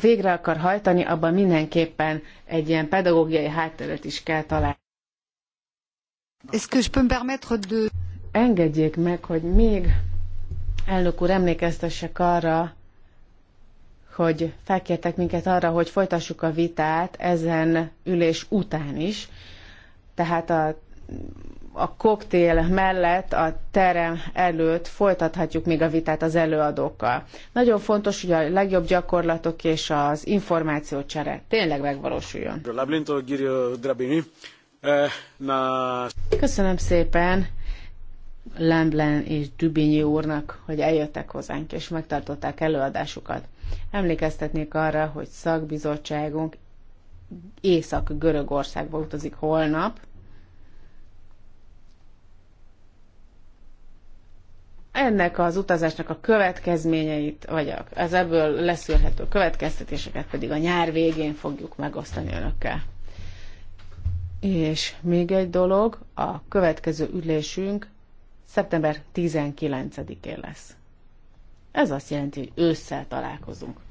végre akar hajtani, abban mindenképpen egy ilyen pedagógiai hátteret is kell találni. Engedjék meg, hogy még elnök úr emlékeztessek arra, hogy felkértek minket arra, hogy folytassuk a vitát ezen ülés után is. Tehát a a koktél mellett a terem előtt folytathatjuk még a vitát az előadókkal. Nagyon fontos, hogy a legjobb gyakorlatok és az információcsere tényleg megvalósuljon. Köszönöm szépen Lemblen és Dubinyi úrnak, hogy eljöttek hozzánk és megtartották előadásukat. Emlékeztetnék arra, hogy szakbizottságunk Észak-Görögországba utazik holnap, ennek az utazásnak a következményeit, vagy az ebből leszűrhető következtetéseket pedig a nyár végén fogjuk megosztani önökkel. És még egy dolog, a következő ülésünk szeptember 19-én lesz. Ez azt jelenti, hogy ősszel találkozunk.